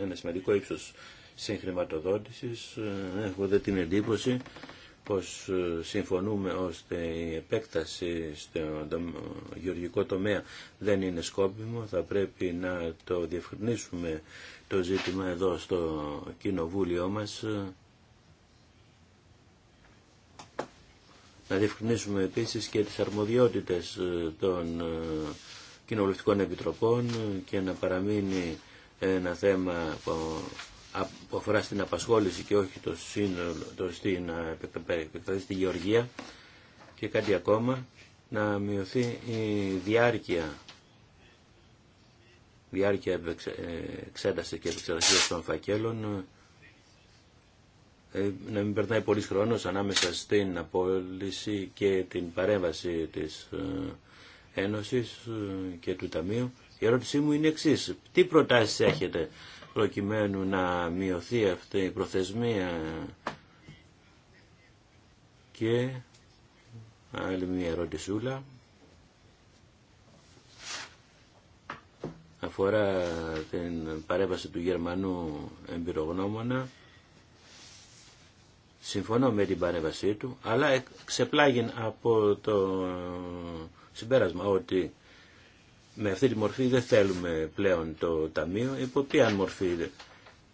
ένα σημαντικό ύψος συγχρηματοδότησης. Έχω δε την εντύπωση πως ε, συμφωνούμε ώστε η επέκταση στο γεωργικό τομέα δεν είναι σκόπιμο. Θα πρέπει να το διευκρινίσουμε το ζήτημα εδώ στο κοινοβούλιο μας Να διευκρινίσουμε επίσης και τις αρμοδιότητες ε, των ε, κοινοβουλευτικών επιτροπών και να παραμείνει ένα θέμα που αφορά στην απασχόληση και όχι το σύνολο, το στην ε, επεκταθεί δηλαδή στη γεωργία και κάτι ακόμα να μειωθεί η διάρκεια διάρκεια εξέταση και επεξεργασία των φακέλων ε, να μην περνάει πολύς χρόνος ανάμεσα στην απόλυση και την παρέμβαση της ε, Ένωσης ε, και του Ταμείου. Η ερώτησή μου είναι εξή. Τι προτάσεις έχετε προκειμένου να μειωθεί αυτή η προθεσμία και άλλη μια ερώτησούλα αφορά την παρέμβαση του Γερμανού εμπειρογνώμονα Συμφωνώ με την παρέμβασή του, αλλά ξεπλάγει από το συμπέρασμα ότι με αυτή τη μορφή δεν θέλουμε πλέον το Ταμείο. Υπό ποια μορφή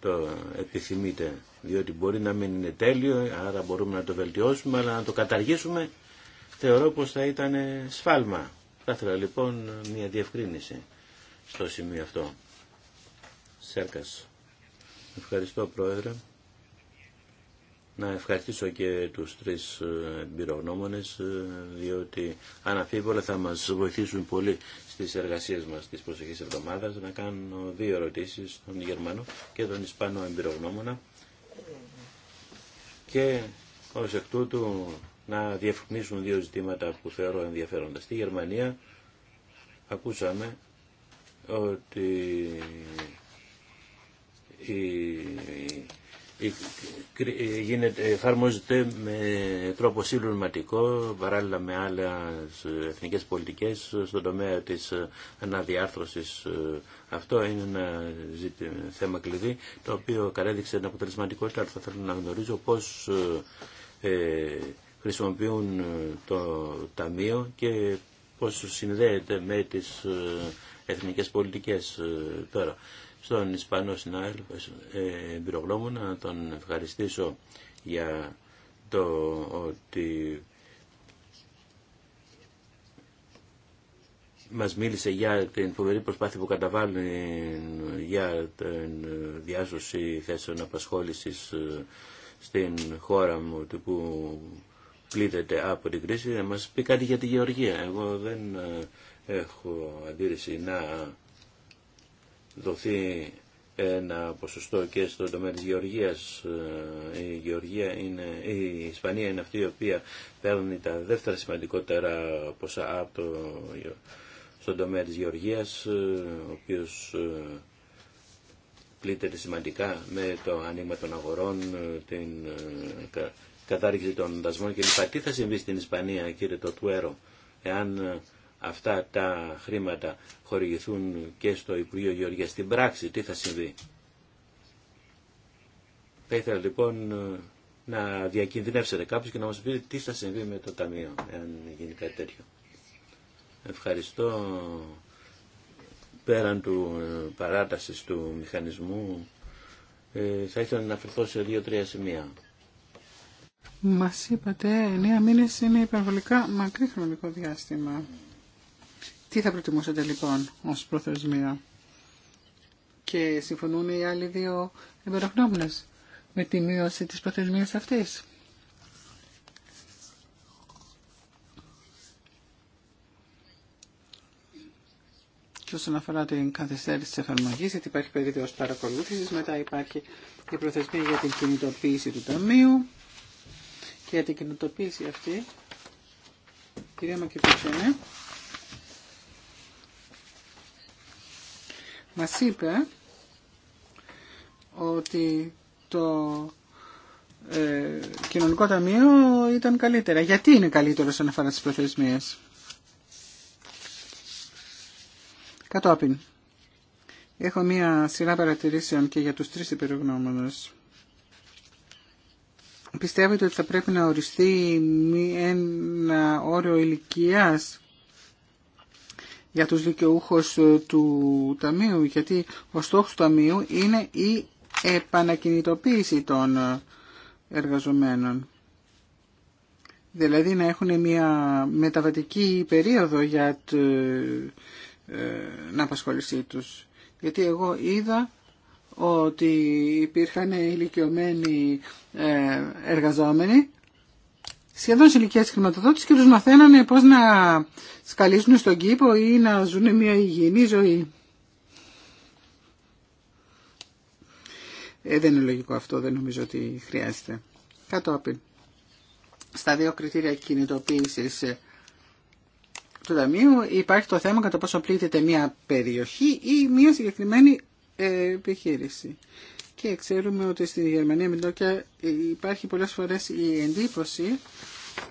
το επιθυμείτε, διότι μπορεί να μην είναι τέλειο, άρα μπορούμε να το βελτιώσουμε, αλλά να το καταργήσουμε θεωρώ πως θα ήταν σφάλμα. Θα ήθελα λοιπόν μια διευκρίνηση στο σημείο αυτό. Σέρκας. Ευχαριστώ Πρόεδρε. Να ευχαριστήσω και τους τρεις ε, εμπειρογνώμονες, ε, διότι αναφίβολα θα μας βοηθήσουν πολύ στις εργασίες μας της προσεχής εβδομάδας. Να κάνω δύο ερωτήσεις, τον Γερμανό και τον Ισπανό εμπειρογνώμονα. Και ως εκ τούτου να διευκνήσουν δύο ζητήματα που θεωρώ ενδιαφέροντα. Στη Γερμανία ακούσαμε ότι η ε, ε, γίνεται, εφαρμόζεται με τρόπο συλλογματικό παράλληλα με άλλες εθνικές πολιτικές στον τομέα της αναδιάρθρωσης. Αυτό είναι ένα θέμα κλειδί το οποίο κατέδειξε την αποτελεσματικότητα. Θα θέλω να γνωρίζω πώς ε, χρησιμοποιούν το Ταμείο και πώς συνδέεται με τις εθνικές πολιτικές τώρα στον Ισπανό συνάδελφο ε, εμπειρογνώμου, να τον ευχαριστήσω για το ότι μας μίλησε για την φοβερή προσπάθεια που καταβάλει για την διάσωση θέσεων απασχόλησης ε, στην χώρα μου που πλήττεται από την κρίση. Να μας πει κάτι για τη Γεωργία. Εγώ δεν ε, έχω αντίρρηση να δοθεί ένα ποσοστό και στον τομέα της γεωργίας. Ε, η, γεωργία είναι, η Ισπανία είναι αυτή η οποία παίρνει τα δεύτερα σημαντικότερα ποσά από το, στον τομέα της γεωργίας, ε, ο οποίος ε, πλήττεται σημαντικά με το άνοιγμα των αγορών, την κατάργηση των δασμών κλπ. Τι θα συμβεί στην Ισπανία, κύριε Τοτουέρο, εάν αυτά τα χρήματα χορηγηθούν και στο Υπουργείο Γεωργία στην πράξη, τι θα συμβεί. Θα ήθελα λοιπόν να διακινδυνεύσετε κάποιος και να μας πείτε τι θα συμβεί με το Ταμείο, εάν γίνει κάτι τέτοιο. Ευχαριστώ πέραν του ε, παράτασης του μηχανισμού. Ε, θα ήθελα να αναφερθώ σε δύο-τρία σημεία. Μας είπατε, εννέα μήνες είναι υπερβολικά μακρύ χρονικό διάστημα. Τι θα προτιμούσατε λοιπόν ως προθεσμία. Και συμφωνούν οι άλλοι δύο εμπεροχνόμενες με τη μείωση της προθεσμίας αυτής. Και όσον αφορά την καθυστέρηση της εφαρμογής, γιατί υπάρχει περίπτωση παρακολούθησης, μετά υπάρχει η προθεσμία για την κινητοποίηση του Ταμείου και για την κινητοποίηση αυτή, κυρία ναι. μας είπε ότι το ε, κοινωνικό ταμείο ήταν καλύτερα. Γιατί είναι καλύτερο να αφορά τις προθεσμίες. Κατόπιν. Έχω μία σειρά παρατηρήσεων και για τους τρεις υπερογνώμονες. Πιστεύετε ότι θα πρέπει να οριστεί ένα όριο ηλικίας για τους δικαιούχους ε, του Ταμείου, γιατί ο στόχος του Ταμείου είναι η επανακινητοποίηση των ε, εργαζομένων. Δηλαδή να έχουν μια μεταβατική περίοδο για το, ε, ε, να απασχοληθεί τους. Γιατί εγώ είδα ότι υπήρχαν ηλικιωμένοι εργαζόμενοι σχεδόν σε ηλικία της και τους μαθαίνανε πώς να σκαλίσουν στον κήπο ή να ζουν μια υγιεινή ζωή. Ε, δεν είναι λογικό αυτό, δεν νομίζω ότι χρειάζεται. Κατόπιν, στα δύο κριτήρια κινητοποίησης ε, του Ταμείου υπάρχει το θέμα κατά πόσο πλήττεται μια περιοχή ή μια συγκεκριμένη ε, επιχείρηση και ξέρουμε ότι στη Γερμανία με οποίο υπάρχει πολλές φορές η εντύπωση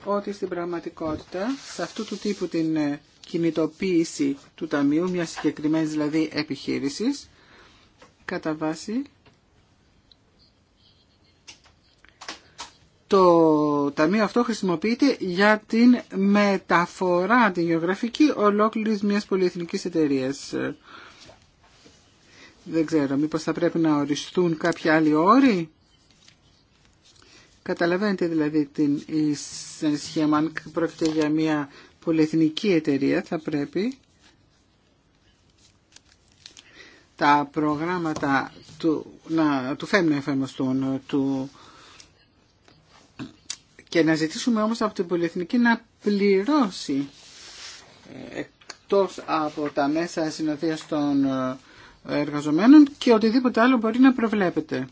ότι στην πραγματικότητα σε αυτού του τύπου την ε, κινητοποίηση του ταμείου Μια συγκεκριμένη δηλαδή επιχείρησης κατά βάση το ταμείο αυτό χρησιμοποιείται για την μεταφορά τη γεωγραφική ολόκληρης μιας πολυεθνικής εταιρείας δεν ξέρω, μήπως θα πρέπει να οριστούν κάποιοι άλλοι όροι. Καταλαβαίνετε δηλαδή την σχέμα, αν πρόκειται για μια πολυεθνική εταιρεία θα πρέπει τα προγράμματα του, να, του ΦΕΜ να εφαρμοστούν του, και να ζητήσουμε όμως από την πολυεθνική να πληρώσει ε, εκτός από τα μέσα συνοδείας των εργαζομένων και οτιδήποτε άλλο μπορεί να προβλέπετε.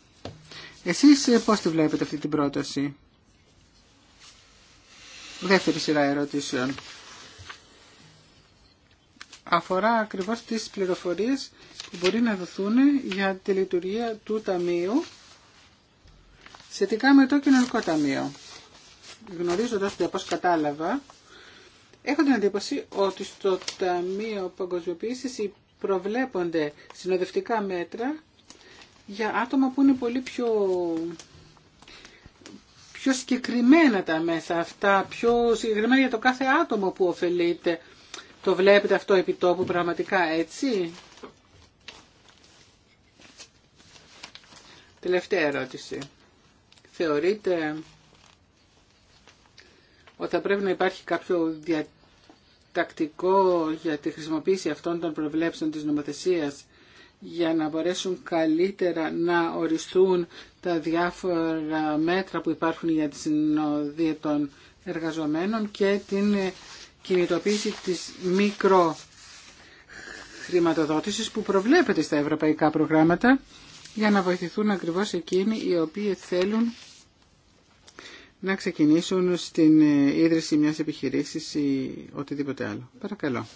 Εσείς ε, πώς τη βλέπετε αυτή την πρόταση. Δεύτερη σειρά ερωτήσεων. Αφορά ακριβώς τις πληροφορίες που μπορεί να δοθούν για τη λειτουργία του Ταμείου σχετικά με το Κοινωνικό Ταμείο. Γνωρίζοντας ότι όπως κατάλαβα, έχω την εντύπωση ότι στο Ταμείο Παγκοσμιοποίησης προβλέπονται συνοδευτικά μέτρα για άτομα που είναι πολύ πιο, πιο συγκεκριμένα τα μέσα αυτά, πιο συγκεκριμένα για το κάθε άτομο που ωφελείται. Το βλέπετε αυτό επί τόπου πραγματικά έτσι. Τελευταία ερώτηση. Θεωρείτε ότι θα πρέπει να υπάρχει κάποιο διατήρηση τακτικό για τη χρησιμοποίηση αυτών των προβλέψεων της νομοθεσίας για να μπορέσουν καλύτερα να οριστούν τα διάφορα μέτρα που υπάρχουν για τη συνοδεία των εργαζομένων και την κινητοποίηση της μικρό χρηματοδότησης που προβλέπεται στα ευρωπαϊκά προγράμματα για να βοηθηθούν ακριβώς εκείνοι οι οποίοι θέλουν να ξεκινήσουν στην ε, ίδρυση μιας επιχειρήσης ή οτιδήποτε άλλο. Παρακαλώ.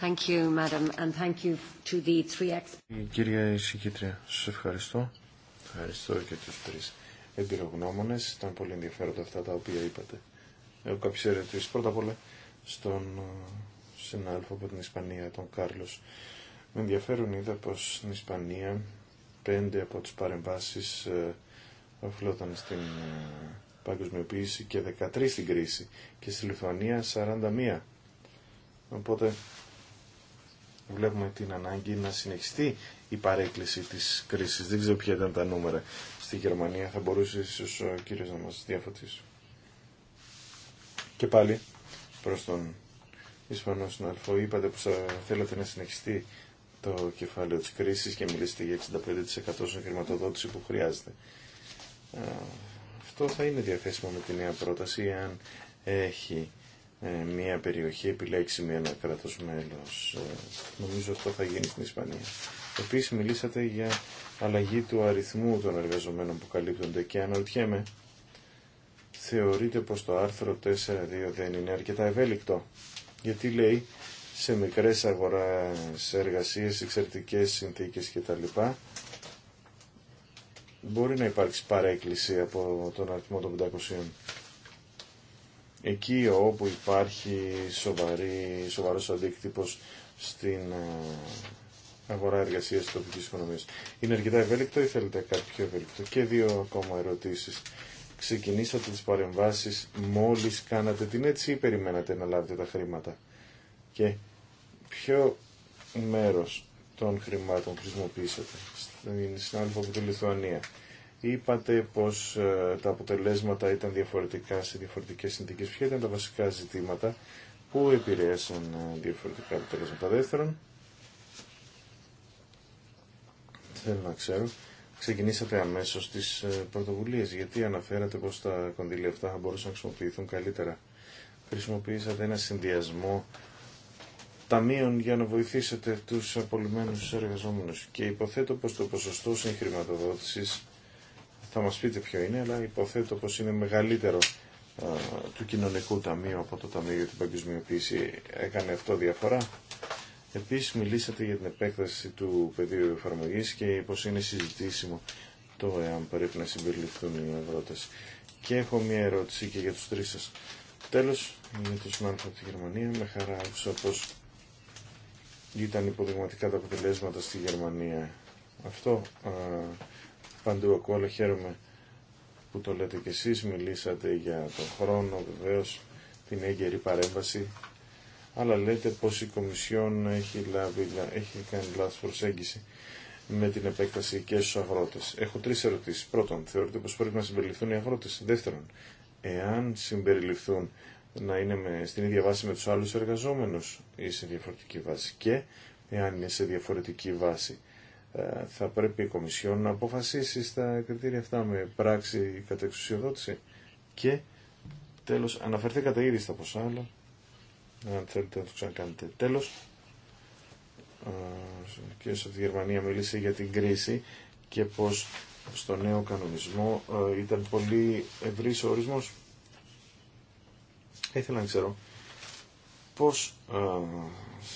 Thank you, Madam, Κύριε Συγκήτρια, σας ευχαριστώ. Ευχαριστώ και τους τρεις εμπειρογνώμονες. Ήταν πολύ ενδιαφέροντα αυτά τα οποία είπατε. Έχω κάποιες ερωτήσεις. Πρώτα απ' όλα στον ε, συνάδελφο από την Ισπανία, τον Κάρλος. Με ενδιαφέρον είδα πως στην Ισπανία πέντε από τις παρεμβάσεις ε, οφειλόταν στην ε, παγκοσμιοποίηση και 13 στην κρίση και στη Λιθουανία 41. Οπότε βλέπουμε την ανάγκη να συνεχιστεί η παρέκκληση της κρίσης. Δεν ξέρω ποια ήταν τα νούμερα στη Γερμανία. Θα μπορούσε ίσως ο κύριος να μας διαφωτίσει. Και πάλι προς τον Ισπανό συναλφό είπατε πως θέλετε θέλατε να συνεχιστεί το κεφάλαιο της κρίσης και μιλήσετε για 65% χρηματοδότηση που χρειάζεται αυτό θα είναι διαθέσιμο με τη νέα πρόταση αν έχει ε, μια περιοχή επιλέξιμη ένα κράτος μέλος. Ε, νομίζω αυτό θα γίνει στην Ισπανία. Επίσης μιλήσατε για αλλαγή του αριθμού των εργαζομένων που καλύπτονται και αναρωτιέμαι θεωρείτε πως το άρθρο 4.2 δεν είναι αρκετά ευέλικτο γιατί λέει σε μικρές αγοράς εργασίες, εξαιρετικές συνθήκες κτλ μπορεί να υπάρξει παρέκκληση από τον αριθμό των 500. Εκεί όπου υπάρχει σοβαρή, σοβαρός αντίκτυπος στην ε, αγορά εργασίας της τοπικής οικονομίας. Είναι αρκετά ευέλικτο ή θέλετε κάτι πιο ευέλικτο. Και δύο ακόμα ερωτήσεις. Ξεκινήσατε τις παρεμβάσεις μόλις κάνατε την έτσι ή περιμένατε να λάβετε τα χρήματα. Και ποιο μέρος των χρημάτων που χρησιμοποιήσατε στην συνάδελφο από τη Λιθουανία. Είπατε πως ε, τα αποτελέσματα ήταν διαφορετικά σε διαφορετικές συνθήκες. Ποια ήταν τα βασικά ζητήματα που επηρέασαν ε, διαφορετικά αποτελέσματα. Δεύτερον, θέλω να ξέρω, ξεκινήσατε αμέσως τις ε, πρωτοβουλίες. Γιατί αναφέρατε πως τα κονδύλια αυτά θα μπορούσαν να χρησιμοποιηθούν καλύτερα. Χρησιμοποίησατε ένα συνδυασμό ταμείων για να βοηθήσετε τους απολυμμένους εργαζόμενους. Και υποθέτω πως το ποσοστό συγχρηματοδότησης, θα μας πείτε ποιο είναι, αλλά υποθέτω πως είναι μεγαλύτερο του κοινωνικού ταμείου από το Ταμείο για την Παγκοσμιοποίηση. Έκανε αυτό διαφορά. Επίσης μιλήσατε για την επέκταση του πεδίου εφαρμογή και πως είναι συζητήσιμο το εάν πρέπει να συμπεριληφθούν οι ευρώτες. Και έχω μια ερώτηση και για τους τρεις σας. Τέλος, το τη Γερμανία, με χαρά άκουσα ήταν υποδειγματικά τα αποτελέσματα στη Γερμανία. Αυτό α, παντού ακούω, αλλά χαίρομαι που το λέτε κι εσείς. Μιλήσατε για τον χρόνο, βεβαίω την έγκαιρη παρέμβαση, αλλά λέτε πως η Κομισιόν έχει, λάβει, έχει κάνει λάθος προσέγγιση με την επέκταση και στους αγρότες. Έχω τρεις ερωτήσεις. Πρώτον, θεωρείτε πως πρέπει να συμπεριληφθούν οι αγρότες. Δεύτερον, εάν συμπεριληφθούν να είναι με, στην ίδια βάση με τους άλλους εργαζόμενους ή σε διαφορετική βάση. Και εάν είναι σε διαφορετική βάση ε, θα πρέπει η Κομισιόν να αποφασίσει στα κριτήρια αυτά με πράξη κατά εξουσιοδότηση. Και τέλος, αναφερθήκατε ήδη στα ποσά, αλλά αν θέλετε να το ξανακάνετε. Τέλος, ε, ο κ. από τη Γερμανία μίλησε για την κρίση και πως στο νέο κανονισμό ε, ήταν πολύ ευρύς ο ορισμός θα ήθελα να ξέρω πώς ε,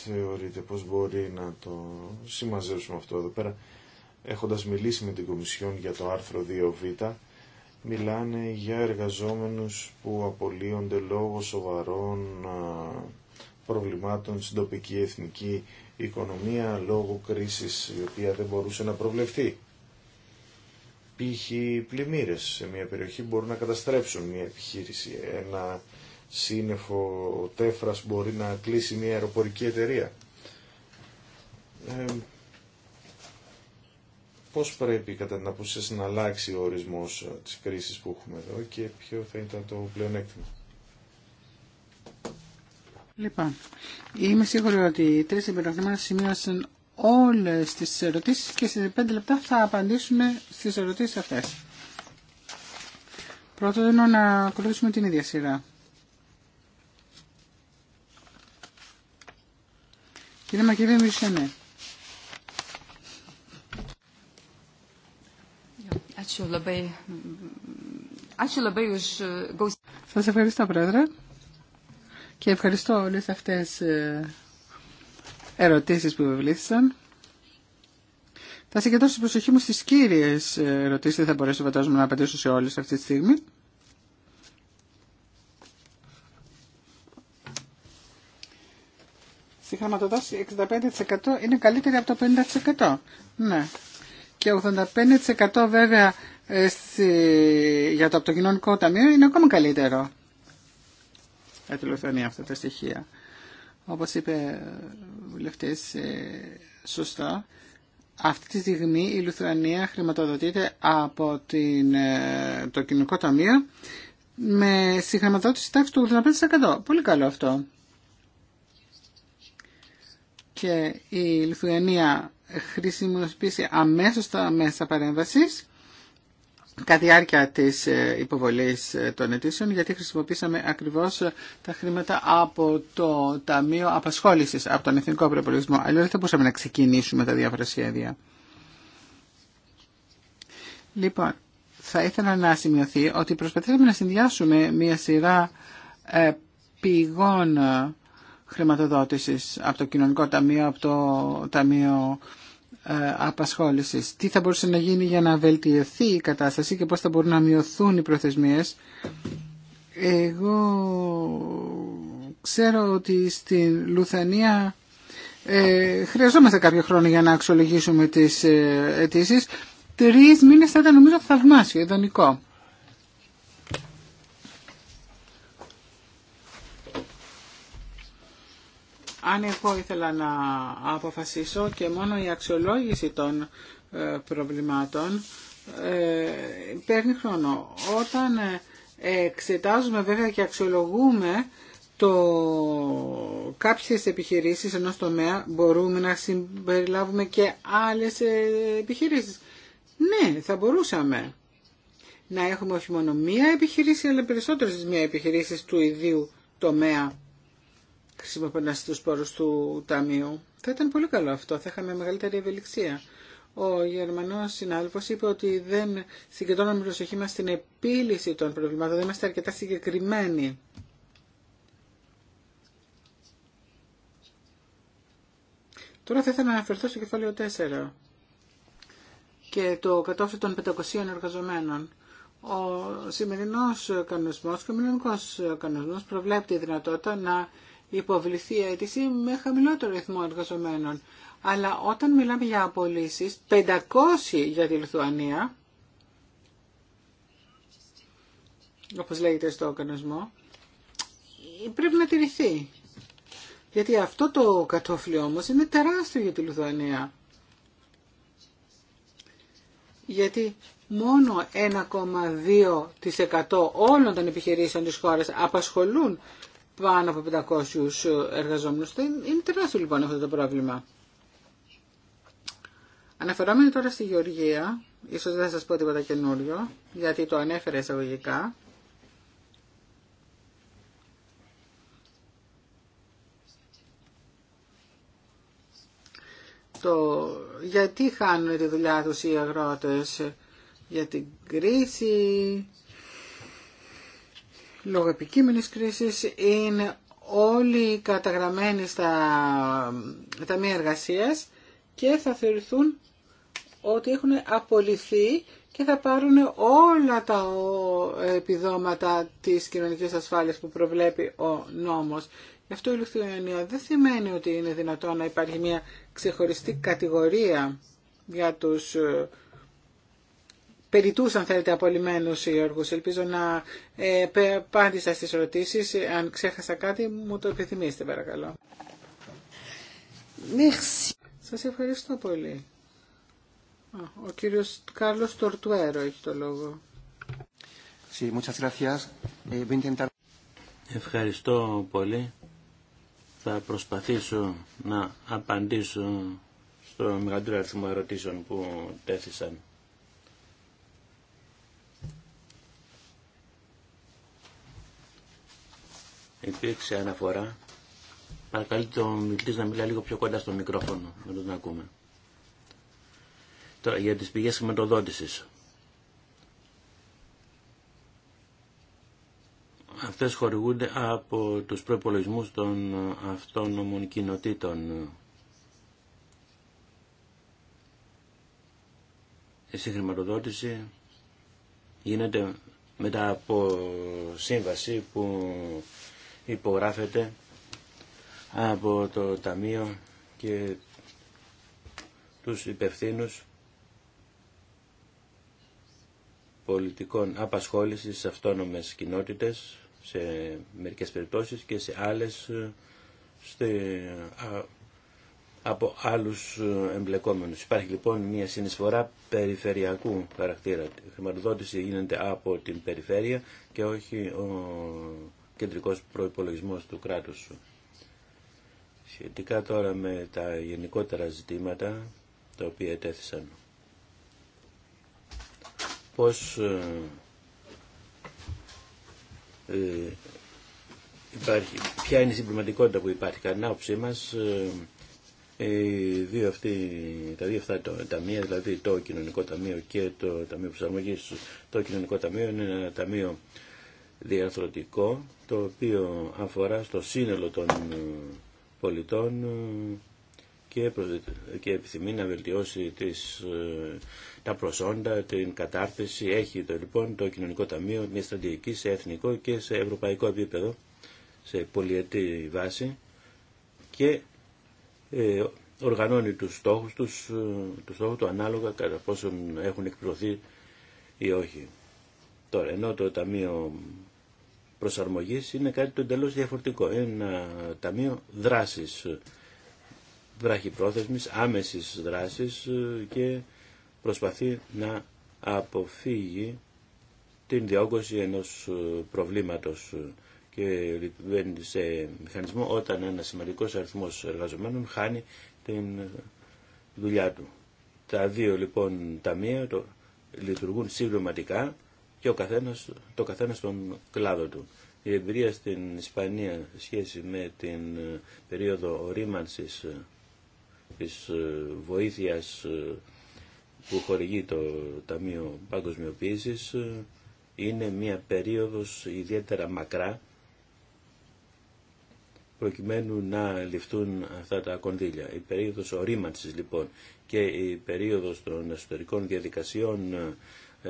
θεωρείτε, πώς μπορεί να το συμμαζέψουμε αυτό εδώ πέρα. Έχοντας μιλήσει με την Κομισιόν για το άρθρο 2β, μιλάνε για εργαζόμενους που απολύονται λόγω σοβαρών ε, προβλημάτων στην τοπική εθνική οικονομία λόγω κρίσης η οποία δεν μπορούσε να προβλεφθεί. Π.χ. πλημμύρες σε μια περιοχή μπορούν να καταστρέψουν μια επιχείρηση, ένα σύννεφο τέφρας μπορεί να κλείσει μια αεροπορική εταιρεία. Ε, πώς πρέπει κατά την άποψή να αλλάξει ο ορισμός ε, της κρίσης που έχουμε εδώ και ποιο θα ήταν το πλεονέκτημα. Λοιπόν, είμαι σίγουρη ότι οι τρεις εμπειρογνώμενες σημείωσαν όλες τις ερωτήσεις και σε πέντε λεπτά θα απαντήσουμε στις ερωτήσεις αυτές. Πρώτον, να ακολουθήσουμε την ίδια σειρά. Κύριε e, Σας ευχαριστώ, Πρόεδρε. Και ευχαριστώ όλες αυτές ε, ερωτήσεις που βεβλήθησαν. Θα συγκεντρώσω την προσοχή μου στις κύριες ε, ερωτήσεις, δεν θα μπορέσω φαντάζομαι να απαντήσω σε όλες αυτή τη στιγμή. Η χρηματοδότηση 65% είναι καλύτερη από το 50%. Ναι. Και 85% βέβαια ε, για το από το κοινωνικό ταμείο είναι ακόμα καλύτερο. Για ε, τη αυτά τα στοιχεία. Όπως είπε ο βουλευτής ε, σωστά, αυτή τη στιγμή η Λουθανία χρηματοδοτείται από την, το κοινωνικό ταμείο με συγχρηματοδότηση τάξη του 85%. Πολύ καλό αυτό και η Λιθουανία χρησιμοποιήσει αμέσως τα μέσα παρέμβασης κατά διάρκεια της ε, υποβολής ε, των αιτήσεων γιατί χρησιμοποίησαμε ακριβώς ε, τα χρήματα από το Ταμείο Απασχόλησης από τον Εθνικό Προπολογισμό αλλιώς δεν θα μπορούσαμε να ξεκινήσουμε τα διάφορα σχέδια. Λοιπόν, θα ήθελα να σημειωθεί ότι προσπαθήσαμε να συνδυάσουμε μια σειρά πηγών χρηματοδότησης από το Κοινωνικό Ταμείο, από το Ταμείο ε, Απασχόλησης. Τι θα μπορούσε να γίνει για να βελτιωθεί η κατάσταση και πώς θα μπορούν να μειωθούν οι προθεσμίες. Εγώ ξέρω ότι στην Λουθανία ε, χρειαζόμαστε κάποιο χρόνο για να αξιολογήσουμε τις ε, αιτήσει. τρει μήνες θα ήταν νομίζω θαυμάσιο, ιδανικό. Αν εγώ ήθελα να αποφασίσω και μόνο η αξιολόγηση των ε, προβλημάτων ε, παίρνει χρόνο. Όταν ε, εξετάζουμε βέβαια και αξιολογούμε το κάποιες επιχειρήσεις ενός τομέα μπορούμε να συμπεριλάβουμε και άλλες επιχειρήσεις. Ναι, θα μπορούσαμε να έχουμε όχι μόνο μία επιχειρήση αλλά περισσότερες μία επιχειρήσεις του ιδίου τομέα χρησιμοποιώντα του πόρου του Ταμείου. Θα ήταν πολύ καλό αυτό, θα είχαμε μεγαλύτερη ευελιξία. Ο γερμανός συνάδελφος είπε ότι δεν συγκεντρώνουμε προσοχή μα στην επίλυση των προβλημάτων, δεν είμαστε αρκετά συγκεκριμένοι. Τώρα θα ήθελα να αναφερθώ στο κεφάλαιο 4 και το κατόφλι των 500 εργαζομένων. Ο σημερινός κανονισμός ο κοινωνικός κανονισμός προβλέπει τη δυνατότητα να υποβληθεί αίτηση με χαμηλότερο ρυθμό εργαζομένων. Αλλά όταν μιλάμε για απολύσεις, 500 για τη Λιθουανία, όπως λέγεται στο οργανισμό, πρέπει να τηρηθεί. Γιατί αυτό το κατόφλι όμως είναι τεράστιο για τη Λιθουανία. Γιατί μόνο 1,2% όλων των επιχειρήσεων της χώρας απασχολούν πάνω από 500 εργαζόμενους. Είναι τεράστιο λοιπόν αυτό το πρόβλημα. Αναφερόμενοι τώρα στη Γεωργία, ίσως δεν σας πω τίποτα καινούριο, γιατί το ανέφερα εισαγωγικά, το γιατί χάνουν τη δουλειά τους οι αγρότες για την κρίση, λόγω επικείμενης κρίσης είναι όλοι καταγραμμένοι στα ταμεία εργασίας και θα θεωρηθούν ότι έχουν απολυθεί και θα πάρουν όλα τα επιδόματα της κοινωνικής ασφάλειας που προβλέπει ο νόμος. Γι' αυτό η Λουθιανία δεν σημαίνει ότι είναι δυνατόν να υπάρχει μια ξεχωριστή κατηγορία για τους ε, περιτούς αν θέλετε απολυμμένους Γιώργους. Ελπίζω να ε, απάντησα στις ερωτήσεις. Αν ξέχασα κάτι μου το επιθυμίστε παρακαλώ. Merci. Σας ευχαριστώ πολύ. Ο κύριος Κάρλος Τορτουέρο έχει το λόγο. Sí, eh, Ευχαριστώ πολύ. Θα προσπαθήσω να απαντήσω στο μεγαλύτερο αριθμό ερωτήσεων που τέθησαν. Υπήρξε αναφορά. Παρακαλεί τον μιλητή να μιλά λίγο πιο κοντά στο μικρόφωνο, να τον ακούμε. Τώρα, για τις πηγές χρηματοδότησης. Αυτές χορηγούνται από τους προπολογισμού των αυτόνομων κοινοτήτων. Η συγχρηματοδότηση γίνεται μετά από σύμβαση που υπογράφεται από το Ταμείο και τους υπευθύνους πολιτικών απασχόλησης σε αυτόνομες κοινότητες σε μερικές περιπτώσεις και σε άλλες από άλλους εμπλεκόμενους. Υπάρχει λοιπόν μια συνεισφορά περιφερειακού χαρακτήρα. Η χρηματοδότηση γίνεται από την περιφέρεια και όχι ο κεντρικός προϋπολογισμός του κράτους σου. Σχετικά τώρα με τα γενικότερα ζητήματα τα οποία ετέθησαν. Πώς ε, ε υπάρχει, ποια είναι η συμπληματικότητα που υπάρχει. Κατά άποψή μας, ε, ε, δύο αυτοί, τα δύο αυτά ταμεία, δηλαδή το Κοινωνικό Ταμείο και το Ταμείο Προσαρμογής, το Κοινωνικό Ταμείο είναι ένα ταμείο διαρθρωτικό το οποίο αφορά στο σύνολο των ε, πολιτών ε, και, και επιθυμεί να βελτιώσει τις, ε, τα προσόντα, την κατάρτιση. Έχει το, λοιπόν το Κοινωνικό Ταμείο μια στρατηγική σε εθνικό και σε ευρωπαϊκό επίπεδο, σε πολυετή βάση και ε, οργανώνει τους στόχους τους, τους στόχους του ανάλογα κατά πόσον έχουν εκπληρωθεί ή όχι. Τώρα, ενώ το Ταμείο προσαρμογής είναι κάτι το εντελώς διαφορετικό. Ένα ταμείο δράσης, βραχυπρόθεσμης, άμεσης δράσης ε, και προσπαθεί να αποφύγει την διόγκωση ενός ε, προβλήματος ε, και λειτουργεί σε μηχανισμό όταν ένα σημαντικός αριθμός εργαζομένων χάνει την δουλειά του. Τα δύο λοιπόν ταμεία το, λειτουργούν συμπληρωματικά και ο καθένας, το καθένα στον κλάδο του. Η εμπειρία στην Ισπανία σχέση με την ε, περίοδο ορίμανσης ε, της ε, βοήθειας που χορηγεί το Ταμείο Παγκοσμιοποίησης είναι μια περίοδος ιδιαίτερα μακρά προκειμένου να ληφθούν αυτά τα κονδύλια. Η περίοδος ορίμανσης λοιπόν και η περίοδος των εσωτερικών διαδικασιών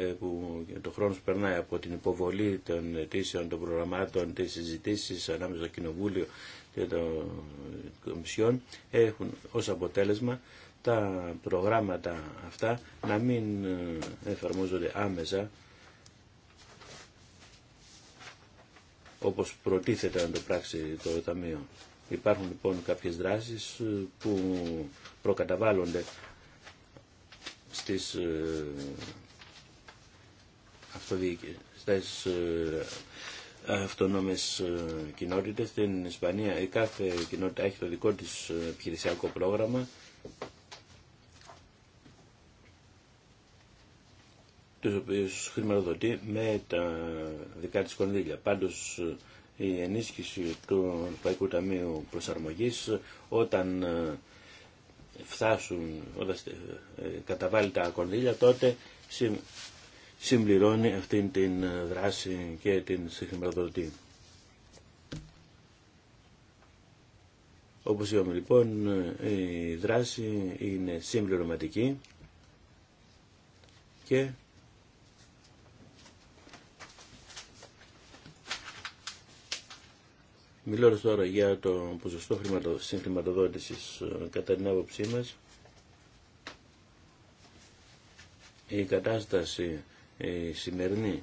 που το χρόνο περνάει από την υποβολή των αιτήσεων, των προγραμμάτων, τις συζητήσει ανάμεσα στο Κοινοβούλιο και των Κομισιών έχουν ως αποτέλεσμα τα προγράμματα αυτά να μην ε, εφαρμόζονται άμεσα όπως προτίθεται να το πράξει το Ταμείο. Υπάρχουν λοιπόν κάποιες δράσεις ε, που προκαταβάλλονται στις ε, στις ε, αυτονόμες ε, κοινότητες. Στην Ισπανία η κάθε κοινότητα έχει το δικό της ε, επιχειρησιακό πρόγραμμα. τους οποίους χρηματοδοτεί με τα δικά της κονδύλια. Πάντως η ενίσχυση του Ευρωπαϊκού Ταμείου Προσαρμογής όταν φτάσουν, όταν καταβάλει τα κονδύλια τότε συμπληρώνει αυτήν την ε, δράση και την συγχρηματοδοτή. Όπως είπαμε λοιπόν, ε, η δράση είναι συμπληρωματική και Μιλώντας τώρα για το ποσοστό συγχρηματοδότησης ε, κατά την άποψή μας, η κατάσταση η σημερινή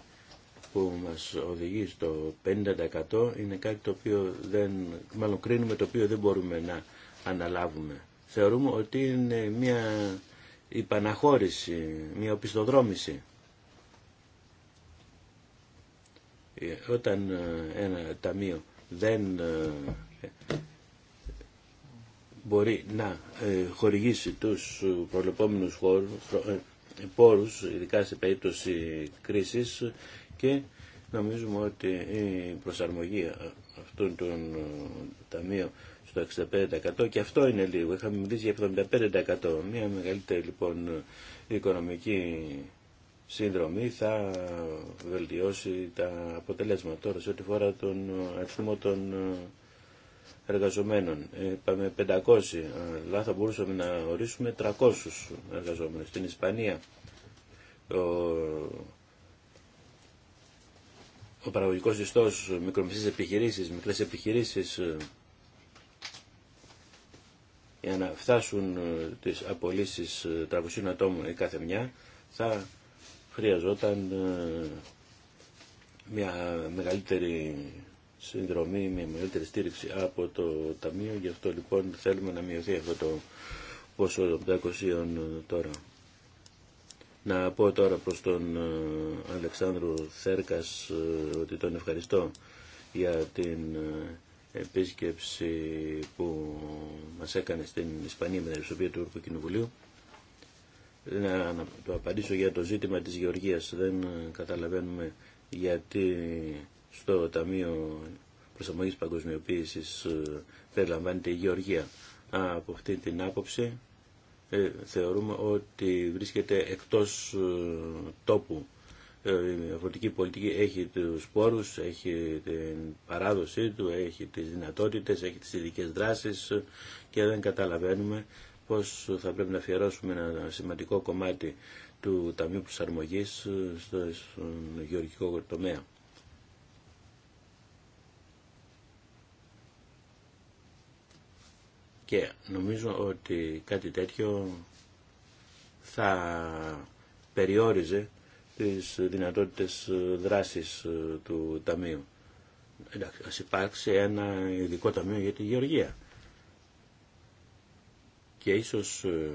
που μας οδηγεί στο 50% είναι κάτι το οποίο δεν, μάλλον κρίνουμε το οποίο δεν μπορούμε να αναλάβουμε. Θεωρούμε ότι είναι μια υπαναχώρηση, μια οπισθοδρόμηση. Ε, όταν ε, ένα ταμείο δεν ε, μπορεί να χορηγήσει τους χώρους πόρους, ειδικά σε περίπτωση κρίσης και νομίζουμε ότι η προσαρμογή αυτού των ε, ταμείων στο 65% και αυτό είναι λίγο. Είχαμε μιλήσει για 75%. Μια μεγαλύτερη λοιπόν οικονομική συνδρομή θα βελτιώσει τα αποτελέσματα. Τώρα σε ό,τι φορά τον αριθμό των ε, εργαζομένων. Είπαμε 500, αλλά θα μπορούσαμε να ορίσουμε 300 εργαζόμενους. Στην Ισπανία ο, ο παραγωγικός ιστός, μικρομεσαίες επιχειρήσεις, μικρές επιχειρήσεις, ε, για να φτάσουν ε, τις απολύσεις 300 ε, ατόμων η κάθε μια, θα χρειαζόταν μια μεγαλύτερη συνδρομή με μεγαλύτερη στήριξη από το Ταμείο. Γι' αυτό λοιπόν θέλουμε να μειωθεί αυτό το ποσό των 500 ε, τώρα. Να πω τώρα προς τον ε, Αλεξάνδρου Θέρκας ε, ότι τον ευχαριστώ για την επίσκεψη που μας έκανε στην Ισπανία με την Ευσοπία του Ευρωπαϊκού Να το απαντήσω για το ζήτημα της Γεωργίας. Δεν καταλαβαίνουμε γιατί στο Ταμείο Προσαρμογής Παγκοσμιοποίησης ε, περιλαμβάνεται η Γεωργία. Από αυτή την άποψη ε, θεωρούμε ότι βρίσκεται εκτός ε, τόπου. Η αφορτική πολιτική έχει τους πόρους, έχει την παράδοσή του, έχει τις δυνατότητες, έχει τις ειδικέ δράσεις και δεν καταλαβαίνουμε πώς θα πρέπει να αφιερώσουμε ένα σημαντικό κομμάτι του Ταμείου Προσαρμογής στον γεωργικό τομέα. Και νομίζω ότι κάτι τέτοιο θα περιόριζε τις δυνατότητες δράσης ε, του Ταμείου. Εντάξει, ας υπάρξει ένα ειδικό Ταμείο για τη Γεωργία. Και ίσως ε,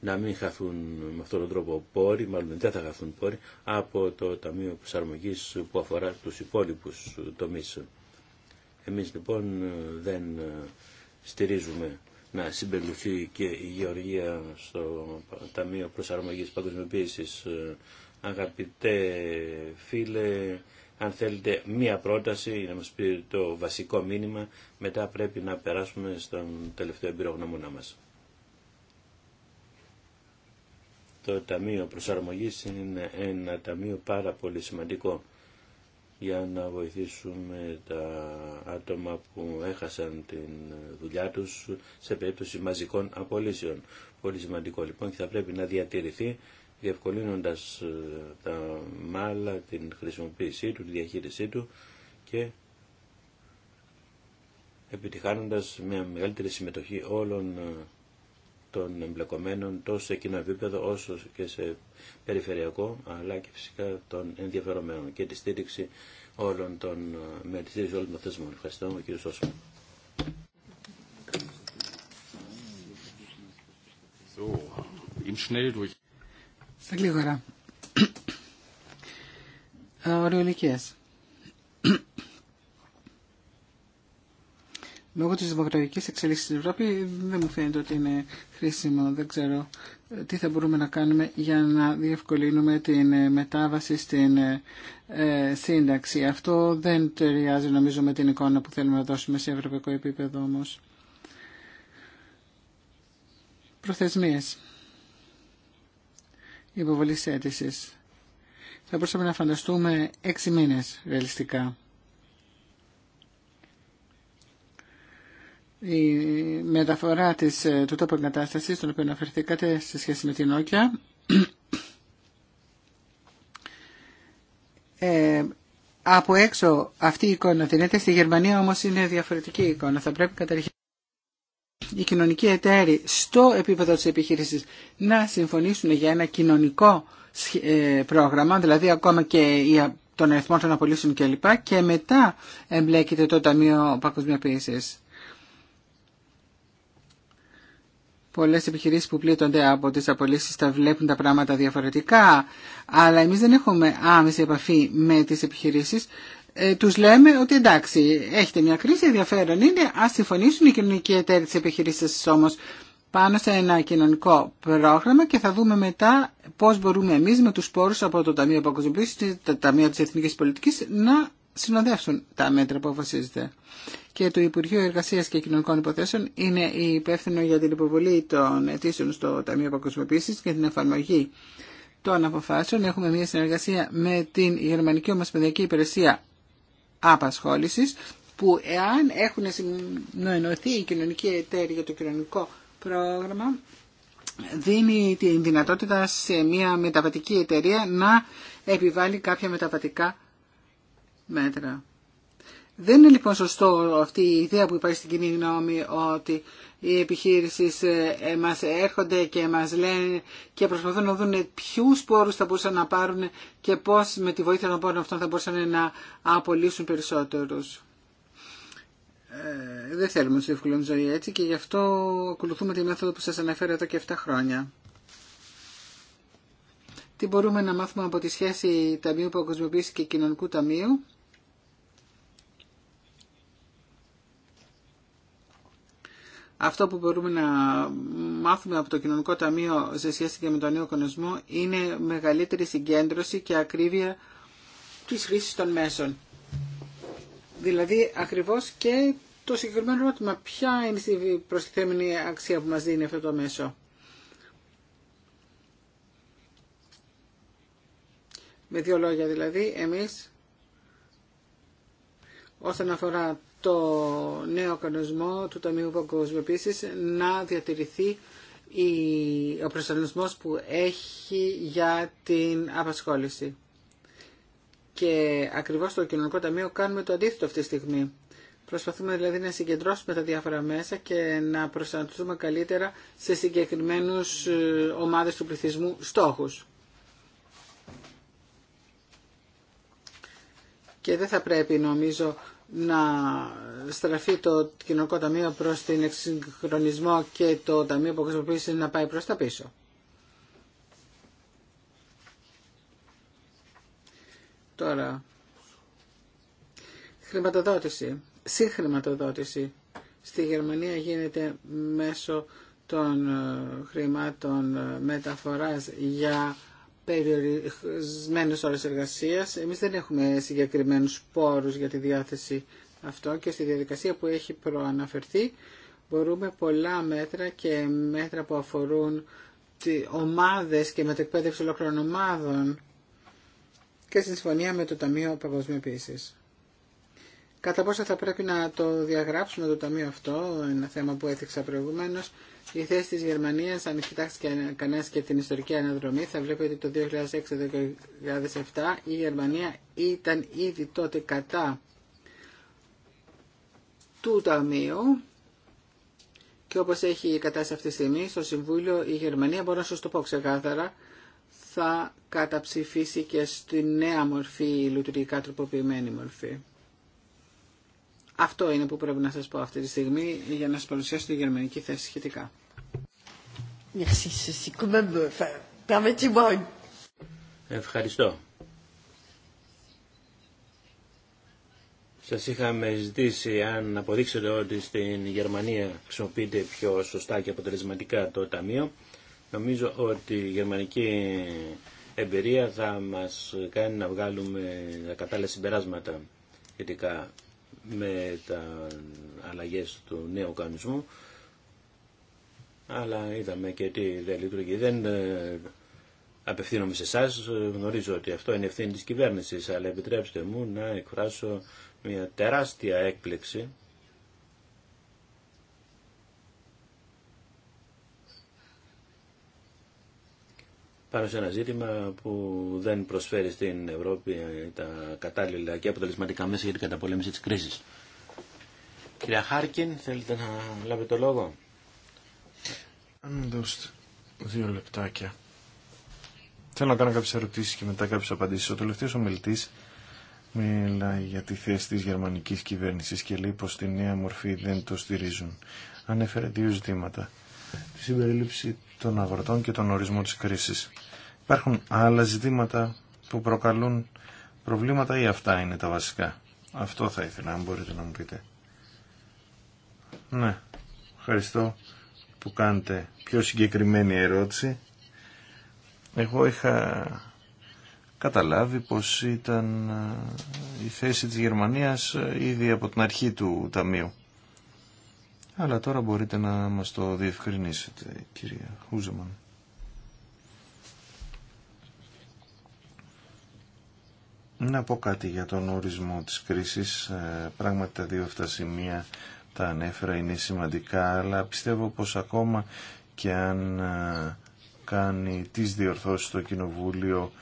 να μην χαθούν με αυτόν τον τρόπο πόροι, μάλλον δεν θα χαθούν πόροι, από το Ταμείο Προσαρμογή που αφορά τους υπόλοιπους τομείς. Εμείς λοιπόν ε, δεν στηρίζουμε να συμπεριληφθεί και η Γεωργία στο Ταμείο Προσαρμογής Παγκοσμιοποίησης. Ε, Αγαπητέ φίλε, αν θέλετε μία πρόταση να μας πει το βασικό μήνυμα, μετά πρέπει να περάσουμε στον τελευταίο εμπειρογνωμούνα μας. Το Ταμείο Προσαρμογής είναι ένα ταμείο πάρα πολύ σημαντικό για να βοηθήσουμε τα άτομα που έχασαν την δουλειά τους σε περίπτωση μαζικών απολύσεων. Πολύ σημαντικό λοιπόν και θα πρέπει να διατηρηθεί διευκολύνοντας ε, τα μάλα, την χρησιμοποίησή του, τη διαχείρισή του και επιτυχάνοντας μια μεγαλύτερη συμμετοχή όλων ε, των εμπλεκομένων τόσο σε κοινό επίπεδο όσο και σε περιφερειακό αλλά και φυσικά των ενδιαφερομένων και τη στήριξη όλων των ε, με τη στήριξη όλων των θεσμών. Ευχαριστώ κύριε Σώσο. Στα γλίγορα. λόγω της δημοκρατικής εξέλιξης στην Ευρώπη δεν μου φαίνεται ότι είναι χρήσιμο. Δεν ξέρω ε, τι θα μπορούμε να κάνουμε για να διευκολύνουμε την ε, μετάβαση στην ε, σύνταξη. Αυτό δεν ταιριάζει νομίζω με την εικόνα που θέλουμε να δώσουμε σε ευρωπαϊκό επίπεδο όμω. Προθεσμίες. Υποβολή αίτηση. Θα μπορούσαμε να φανταστούμε έξι μήνες ρεαλιστικά. η μεταφορά της, ε, του τόπου εγκατάστασης, στον οποίο αναφερθήκατε σε σχέση με την Όκια, ε, από έξω αυτή η εικόνα δίνεται, στη Γερμανία όμως είναι διαφορετική εικόνα. Θα πρέπει καταρχήν οι κοινωνικοί εταίροι στο επίπεδο της επιχείρησης να συμφωνήσουν για ένα κοινωνικό ε, πρόγραμμα, δηλαδή ακόμα και τον αριθμό των απολύσεων κλπ. Και μετά εμπλέκεται το Ταμείο Παγκοσμιοποίησης. Πολλές επιχειρήσεις που πλήττονται από τις απολύσεις τα βλέπουν τα πράγματα διαφορετικά, αλλά εμείς δεν έχουμε άμεση επαφή με τις επιχειρήσεις. Ε, τους λέμε ότι εντάξει, έχετε μια κρίση, ενδιαφέρον είναι, ας συμφωνήσουν οι κοινωνικοί εταίροι της επιχειρήσης όμως πάνω σε ένα κοινωνικό πρόγραμμα και θα δούμε μετά πώς μπορούμε εμείς με τους πόρους από το Ταμείο Παγκοσμιοποίησης το Ταμείο της Εθνικής Πολιτικής να συνοδεύσουν τα μέτρα που αποφασίζεται. Και το Υπουργείο Εργασία και Κοινωνικών Υποθέσεων είναι υπεύθυνο για την υποβολή των αιτήσεων στο Ταμείο Παγκοσμιοποίηση και την εφαρμογή των αποφάσεων. Έχουμε μια συνεργασία με την Γερμανική Ομοσπονδιακή Υπηρεσία Απασχόληση, που εάν έχουν συνοενωθεί οι κοινωνικοί εταίροι για το κοινωνικό πρόγραμμα, δίνει τη δυνατότητα σε μια μεταβατική εταιρεία να επιβάλλει κάποια μεταβατικά μέτρα. Δεν είναι λοιπόν σωστό αυτή η ιδέα που υπάρχει στην κοινή γνώμη ότι οι επιχείρησεις ε, μας έρχονται και μας λένε και προσπαθούν να δουν ποιου πόρους θα μπορούσαν να πάρουν και πώς με τη βοήθεια των πόρων αυτών θα μπορούσαν να απολύσουν περισσότερους. Ε, δεν θέλουμε να ευκολούν ζωή έτσι και γι' αυτό ακολουθούμε τη μέθοδο που σας αναφέρω εδώ και 7 χρόνια. Τι μπορούμε να μάθουμε από τη σχέση Ταμείου Παγκοσμιοποίησης και Κοινωνικού Ταμείου. αυτό που μπορούμε να μάθουμε από το Κοινωνικό Ταμείο σε σχέση και με τον νέο οικονομισμό είναι μεγαλύτερη συγκέντρωση και ακρίβεια της χρήσης των μέσων. Δηλαδή ακριβώς και το συγκεκριμένο ερώτημα ποια είναι η προστιθέμενη αξία που μας δίνει αυτό το μέσο. Με δύο λόγια δηλαδή, εμείς όσον αφορά το νέο κανονισμό του Ταμείου Παγκοσμιοποίησης να διατηρηθεί ο προσανατολισμός που έχει για την απασχόληση. Και ακριβώς το Κοινωνικό Ταμείο κάνουμε το αντίθετο αυτή τη στιγμή. Προσπαθούμε δηλαδή να συγκεντρώσουμε τα διάφορα μέσα και να προσανατολιστούμε καλύτερα σε συγκεκριμένους ε, ομάδες του πληθυσμού στόχους. Και δεν θα πρέπει νομίζω να στραφεί το κοινωνικό ταμείο προς την εξυγχρονισμό και το ταμείο που χρησιμοποιήσει να πάει προς τα πίσω. Τώρα, χρηματοδότηση, συγχρηματοδότηση στη Γερμανία γίνεται μέσω των ε, χρημάτων ε, μεταφοράς για περιορισμένε ώρε εργασία. Εμεί δεν έχουμε συγκεκριμένου πόρου για τη διάθεση αυτό και στη διαδικασία που έχει προαναφερθεί μπορούμε πολλά μέτρα και μέτρα που αφορούν ομάδες και μετεκπαίδευση ολόκληρων ομάδων και συμφωνία με το Ταμείο Παγκοσμιοποίηση. Κατά πόσο θα πρέπει να το διαγράψουμε το ταμείο αυτό, ένα θέμα που έθιξα προηγουμένω. Η θέση τη Γερμανία, αν κοιτάξει κανένα και την ιστορική αναδρομή, θα βλέπετε ότι το 2006-2007 η Γερμανία ήταν ήδη τότε κατά του ταμείου. Και όπως έχει η κατάσταση αυτή τη στιγμή, στο Συμβούλιο η Γερμανία, μπορώ να σας το πω ξεκάθαρα, θα καταψηφίσει και στη νέα μορφή, η λειτουργικά τροποποιημένη μορφή. Αυτό είναι που πρέπει να σας πω αυτή τη στιγμή για να σας παρουσιάσω τη γερμανική θέση σχετικά. Euh, Ευχαριστώ. Σας είχαμε ζητήσει αν αποδείξετε ότι στην Γερμανία χρησιμοποιείται πιο σωστά και αποτελεσματικά το Ταμείο. Νομίζω ότι η γερμανική εμπειρία θα μας κάνει να βγάλουμε κατάλληλα συμπεράσματα σχετικά με τα αλλαγές του νέου κανονισμού αλλά είδαμε και τι δεν λειτουργεί. Δεν ε, απευθύνομαι σε εσά, γνωρίζω ότι αυτό είναι ευθύνη της κυβέρνησης αλλά επιτρέψτε μου να εκφράσω μια τεράστια έκπληξη πάνω σε ένα ζήτημα που δεν προσφέρει στην Ευρώπη τα κατάλληλα και αποτελεσματικά μέσα για την καταπολέμηση της κρίσης. Κυρία Χάρκιν, θέλετε να λάβετε το λόγο. Αν μου δώσετε δύο λεπτάκια. Θέλω να κάνω κάποιες ερωτήσεις και μετά κάποιες απαντήσεις. Ο τελευταίος ομιλητής μιλάει για τη θέση της γερμανικής κυβέρνησης και λέει πως τη νέα μορφή δεν το στηρίζουν. Ανέφερε δύο ζητήματα τη συμπερίληψη των αγροτών και τον ορισμό της κρίσης. Υπάρχουν άλλα ζητήματα που προκαλούν προβλήματα ή αυτά είναι τα βασικά. Αυτό θα ήθελα, αν μπορείτε να μου πείτε. Ναι, ευχαριστώ που κάνετε πιο συγκεκριμένη ερώτηση. Εγώ είχα καταλάβει πως ήταν ε, η θέση της Γερμανίας ε, ήδη από την αρχή του Ταμείου αλλά τώρα μπορείτε να μας το διευκρινίσετε, κυρία Χούζεμαν. Να πω κάτι για τον ορισμό της κρίσης. Ε, πράγματι τα δύο αυτά σημεία τα ανέφερα είναι σημαντικά, αλλά πιστεύω πως ακόμα και αν ε, κάνει τις διορθώσεις στο Κοινοβούλιο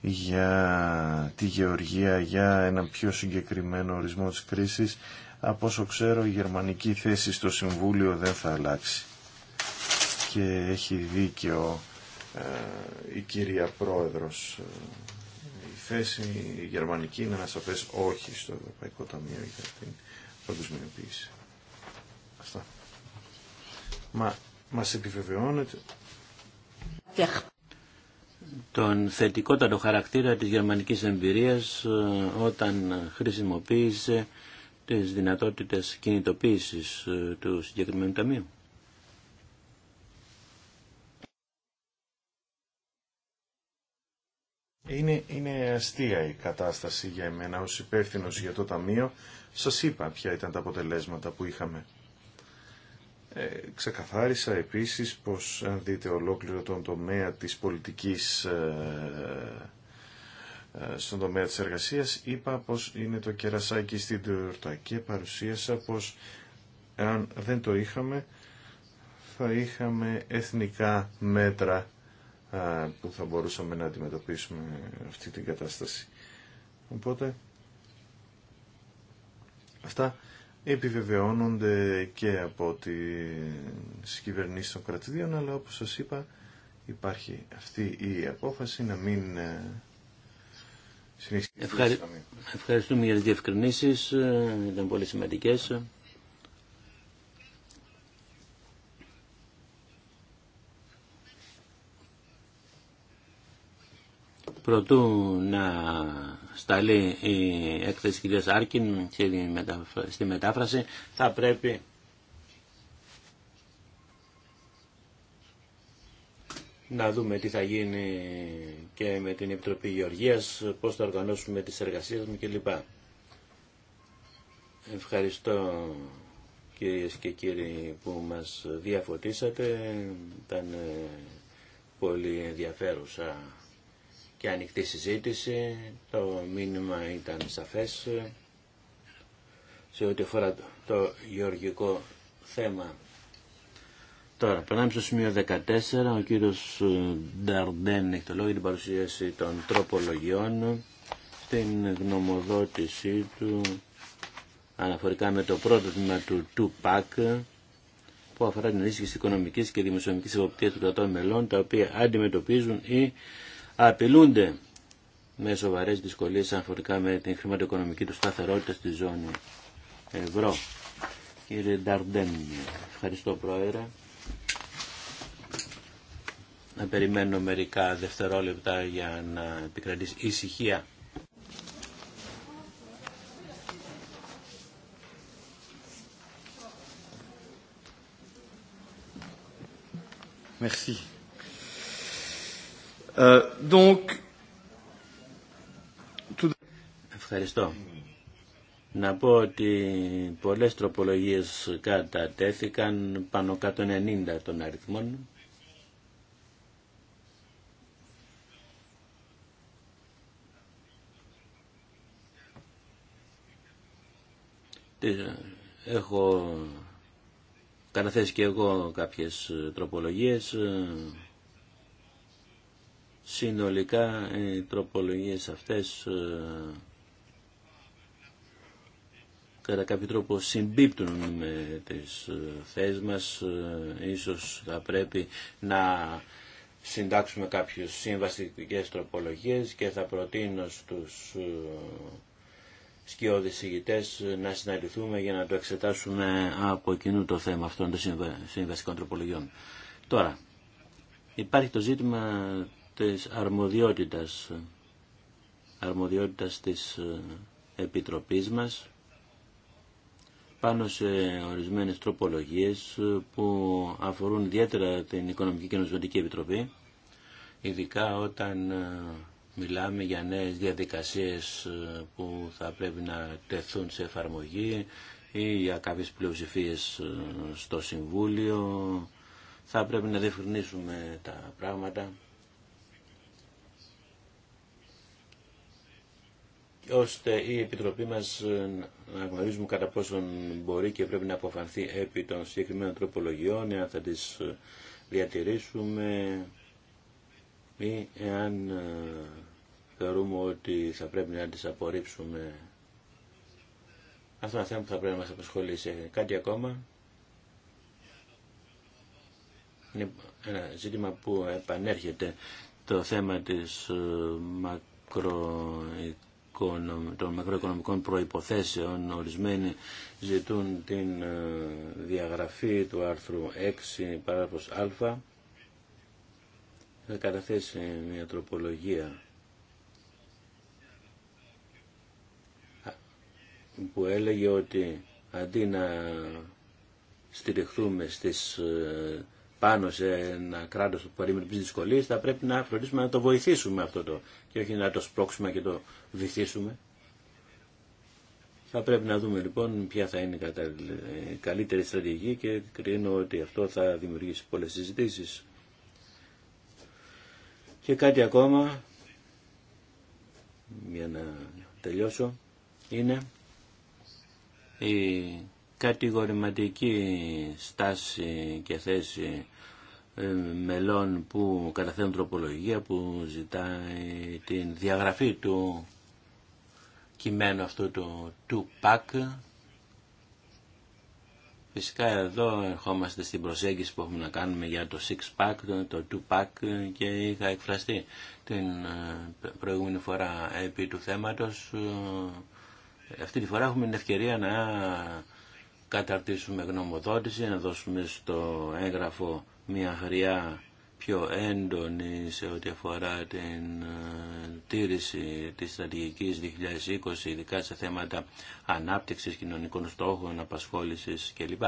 για τη γεωργία, για ένα πιο συγκεκριμένο ορισμό της κρίσης, από όσο ξέρω η γερμανική θέση στο Συμβούλιο δεν θα αλλάξει. Και έχει δίκιο ε, η κυρία Πρόεδρος. Ε, η θέση η γερμανική είναι να σαφές όχι στο Ευρωπαϊκό Ταμείο για την παγκοσμιοποίηση. Αυτά. Μα μας επιβεβαιώνεται τον θετικότατο χαρακτήρα της γερμανικής εμπειρίας ε, όταν χρησιμοποίησε τις δυνατότητες κινητοποίησης ε, του συγκεκριμένου ταμείου. Είναι, είναι αστεία η κατάσταση για εμένα ως υπεύθυνο για το Ταμείο. Σας είπα ποια ήταν τα αποτελέσματα που είχαμε. Ε, ξεκαθάρισα επίσης πως αν δείτε ολόκληρο τον τομέα της πολιτικής ε, ε, στον τομέα της εργασίας είπα πως είναι το κερασάκι στην τουρτα και παρουσίασα πως αν δεν το είχαμε θα είχαμε εθνικά μέτρα ε, που θα μπορούσαμε να αντιμετωπίσουμε αυτή την κατάσταση. Οπότε αυτά επιβεβαιώνονται και από τις κυβερνήσεις των κρατηδίων αλλά όπως σας είπα υπάρχει αυτή η απόφαση να μην ε, Ευχαριστούμε για τις διευκρινήσεις, ε, ήταν πολύ σημαντικές. Προτού να σταλεί η έκθεση κυρίας Άρκιν στη μετάφραση, θα πρέπει να δούμε τι θα γίνει και με την Επιτροπή Γεωργίας, πώς θα οργανώσουμε τις εργασίες μου κλπ. Ευχαριστώ κυρίες και κύριοι που μας διαφωτίσατε. Ήταν ε, πολύ ενδιαφέρουσα και ανοιχτή συζήτηση. Το μήνυμα ήταν σαφές ε, σε ό,τι αφορά το γεωργικό θέμα. Τώρα, περνάμε στο σημείο 14. Ο κύριο ε, Νταρντέν έχει το λόγο για την παρουσίαση των τροπολογιών στην γνωμοδότησή του αναφορικά με το πρώτο τμήμα του ΤΟΥΠΑΚ που αφορά την ενίσχυση οικονομική και δημοσιονομική εποπτείας των κρατών μελών τα οποία αντιμετωπίζουν ή απειλούνται με σοβαρέ δυσκολίες αναφορικά με την χρηματοοικονομική του σταθερότητα στη ζώνη ευρώ. Κύριε Νταρντέν, ευχαριστώ Πρόεδρε να περιμένω μερικά δευτερόλεπτα για να επικρατήσει ησυχία. Merci. Euh, Ευχαριστώ. Να πω ότι πολλές τροπολογίες κατατέθηκαν, πάνω κάτω 90 των αριθμών. Ε, έχω καταθέσει και εγώ κάποιες τροπολογίες. Ε, συνολικά οι τροπολογίες αυτές ε, κατά κάποιο τρόπο συμπίπτουν με τις θέσεις μας. Ίσως θα πρέπει να συντάξουμε κάποιες συμβαστικές τροπολογίες και θα προτείνω στους σκιώδεις ηγητές να συναντηθούμε για να το εξετάσουμε από εκείνο το θέμα αυτών των συμβασικών τροπολογιών. Τώρα, υπάρχει το ζήτημα της αρμοδιότητας, αρμοδιότητας της ε, Επιτροπής μας πάνω σε ορισμένες τροπολογίες ε, που αφορούν ιδιαίτερα την Οικονομική και Νοσβεντική Επιτροπή, ειδικά όταν ε, Μιλάμε για νέες διαδικασίες ε, που θα πρέπει να τεθούν σε εφαρμογή ή για κάποιες πλειοψηφίες ε, στο Συμβούλιο. Θα πρέπει να διευκρινίσουμε τα πράγματα. ώστε η Επιτροπή μας ε, να γνωρίζουμε κατά πόσον μπορεί και πρέπει να αποφανθεί επί των συγκεκριμένων τροπολογιών, εάν θα τις διατηρήσουμε ή εάν θεωρούμε ότι θα πρέπει να τις απορρίψουμε. Αυτό είναι ένα θέμα που θα πρέπει να μας απασχολήσει. Κάτι ακόμα. Είναι ένα ζήτημα που επανέρχεται το θέμα της ε, των μακροοικονομικών προϋποθέσεων ορισμένοι ζητούν την ε, διαγραφή του άρθρου 6 παράγραφος α θα καταθέσει μια τροπολογία που έλεγε ότι αντί να στηριχθούμε στις, ε, πάνω σε ένα κράτος που παρήμενε τις δυσκολίες, θα πρέπει να φροντίσουμε να το βοηθήσουμε αυτό το και όχι να το σπρώξουμε και το βυθίσουμε. Θα πρέπει να δούμε λοιπόν ποια θα είναι η καλύτερη στρατηγική και κρίνω ότι αυτό θα δημιουργήσει πολλές συζητήσεις. Και κάτι ακόμα, για να τελειώσω, είναι η κατηγορηματική στάση και θέση ε, μελών που καταθέτουν τροπολογία που ζητάει την διαγραφή του κειμένου αυτού του, του ΠΑΚ. Φυσικά εδώ ερχόμαστε στην προσέγγιση που έχουμε να κάνουμε για το 6-pack, το 2-pack και είχα εκφραστεί την ε, προηγούμενη φορά επί του θέματος ε, αυτή τη φορά έχουμε την ευκαιρία να καταρτήσουμε γνωμοδότηση, να δώσουμε στο έγγραφο μια χρειά πιο έντονη σε ό,τι αφορά την ε, τήρηση της στρατηγικής 2020, ειδικά σε θέματα ανάπτυξης κοινωνικών στόχων, απασχόλησης κλπ.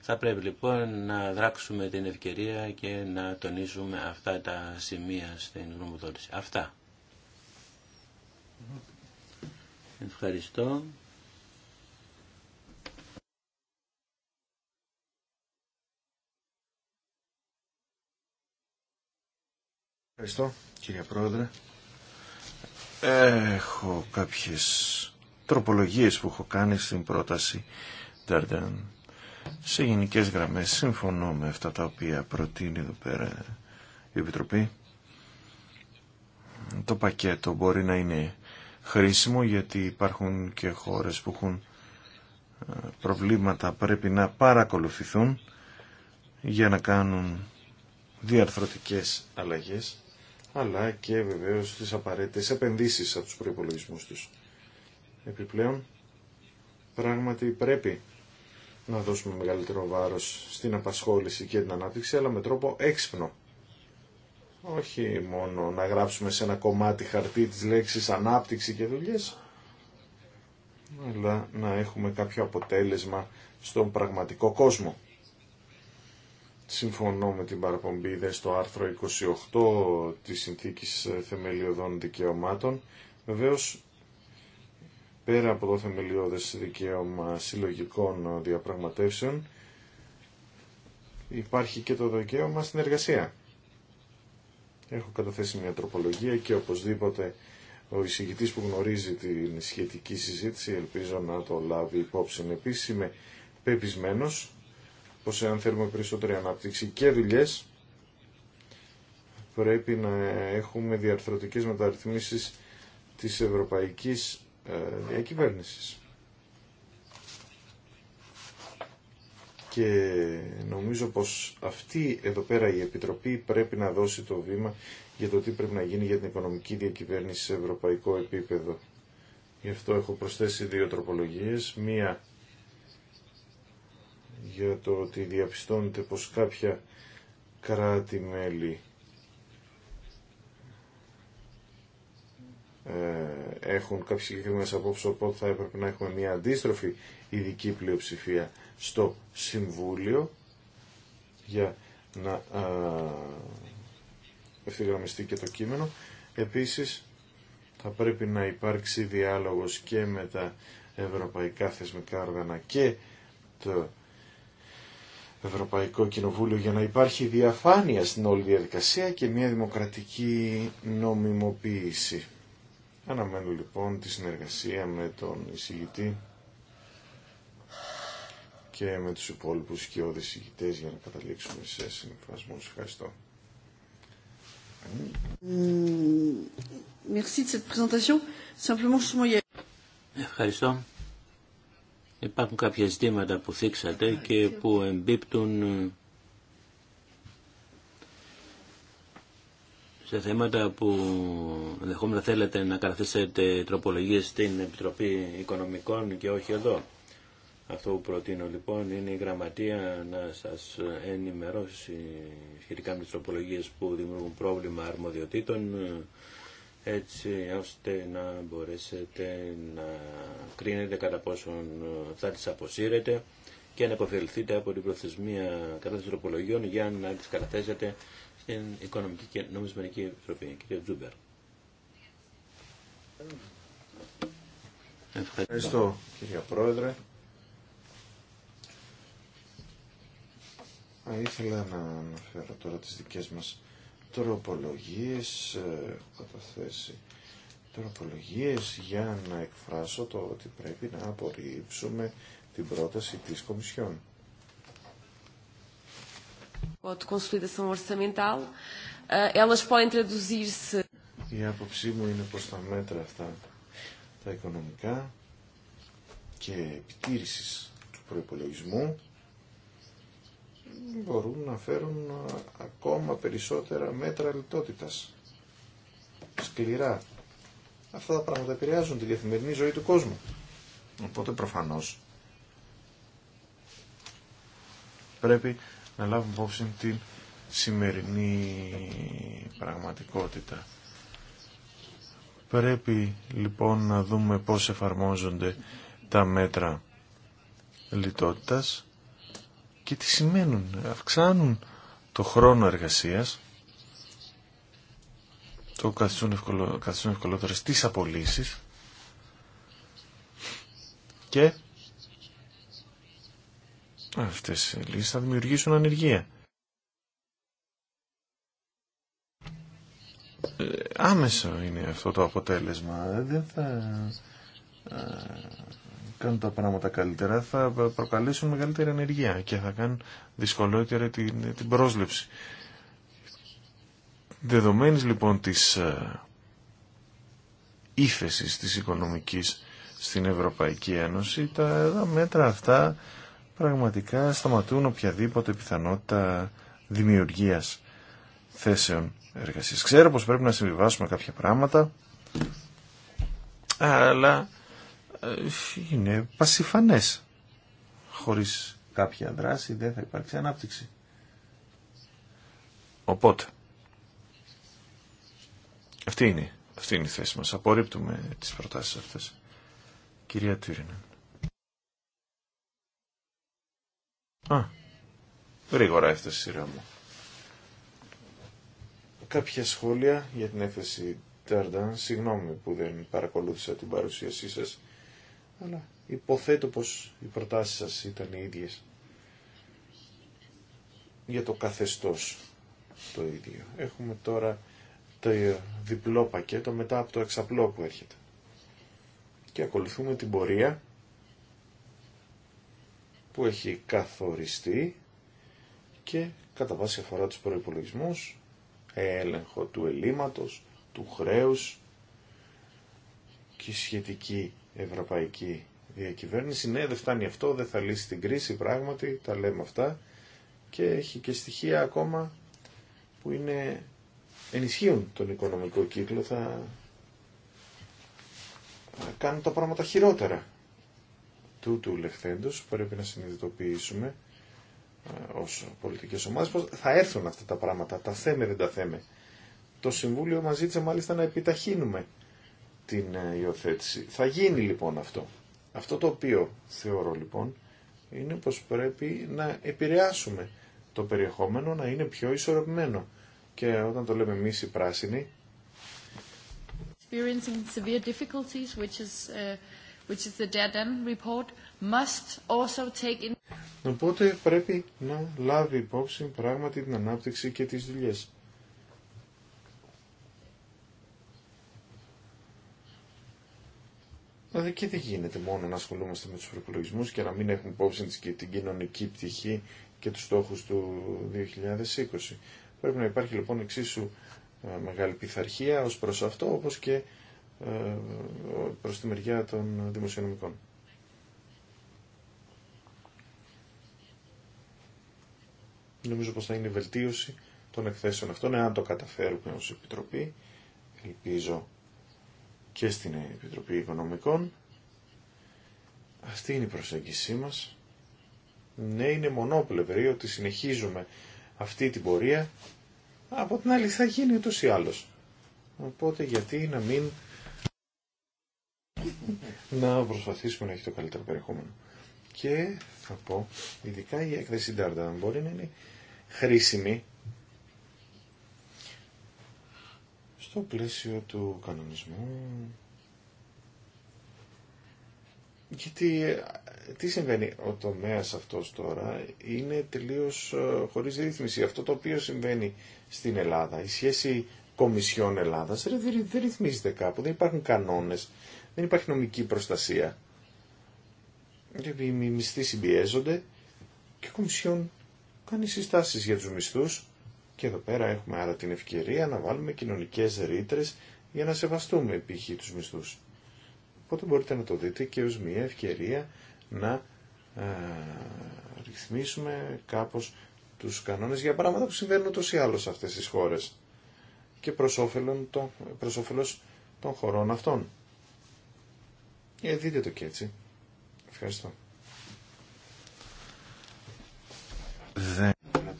Θα πρέπει λοιπόν να δράξουμε την ευκαιρία και να τονίσουμε αυτά τα σημεία στην γνωμοδότηση. Αυτά. Ευχαριστώ. Ευχαριστώ κύριε Πρόεδρε. Έχω κάποιες τροπολογίες που έχω κάνει στην πρόταση Δερντεν. Σε γενικές γραμμές συμφωνώ με αυτά τα οποία προτείνει εδώ πέρα η Επιτροπή. Το πακέτο μπορεί να είναι χρήσιμο γιατί υπάρχουν και χώρες που έχουν ε, προβλήματα πρέπει να παρακολουθηθούν για να κάνουν διαρθρωτικές αλλαγές αλλά και βεβαίως τις απαραίτητες επενδύσεις από τους προϋπολογισμούς τους. Επιπλέον, πράγματι πρέπει να δώσουμε μεγαλύτερο βάρος στην απασχόληση και την ανάπτυξη, αλλά με τρόπο έξυπνο όχι μόνο να γράψουμε σε ένα κομμάτι χαρτί τις λέξεις ανάπτυξη και δουλειές, αλλά να έχουμε κάποιο αποτέλεσμα στον πραγματικό κόσμο. Συμφωνώ με την παραπομπή δε στο άρθρο 28 της Συνθήκης Θεμελιωδών Δικαιωμάτων. Βεβαίως, πέρα από το θεμελιώδες δικαίωμα συλλογικών διαπραγματεύσεων, υπάρχει και το δικαίωμα στην εργασία. Έχω καταθέσει μια τροπολογία και οπωσδήποτε ο εισηγητής που γνωρίζει την σχετική συζήτηση ελπίζω να το λάβει υπόψη. Επίσης είμαι πεπισμένος πως εάν θέλουμε περισσότερη ανάπτυξη και δουλειές πρέπει να έχουμε διαρθρωτικές μεταρρυθμίσεις της ευρωπαϊκής ε, διακυβέρνησης. και νομίζω πως αυτή εδώ πέρα η Επιτροπή πρέπει να δώσει το βήμα για το τι πρέπει να γίνει για την οικονομική διακυβέρνηση σε ευρωπαϊκό επίπεδο. Γι' αυτό έχω προσθέσει δύο τροπολογίες. Μία για το ότι διαπιστώνεται πως κάποια κράτη-μέλη ε, έχουν κάποιες συγκεκριμένες απόψεις, οπότε θα έπρεπε να έχουμε μια αντίστροφη ειδική πλειοψηφία στο Συμβούλιο για να ευθυγραμμιστεί και το κείμενο. Επίσης, θα πρέπει να υπάρξει διάλογος και με τα ευρωπαϊκά θεσμικά όργανα και το Ευρωπαϊκό Κοινοβούλιο για να υπάρχει διαφάνεια στην όλη διαδικασία και μια δημοκρατική νομιμοποίηση. Αναμένω λοιπόν τη συνεργασία με τον εισηγητή και με τους υπόλοιπους και ηγητές για να καταλήξουμε σε συμφασμούς. Ευχαριστώ. Ευχαριστώ. Υπάρχουν κάποια ζητήματα που θίξατε και που εμπίπτουν ε, σε θέματα που ενδεχόμενα θέλετε να καταθέσετε τροπολογίες στην Επιτροπή Οικονομικών και όχι εδώ. Αυτό που προτείνω λοιπόν είναι η γραμματεία να σας ενημερώσει σχετικά με τις τροπολογίες που δημιουργούν πρόβλημα αρμοδιοτήτων έτσι ώστε να μπορέσετε να κρίνετε κατά πόσον θα τις αποσύρετε και να υποφελθείτε από την προθεσμία κατά των τροπολογιών για να τις καταθέσετε στην Οικονομική και Νομισματική Επιτροπή. Κύριε Τζούμπερ. Ευχαριστώ κύριε Πρόεδρε. ήθελα να αναφέρω τώρα τις δικές μας τροπολογίες, ε, καταθέσει τροπολογίες για να εκφράσω το ότι πρέπει να απορρίψουμε την πρόταση της Κομισιόν. Ε, Η άποψή μου είναι πως τα μέτρα αυτά τα οικονομικά και επιτήρησης του προϋπολογισμού μπορούν να φέρουν ακόμα περισσότερα μέτρα λιτότητας. Σκληρά. Αυτά τα πράγματα επηρεάζουν τη καθημερινή ζωή του κόσμου. Οπότε προφανώς πρέπει να λάβουμε υπόψη την σημερινή πραγματικότητα. Πρέπει λοιπόν να δούμε πώς εφαρμόζονται τα μέτρα λιτότητας και τι σημαίνουν. Αυξάνουν το χρόνο εργασίας, το καθιστούν, ευκολο, καθιστούν ευκολότερες τις απολύσεις και αυτές οι λύσεις θα δημιουργήσουν ανεργία. Ε, άμεσο είναι αυτό το αποτέλεσμα. Δεν θα ε, κάνουν τα πράγματα καλύτερα θα προκαλέσουν μεγαλύτερη ενέργεια και θα κάνουν δυσκολότερη την, την πρόσληψη. Δεδομένης λοιπόν της ε, ύφεσης της οικονομικής στην Ευρωπαϊκή Ένωση τα μέτρα αυτά πραγματικά σταματούν οποιαδήποτε πιθανότητα δημιουργίας θέσεων εργασίας. Ξέρω πως πρέπει να συμβιβάσουμε κάποια πράγματα αλλά ε, είναι πασιφανές. Χωρίς κάποια δράση δεν θα υπάρξει ανάπτυξη. Οπότε, αυτή είναι, αυτή είναι η θέση μας. Απορρίπτουμε τις προτάσεις αυτές. Κυρία Τύρινα. Α, γρήγορα έφτασε η σειρά μου. Κάποια σχόλια για την έκθεση Τάρνταν. Συγγνώμη που δεν παρακολούθησα την παρουσίασή σας αλλά υποθέτω πως οι προτάσεις σας ήταν οι ίδιες για το καθεστώς το ίδιο. Έχουμε τώρα το διπλό πακέτο μετά από το εξαπλό που έρχεται. Και ακολουθούμε την πορεία που έχει καθοριστεί και κατά βάση αφορά τους προϋπολογισμούς, έλεγχο του ελίματος, του χρέους και σχετική ευρωπαϊκή διακυβέρνηση. Ναι, δεν φτάνει αυτό, δεν θα λύσει την κρίση, πράγματι, τα λέμε αυτά. Και έχει και στοιχεία ακόμα που είναι ενισχύουν τον οικονομικό κύκλο, θα κάνουν τα πράγματα χειρότερα. Τούτου λεχθέντος πρέπει να συνειδητοποιήσουμε ε, ως πολιτικές ομάδες πως θα έρθουν αυτά τα πράγματα, τα θέμε δεν τα θέμε. Το Συμβούλιο μας ζήτησε μάλιστα να επιταχύνουμε την ε, υιοθέτηση. Θα γίνει λοιπόν αυτό. Αυτό το οποίο θεωρώ λοιπόν είναι πως πρέπει να επηρεάσουμε το περιεχόμενο να είναι πιο ισορροπημένο. Και όταν το λέμε εμεί οι πράσινοι, experiencing severe difficulties, which is, ε, which is the report, must also take in... Οπότε πρέπει να λάβει υπόψη πράγματι την ανάπτυξη και τις δουλειές. Δηλαδή και δεν γίνεται μόνο να ασχολούμαστε με τους προπολογισμούς και να μην έχουμε υπόψη και την κοινωνική πτυχή και τους στόχους του 2020. Πρέπει να υπάρχει λοιπόν εξίσου ε, μεγάλη πειθαρχία ως προς αυτό όπως και ε, προς τη μεριά των δημοσιονομικών. Νομίζω πως θα είναι βελτίωση των εκθέσεων αυτών, εάν το καταφέρουμε ως Επιτροπή, ελπίζω και στην Επιτροπή Οικονομικών. Αυτή είναι η προσέγγισή μας. Ναι, είναι μονόπλευρη ότι συνεχίζουμε αυτή την πορεία. Από την άλλη θα γίνει ούτως ή άλλως. Οπότε γιατί να μην να προσπαθήσουμε να έχει το καλύτερο περιεχόμενο. Και θα πω, ειδικά η έκθεση Ντάρντα μπορεί να είναι χρήσιμη στο πλαίσιο του κανονισμού. Γιατί ε, τι συμβαίνει, ο τομέα αυτό τώρα είναι τελείω ε, χωρί ρύθμιση. Αυτό το οποίο συμβαίνει στην Ελλάδα, η σχέση Κομισιών Ελλάδας δεν ρυθμίζεται κάπου, δεν υπάρχουν κανόνες, δεν υπάρχει νομική προστασία. Γιατί οι μισθοί συμπιέζονται και η Κομισιόν κάνει συστάσεις για του μισθού. Και εδώ πέρα έχουμε άρα την ευκαιρία να βάλουμε κοινωνικέ ρήτρε για να σεβαστούμε π.χ. τους μισθού. Οπότε μπορείτε να το δείτε και ω μια ευκαιρία να α, ρυθμίσουμε κάπως τους κανόνες για πράγματα που συμβαίνουν ούτω ή άλλω σε αυτές τις χώρες και προ όφελο των χωρών αυτών. Ε, δείτε το και έτσι. Ευχαριστώ.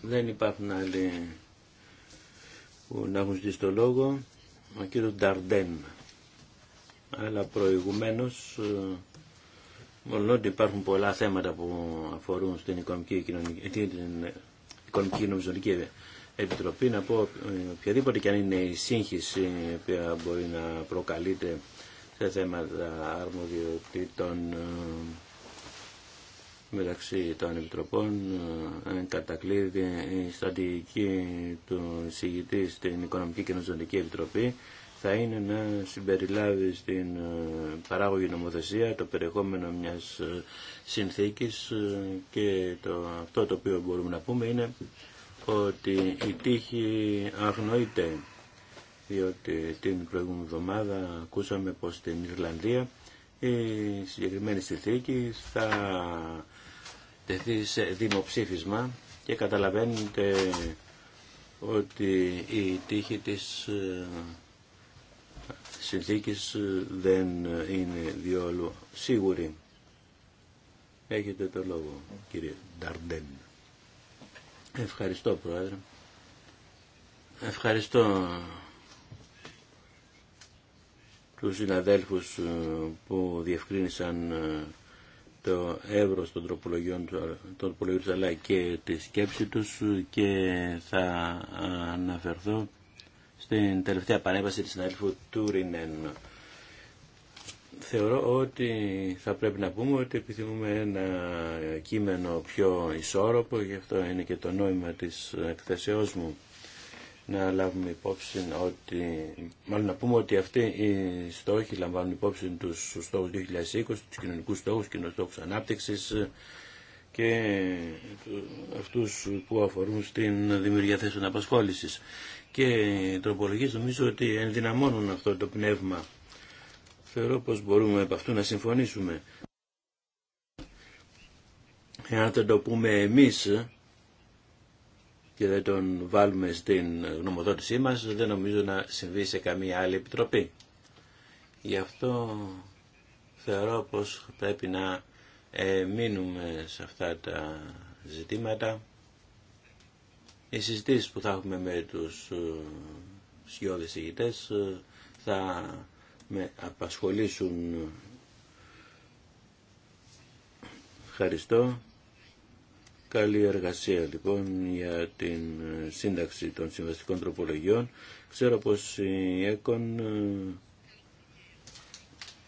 Δεν υπάρχουν άλλοι που να έχουν ζητήσει το λόγο ο κύριο Νταρντέν. Αλλά προηγουμένως, ε, μόνο ότι υπάρχουν πολλά θέματα που αφορούν στην Οικονομική, κοινωνική, ε, την ε, οικονομική και Επιτροπή, να πω οποιαδήποτε και αν είναι η σύγχυση που μπορεί να προκαλείται σε θέματα αρμοδιοτήτων μεταξύ των επιτροπών ε, κατακλείδει η στρατηγική του εισηγητή στην Οικονομική και Νοσοντική Επιτροπή θα είναι να συμπεριλάβει στην ε, παράγωγη νομοθεσία το περιεχόμενο μιας ε, συνθήκης και το, αυτό το οποίο μπορούμε να πούμε είναι ότι η τύχη αγνοείται διότι την προηγούμενη εβδομάδα ακούσαμε πως στην Ιρλανδία η συγκεκριμένη συνθήκη θα τεθεί σε δημοψήφισμα και καταλαβαίνετε ότι η τύχη της ε, συνθήκης ε, δεν είναι διόλου σίγουρη. Έχετε το λόγο, κύριε Νταρντέν. Ευχαριστώ, Πρόεδρε. Ευχαριστώ τους συναδέλφους ε, που διευκρίνησαν το εύρος των τροπολογιών των αλλά και τη σκέψη τους και θα αναφερθώ στην τελευταία παρέμβαση της συνάδελφου Τούρινεν. Θεωρώ ότι θα πρέπει να πούμε ότι επιθυμούμε ένα κείμενο πιο ισόρροπο, γι' αυτό είναι και το νόημα της εκθεσεώς μου να λάβουμε υπόψη ότι, μάλλον να πούμε ότι αυτοί οι στόχοι λαμβάνουν υπόψη τους στόχους 2020, τους κοινωνικούς στόχους, κοινωνικούς ανάπτυξης και αυτούς που αφορούν στην δημιουργία θέσεων απασχόλησης. Και οι τροπολογίε νομίζω ότι ενδυναμώνουν αυτό το πνεύμα. Θεωρώ πως μπορούμε από αυτού να συμφωνήσουμε. Εάν δεν το πούμε εμείς, και δεν τον βάλουμε στην γνωμοδότησή μας, δεν νομίζω να συμβεί σε καμία άλλη επιτροπή. Γι' αυτό θεωρώ πως πρέπει να ε, μείνουμε σε αυτά τα ζητήματα. Οι συζητήσεις που θα έχουμε με τους ε, σιώδες ηγητές ε, θα με απασχολήσουν. Ευχαριστώ. Καλή εργασία λοιπόν για την σύνταξη των συμβαστικών τροπολογιών. Ξέρω πως η ΕΚΟΝ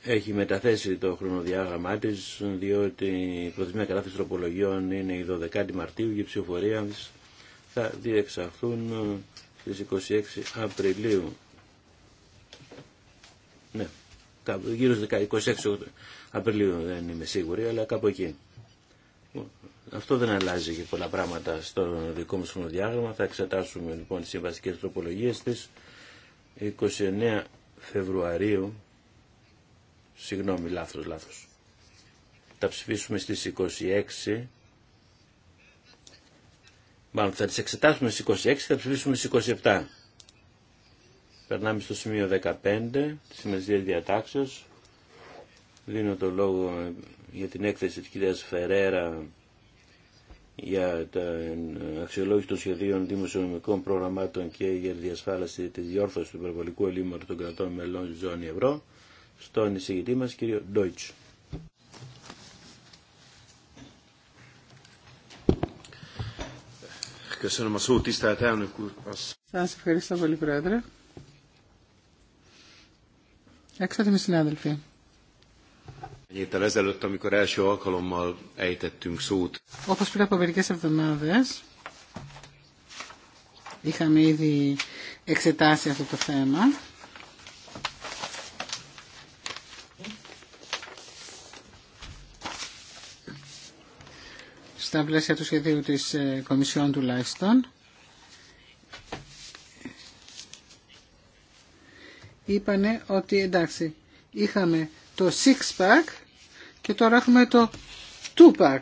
ε, έχει μεταθέσει το χρονοδιάγραμμά τη, διότι η προθυμία κατάθεση τροπολογιών είναι η 12η Μαρτίου και η ψηφοφορία θα διεξαχθούν στις 26 Απριλίου. Ναι, γύρω στις 26 Απριλίου δεν είμαι σίγουρη, αλλά κάπου εκεί. Αυτό δεν αλλάζει και πολλά πράγματα στο δικό μας χρονοδιάγραμμα. Θα εξετάσουμε λοιπόν τις συμβασικές τροπολογίες της 29 Φεβρουαρίου. Συγγνώμη, λάθος, λάθος. Θα ψηφίσουμε στις 26. Μάλλον θα τις εξετάσουμε στις 26 θα ψηφίσουμε στις 27. Περνάμε στο σημείο 15 της ημερησίας διατάξεως. Δίνω το λόγο για την έκθεση της κυρίας Φερέρα για τα αξιολόγηση των σχεδίων δημοσιονομικών προγραμμάτων και για τη διασφάλιση της διόρθωσης του υπερβολικού ελλείμματο των κρατών μελών ζώνη ευρώ στον εισηγητή μα, κύριο Ντόιτς. Σα ευχαριστώ πολύ Πρόεδρε. Εξάτιμοι συνάδελφοι. Όπως πριν από μερικές εβδομάδες είχαμε ήδη εξετάσει αυτό το θέμα. Στα πλαίσια του σχεδίου της ε, Κομισιόν του τουλάχιστον. Είπανε ότι εντάξει, είχαμε το 6 pack και τώρα έχουμε το 2 pack.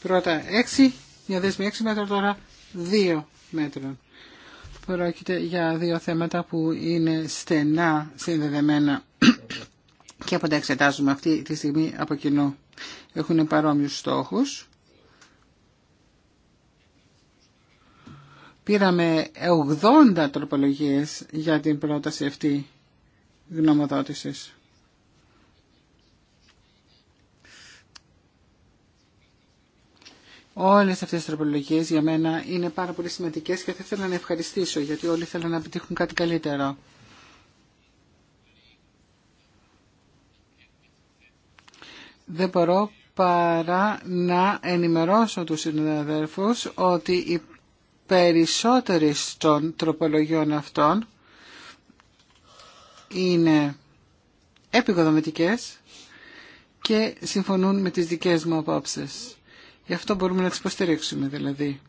Πρώτα 6, μια δέσμη 6 μέτρα, τώρα 2 μέτρων. Πρόκειται για δύο θέματα που είναι στενά συνδεδεμένα και από τα εξετάζουμε αυτή τη στιγμή από κοινού. Έχουν παρόμοιους στόχους. Πήραμε 80 τροπολογίες για την πρόταση αυτή γνωμοδότησης. Όλες αυτές οι τροπολογίες για μένα είναι πάρα πολύ σημαντικές και θα ήθελα να ευχαριστήσω γιατί όλοι θέλουν να επιτύχουν κάτι καλύτερο. Δεν μπορώ παρά να ενημερώσω τους συναδέλφους ότι οι περισσότεροι των τροπολογιών αυτών είναι επικοδομητικές και συμφωνούν με τις δικές μου απόψεις. Γι' αυτό μπορούμε να τις υποστηρίξουμε δηλαδή.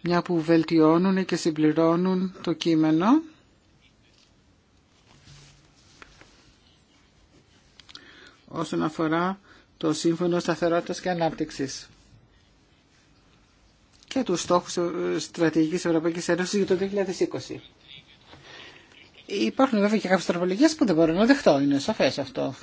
Μια που βελτιώνουν και συμπληρώνουν το κείμενο. όσον αφορά το Σύμφωνο Σταθερότητας και Ανάπτυξης και τους στόχους ε, στρατηγικής Ευρωπαϊκής Ένωσης για το 2020. Υπάρχουν βέβαια και κάποιες τροπολογίες που δεν μπορώ να δεχτώ, είναι σαφές αυτό.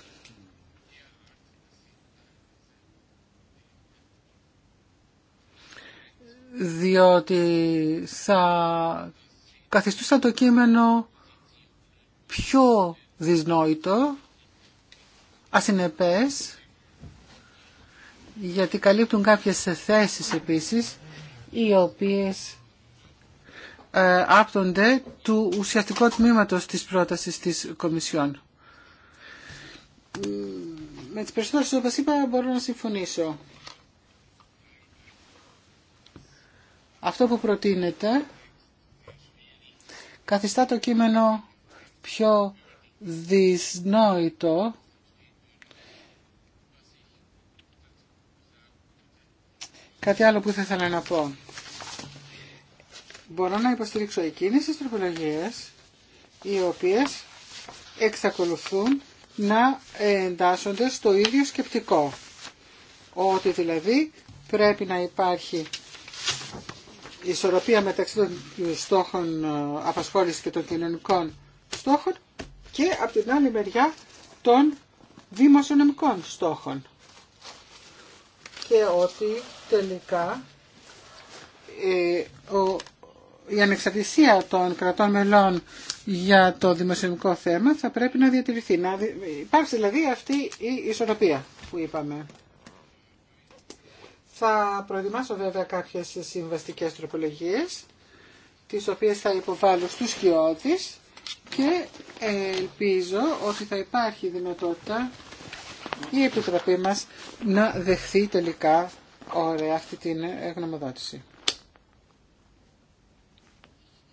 διότι θα καθιστούσαν το κείμενο πιο δυσνόητο, ασυνεπές, γιατί καλύπτουν κάποιες θέσεις επίσης, οι οποίες ε, άπτονται του ουσιαστικού τμήματος της πρότασης της Κομισιόν. Με τις περισσότερες, όπως είπα, μπορώ να συμφωνήσω. Αυτό που προτείνεται καθιστά το κείμενο πιο δυσνόητο Κάτι άλλο που θα ήθελα να πω. Μπορώ να υποστηρίξω εκείνες τις τροπολογίες οι οποίες εξακολουθούν να εντάσσονται στο ίδιο σκεπτικό. Ότι δηλαδή πρέπει να υπάρχει η ισορροπία μεταξύ των στόχων ε, απασχόλησης και των κοινωνικών στόχων και από την άλλη μεριά των δημοσιονομικών στόχων. Και ότι τελικά ε, ο, η ανεξαρτησία των κρατών μελών για το δημοσιονομικό θέμα θα πρέπει να διατηρηθεί. Να υπάρξει δηλαδή αυτή η ισορροπία που είπαμε. Θα προετοιμάσω βέβαια κάποιες συμβαστικές τροπολογίες, τις οποίες θα υποβάλω στους σκιώδεις και ελπίζω ότι θα υπάρχει δυνατότητα η Επιτροπή μας να δεχθεί τελικά ωραία αυτή την γνωμοδότηση.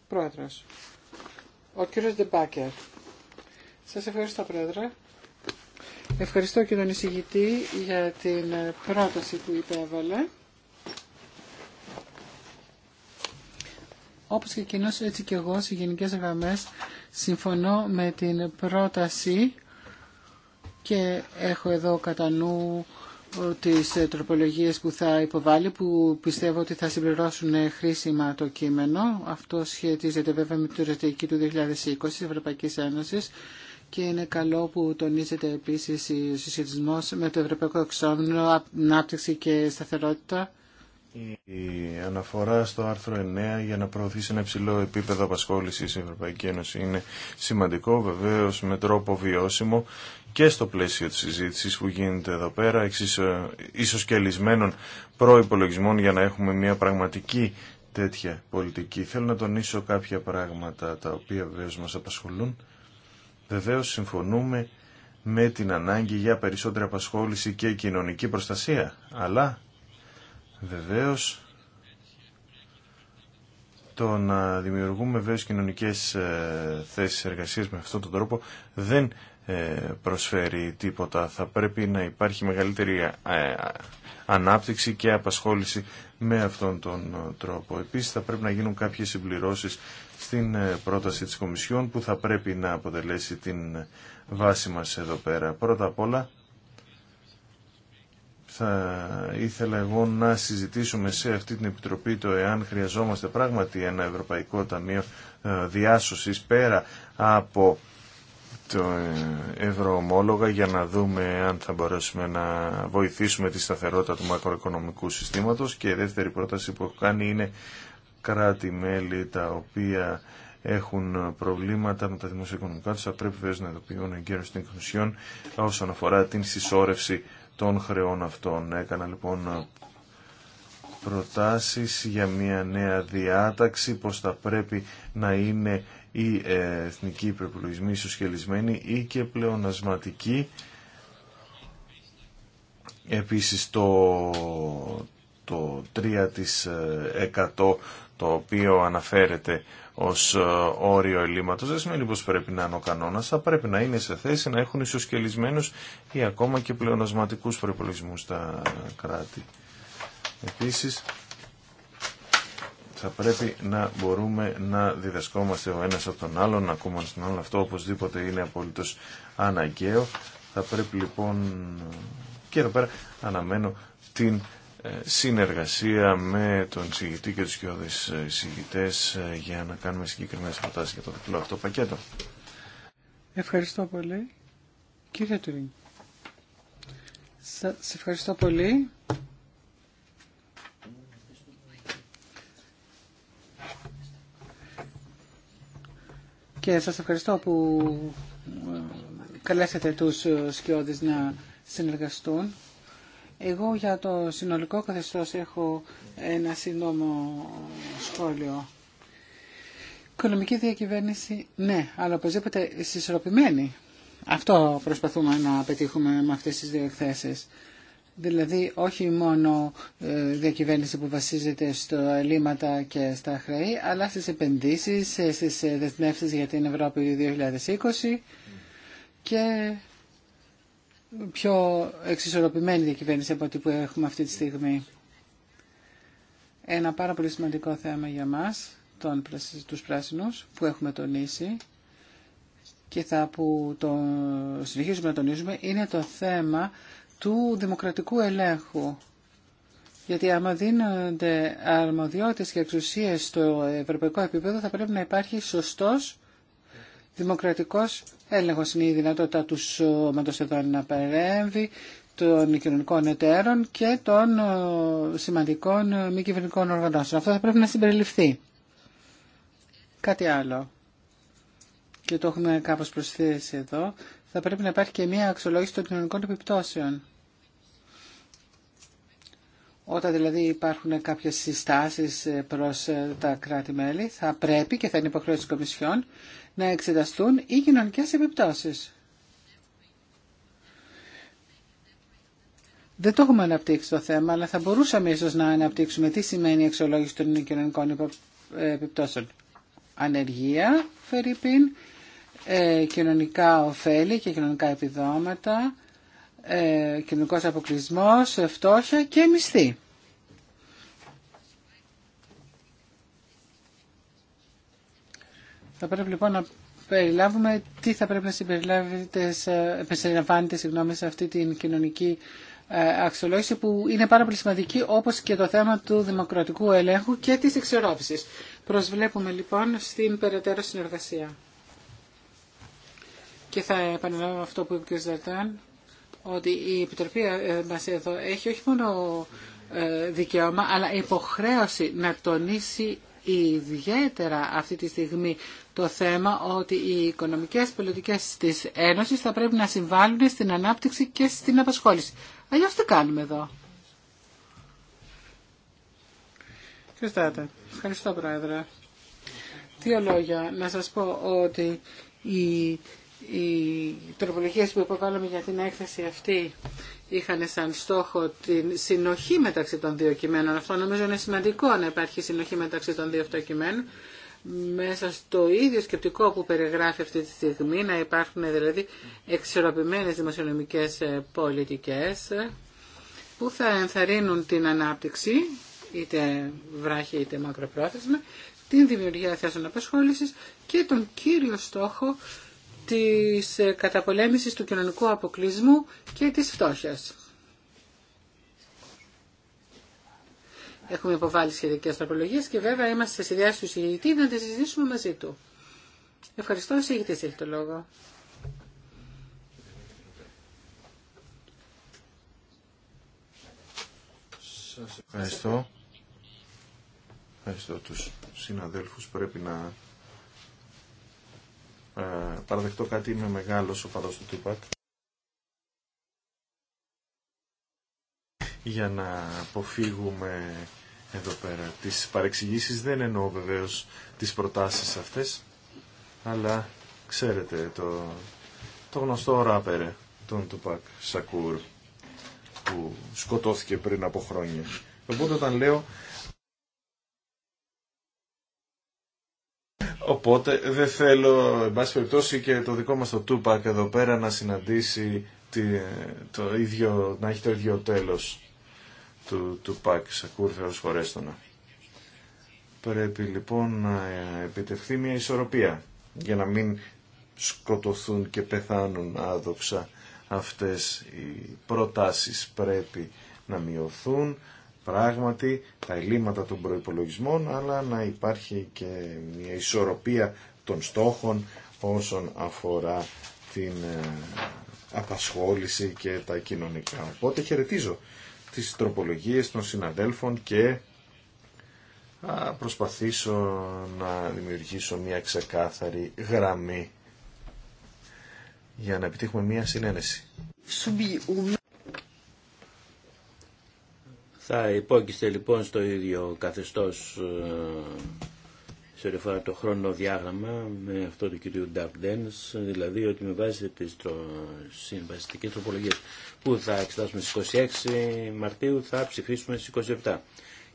Πρόεδρος. Ο κύριος Ντεμπάκερ. Σας ευχαριστώ, Πρόεδρε. Ευχαριστώ και τον εισηγητή για την πρόταση που υπέβαλε. Όπως και κοινώς έτσι και εγώ σε γενικές γραμμές συμφωνώ με την πρόταση και έχω εδώ κατά νου ε, τις ε, τροπολογίες που θα υποβάλει που πιστεύω ότι θα συμπληρώσουν ε, χρήσιμα το κείμενο. Αυτό σχετίζεται βέβαια με την στρατηγική του 2020 της Ευρωπαϊκής Ένωσης και είναι καλό που τονίζεται επίσης ο συσχετισμός με το Ευρωπαϊκό Εξόμενο, Ανάπτυξη και Σταθερότητα. Η αναφορά στο άρθρο 9 για να προωθήσει ένα υψηλό επίπεδο απασχόληση η Ευρωπαϊκή Ένωση είναι σημαντικό, βεβαίω με τρόπο βιώσιμο και στο πλαίσιο τη συζήτηση που γίνεται εδώ πέρα, ε, ίσω και λυσμένων προπολογισμών για να έχουμε μια πραγματική τέτοια πολιτική. Θέλω να τονίσω κάποια πράγματα τα οποία βεβαίω μα απασχολούν Βεβαίως συμφωνούμε με την ανάγκη για περισσότερη απασχόληση και κοινωνική προστασία, αλλά βεβαίως το να δημιουργούμε βέβαιες κοινωνικές ε, θέσεις εργασίας με αυτόν τον τρόπο δεν ε, προσφέρει τίποτα. Θα πρέπει να υπάρχει μεγαλύτερη ε, ανάπτυξη και απασχόληση με αυτόν τον τρόπο. Επίσης θα πρέπει να γίνουν κάποιες συμπληρώσεις στην ε, πρόταση της Κομισιόν που θα πρέπει να αποτελέσει την βάση μας εδώ πέρα. Πρώτα απ' όλα θα ήθελα εγώ να συζητήσουμε σε αυτή την Επιτροπή το εάν χρειαζόμαστε πράγματι ένα Ευρωπαϊκό Ταμείο ε, Διάσωσης πέρα από το ε, ευρωομόλογα για να δούμε αν θα μπορέσουμε να βοηθήσουμε τη σταθερότητα του μακροοικονομικού συστήματος και η δεύτερη πρόταση που έχω κάνει είναι κράτη-μέλη τα οποία έχουν προβλήματα με τα δημοσιοοικονομικά τους, θα πρέπει βέβαια να ειδοποιούν εγκαίρως την Κομισιόν όσον αφορά την συσσόρευση των χρεών αυτών. Έκανα λοιπόν προτάσεις για μια νέα διάταξη, πως θα πρέπει να είναι οι ε, εθνικοί υπερπολογισμοί ισοσχελισμένοι ή και πλεονασματικοί. Επίσης το, το 3% το οποίο αναφέρεται ως ε, όριο ελλείμματος δεν σημαίνει πως πρέπει να είναι ο κανόνας, θα πρέπει να είναι σε θέση να έχουν ισοσκελισμένους ή ακόμα και πλεονασματικούς προϋπολογισμούς στα κράτη. Επίσης, θα πρέπει να μπορούμε να διδασκόμαστε ο ένας από τον άλλον, να ακούμε στον άλλον. Αυτό οπωσδήποτε είναι απολύτως αναγκαίο. Θα πρέπει λοιπόν και εδώ πέρα αναμένω την ε, συνεργασία με τον συγητή και τους κοιόδες συγητές ε, για να κάνουμε συγκεκριμένε προτάσεις για το διπλό αυτό πακέτο. Ευχαριστώ πολύ. Κύριε Τουριν. Σας ευχαριστώ πολύ. Και σας ευχαριστώ που ε, καλέσατε τους σκιώδες να συνεργαστούν. Εγώ για το συνολικό καθεστώς έχω ένα σύντομο σχόλιο. Οικονομική διακυβέρνηση, ναι, αλλά οπωσδήποτε συσσωροπημένη. Αυτό προσπαθούμε να πετύχουμε με αυτές τις δύο εκθέσεις. Δηλαδή όχι μόνο ε, διακυβέρνηση που βασίζεται στο ελλείμματα και στα χρέη, αλλά στις επενδύσεις, ε, στις ε, δεσμεύσεις για την Ευρώπη 2020 και πιο εξισορροπημένη διακυβέρνηση από ό,τι που έχουμε αυτή τη στιγμή. Ένα πάρα πολύ σημαντικό θέμα για μας, τον, τους πράσινους, που έχουμε τονίσει και θα που το συνεχίζουμε να τονίζουμε, είναι το θέμα του δημοκρατικού ελέγχου. Γιατί άμα δίνονται αρμοδιότητες και εξουσίες στο ευρωπαϊκό επίπεδο θα πρέπει να υπάρχει σωστός Δημοκρατικός έλεγχος είναι η δυνατότητα του σώματος εδώ να παρέμβει, των κοινωνικών εταίρων και των ε, σημαντικών ε, μη κυβερνικών οργανώσεων. Αυτό θα πρέπει να συμπεριληφθεί. Κάτι άλλο, και το έχουμε κάπως προσθέσει εδώ, θα πρέπει να υπάρχει και μία αξιολόγηση των κοινωνικών επιπτώσεων. Όταν δηλαδή υπάρχουν κάποιες συστάσεις ε, προς τα κράτη-μέλη, θα πρέπει και θα είναι υποχρέωση της Κομισιόν να εξεταστούν οι κοινωνικέ επιπτώσει. Δεν το έχουμε αναπτύξει το θέμα, αλλά θα μπορούσαμε ίσως να αναπτύξουμε τι σημαίνει η αξιολόγηση των κοινωνικών επιπτώσεων. Ανεργία, φερρυπίν, ε, κοινωνικά ωφέλη και κοινωνικά επιδόματα, ε, κοινωνικός αποκλεισμός, φτώχεια και μισθή. Θα πρέπει λοιπόν να περιλάβουμε τι θα πρέπει να συμπεριλαμβάνεται σε αυτή την κοινωνική ε, αξιολόγηση που είναι πάρα πολύ σημαντική όπως και το θέμα του δημοκρατικού ελέγχου και της εξορρόψης. Προσβλέπουμε λοιπόν στην περαιτέρω συνεργασία. Και θα επαναλάβω αυτό που είπε ο κ. Ζαρτάν, ότι η Επιτροπή ε, μας εδώ έχει όχι μόνο ε, δικαίωμα, αλλά υποχρέωση να τονίσει ιδιαίτερα αυτή τη στιγμή το θέμα ότι οι οικονομικές πολιτικές της Ένωσης θα πρέπει να συμβάλλουν στην ανάπτυξη και στην απασχόληση. Αλλιώς τι κάνουμε εδώ. Ευχαριστώ, Ευχαριστώ Πρόεδρε. Δύο λόγια. Να σας πω ότι η οι τροπολογίες που υποβάλαμε για την έκθεση αυτή είχαν σαν στόχο την συνοχή μεταξύ των δύο κειμένων. Αυτό νομίζω είναι σημαντικό να υπάρχει συνοχή μεταξύ των δύο αυτών κειμένων μέσα στο ίδιο σκεπτικό που περιγράφει αυτή τη στιγμή να υπάρχουν δηλαδή εξορροπημένες δημοσιονομικές ε, πολιτικές ε, που θα ενθαρρύνουν την ανάπτυξη είτε βράχη είτε μακροπρόθεσμα την δημιουργία θέσεων απασχόλησης και τον κύριο στόχο της ε, καταπολέμησης του κοινωνικού αποκλεισμού και της φτώχειας. Έχουμε υποβάλει σχετικές τροπολογίες και βέβαια είμαστε σε συνδυάσεις του συγγητή να τις συζητήσουμε μαζί του. Ευχαριστώ, ο έχει το λόγο. Σας ευχαριστώ. Ευχαριστώ τους συναδέλφους. Πρέπει να ε, παραδεχτώ κάτι, είμαι μεγάλος οπαδός του Τούπακ. Για να αποφύγουμε εδώ πέρα τις παρεξηγήσεις, δεν εννοώ βεβαίω τις προτάσεις αυτές, αλλά ξέρετε το, το γνωστό ράπερε τον Τούπακ Σακούρ που σκοτώθηκε πριν από χρόνια. Οπότε όταν λέω Οπότε δεν θέλω, εν πάση περιπτώσει, και το δικό μας το Τούπακ εδώ πέρα να συναντήσει τη, το ίδιο, να έχει το ίδιο τέλος του Τούπακ σε ως χωρέστονα. Πρέπει λοιπόν να επιτευχθεί μια ισορροπία για να μην σκοτωθούν και πεθάνουν άδοξα αυτές οι προτάσεις πρέπει να μειωθούν πράγματι τα ελλείμματα των προϋπολογισμών αλλά να υπάρχει και μια ισορροπία των στόχων όσον αφορά την ε, απασχόληση και τα κοινωνικά. Οπότε χαιρετίζω τις τροπολογίες των συναδέλφων και θα προσπαθήσω να δημιουργήσω μια ξεκάθαρη γραμμή για να επιτύχουμε μια συνένεση. Θα υπόκειστε λοιπόν στο ίδιο καθεστώς ε, σε αφορά το διάγραμμα με αυτό του κυρίου Dark δηλαδή ότι με βάση τις τρο... τροπολογίε τροπολογίες που θα εξετάσουμε στι 26 Μαρτίου θα ψηφίσουμε στι 27.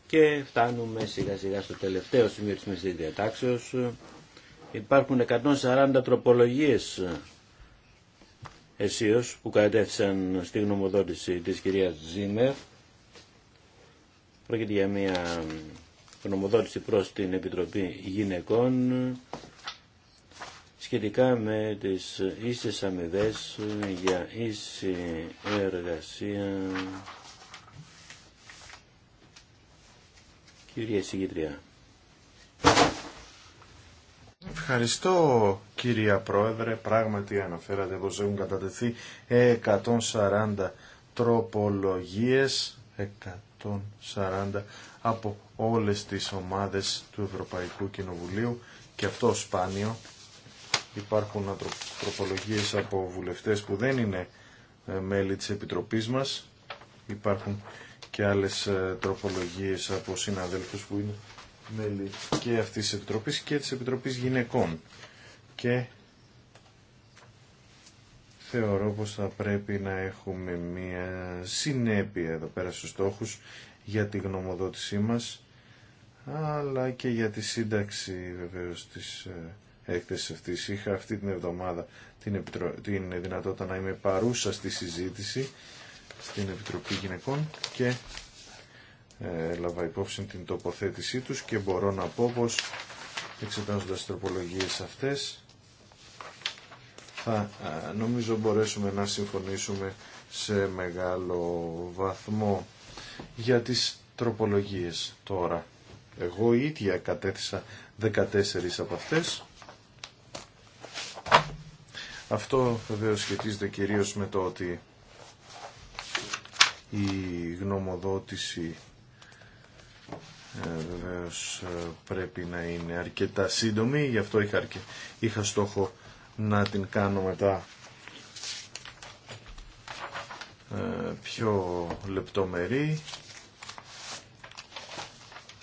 Και φτάνουμε σιγά σιγά στο τελευταίο σημείο της μεσή διατάξεω. Υπάρχουν 140 τροπολογίε ε, αισίω που κατέθεσαν στη γνωμοδότηση τη κυρία Ζήμερ Πρόκειται για μια γνωμοδότηση προς την Επιτροπή Γυναικών σχετικά με τις ίσες αμοιβέ για ίση εργασία. Κυρία Συγκήτρια. Ευχαριστώ κυρία Πρόεδρε. Πράγματι αναφέρατε πως έχουν κατατεθεί 140 τροπολογίες. 140 από όλες τις ομάδες του Ευρωπαϊκού Κοινοβουλίου και αυτό σπάνιο. Υπάρχουν τροπολογίες από βουλευτές που δεν είναι ε, μέλη της Επιτροπής μας. Υπάρχουν και άλλες ε, τροπολογίες από συναδέλφους που είναι μέλη και αυτής της Επιτροπής και της Επιτροπής Γυναικών. Και θεωρώ πως θα πρέπει να έχουμε μία συνέπεια εδώ πέρα στους στόχους για τη γνωμοδότησή μας αλλά και για τη σύνταξη βεβαίως της ε, έκθεσης αυτής. Είχα αυτή την εβδομάδα την, επιτρο... την δυνατότητα να είμαι παρούσα στη συζήτηση στην Επιτροπή Γυναικών και ε, έλαβα υπόψη την τοποθέτησή τους και μπορώ να πω πως εξετάζοντας τροπολογίες αυτές θα νομίζω μπορέσουμε να συμφωνήσουμε σε μεγάλο βαθμό για τις τροπολογίες τώρα. Εγώ ίδια κατέθεσα 14 από αυτές. Αυτό βεβαίως σχετίζεται κυρίως με το ότι η γνωμοδότηση ε, βεβαίως ε, πρέπει να είναι αρκετά σύντομη, γι' αυτό είχα, είχα στόχο να την κάνω μετά ε, πιο λεπτομερή.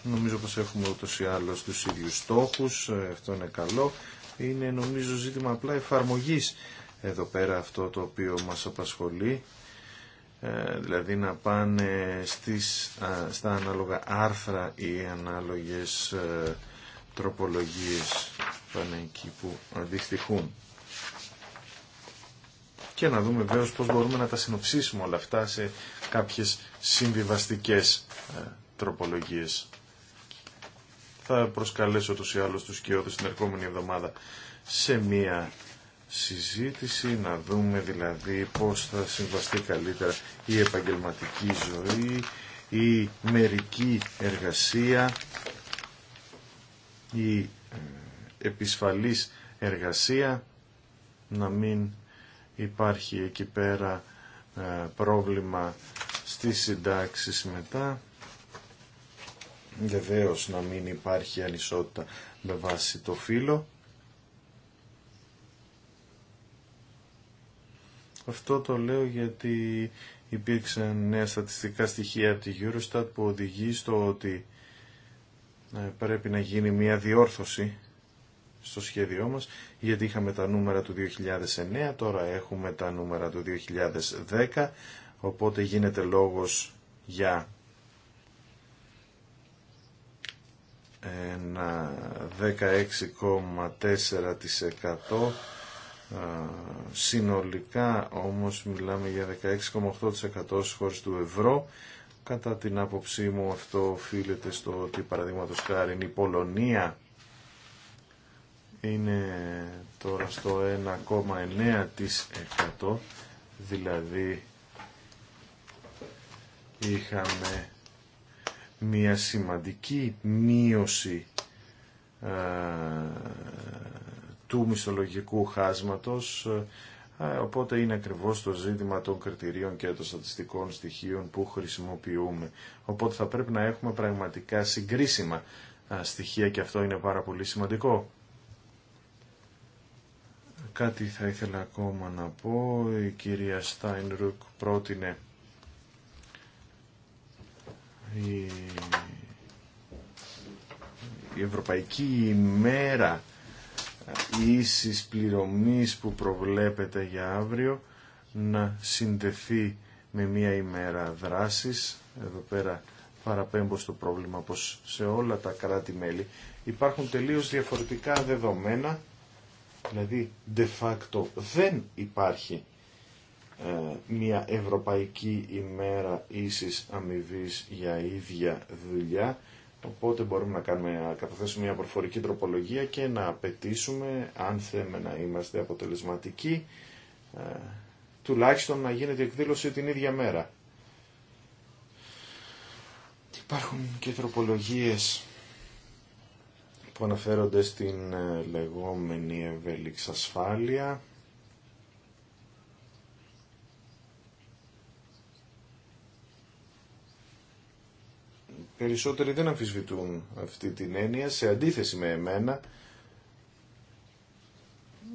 Νομίζω πως έχουμε ούτως ή άλλως τους ίδιους στόχους, ε, αυτό είναι καλό. Είναι νομίζω ζήτημα απλά εφαρμογής εδώ πέρα αυτό το οποίο μας απασχολεί. Ε, δηλαδή να πάνε στις, στα ανάλογα άρθρα ή ανάλογες τροπολογίες πάνε εκεί που αντιστοιχούν. Και να δούμε βέβαια πώς μπορούμε να τα συνοψίσουμε όλα αυτά σε κάποιες συμβιβαστικές ε, τροπολογίες. Θα προσκαλέσω τους ή άλλους τους κοιόδους την ερχόμενη εβδομάδα σε μία συζήτηση, να δούμε δηλαδή πώς θα συμβαστεί καλύτερα η επαγγελματική ζωή, η μερική εργασία η ε, επισφαλής εργασία, να μην υπάρχει εκεί πέρα ε, πρόβλημα στις συντάξεις μετά. Βεβαίω να μην υπάρχει ανισότητα με βάση το φύλλο. Αυτό το λέω γιατί υπήρξαν νέα στατιστικά στοιχεία από τη Eurostat που οδηγεί στο ότι ε, πρέπει να γίνει μια διόρθωση στο σχέδιό μας, γιατί είχαμε τα νούμερα του 2009, τώρα έχουμε τα νούμερα του 2010, οπότε γίνεται λόγος για ένα 16,4% συνολικά όμως μιλάμε για 16,8% στις χώρες του ευρώ Κατά την άποψή μου αυτό οφείλεται στο ότι παραδείγματο χάρη η Πολωνία είναι τώρα στο 1,9% δηλαδή είχαμε μια σημαντική μείωση ε, του μισθολογικού χάσματος ε, οπότε είναι ακριβώς το ζήτημα των κριτηρίων και των στατιστικών στοιχείων που χρησιμοποιούμε. Οπότε θα πρέπει να έχουμε πραγματικά συγκρίσιμα ε, στοιχεία και αυτό είναι πάρα πολύ σημαντικό. Κάτι θα ήθελα ακόμα να πω. Η κυρία Στάινρουκ πρότεινε η, η Ευρωπαϊκή ημέρα ίσης πληρωμής που προβλέπεται για αύριο να συνδεθεί με μία ημέρα δράσης. Εδώ πέρα παραπέμπω στο πρόβλημα πως σε όλα τα κράτη-μέλη υπάρχουν τελείως διαφορετικά δεδομένα, δηλαδή de facto δεν υπάρχει ε, μία ευρωπαϊκή ημέρα ίσης αμοιβή για ίδια δουλειά Οπότε μπορούμε να κάνουμε, καταθέσουμε μια προφορική τροπολογία και να απαιτήσουμε, αν θέμε να είμαστε αποτελεσματικοί, ε, τουλάχιστον να γίνεται εκδήλωση την ίδια μέρα. Υπάρχουν και τροπολογίες που αναφέρονται στην ε, λεγόμενη ευέλιξη ασφάλεια περισσότεροι δεν αμφισβητούν αυτή την έννοια σε αντίθεση με εμένα.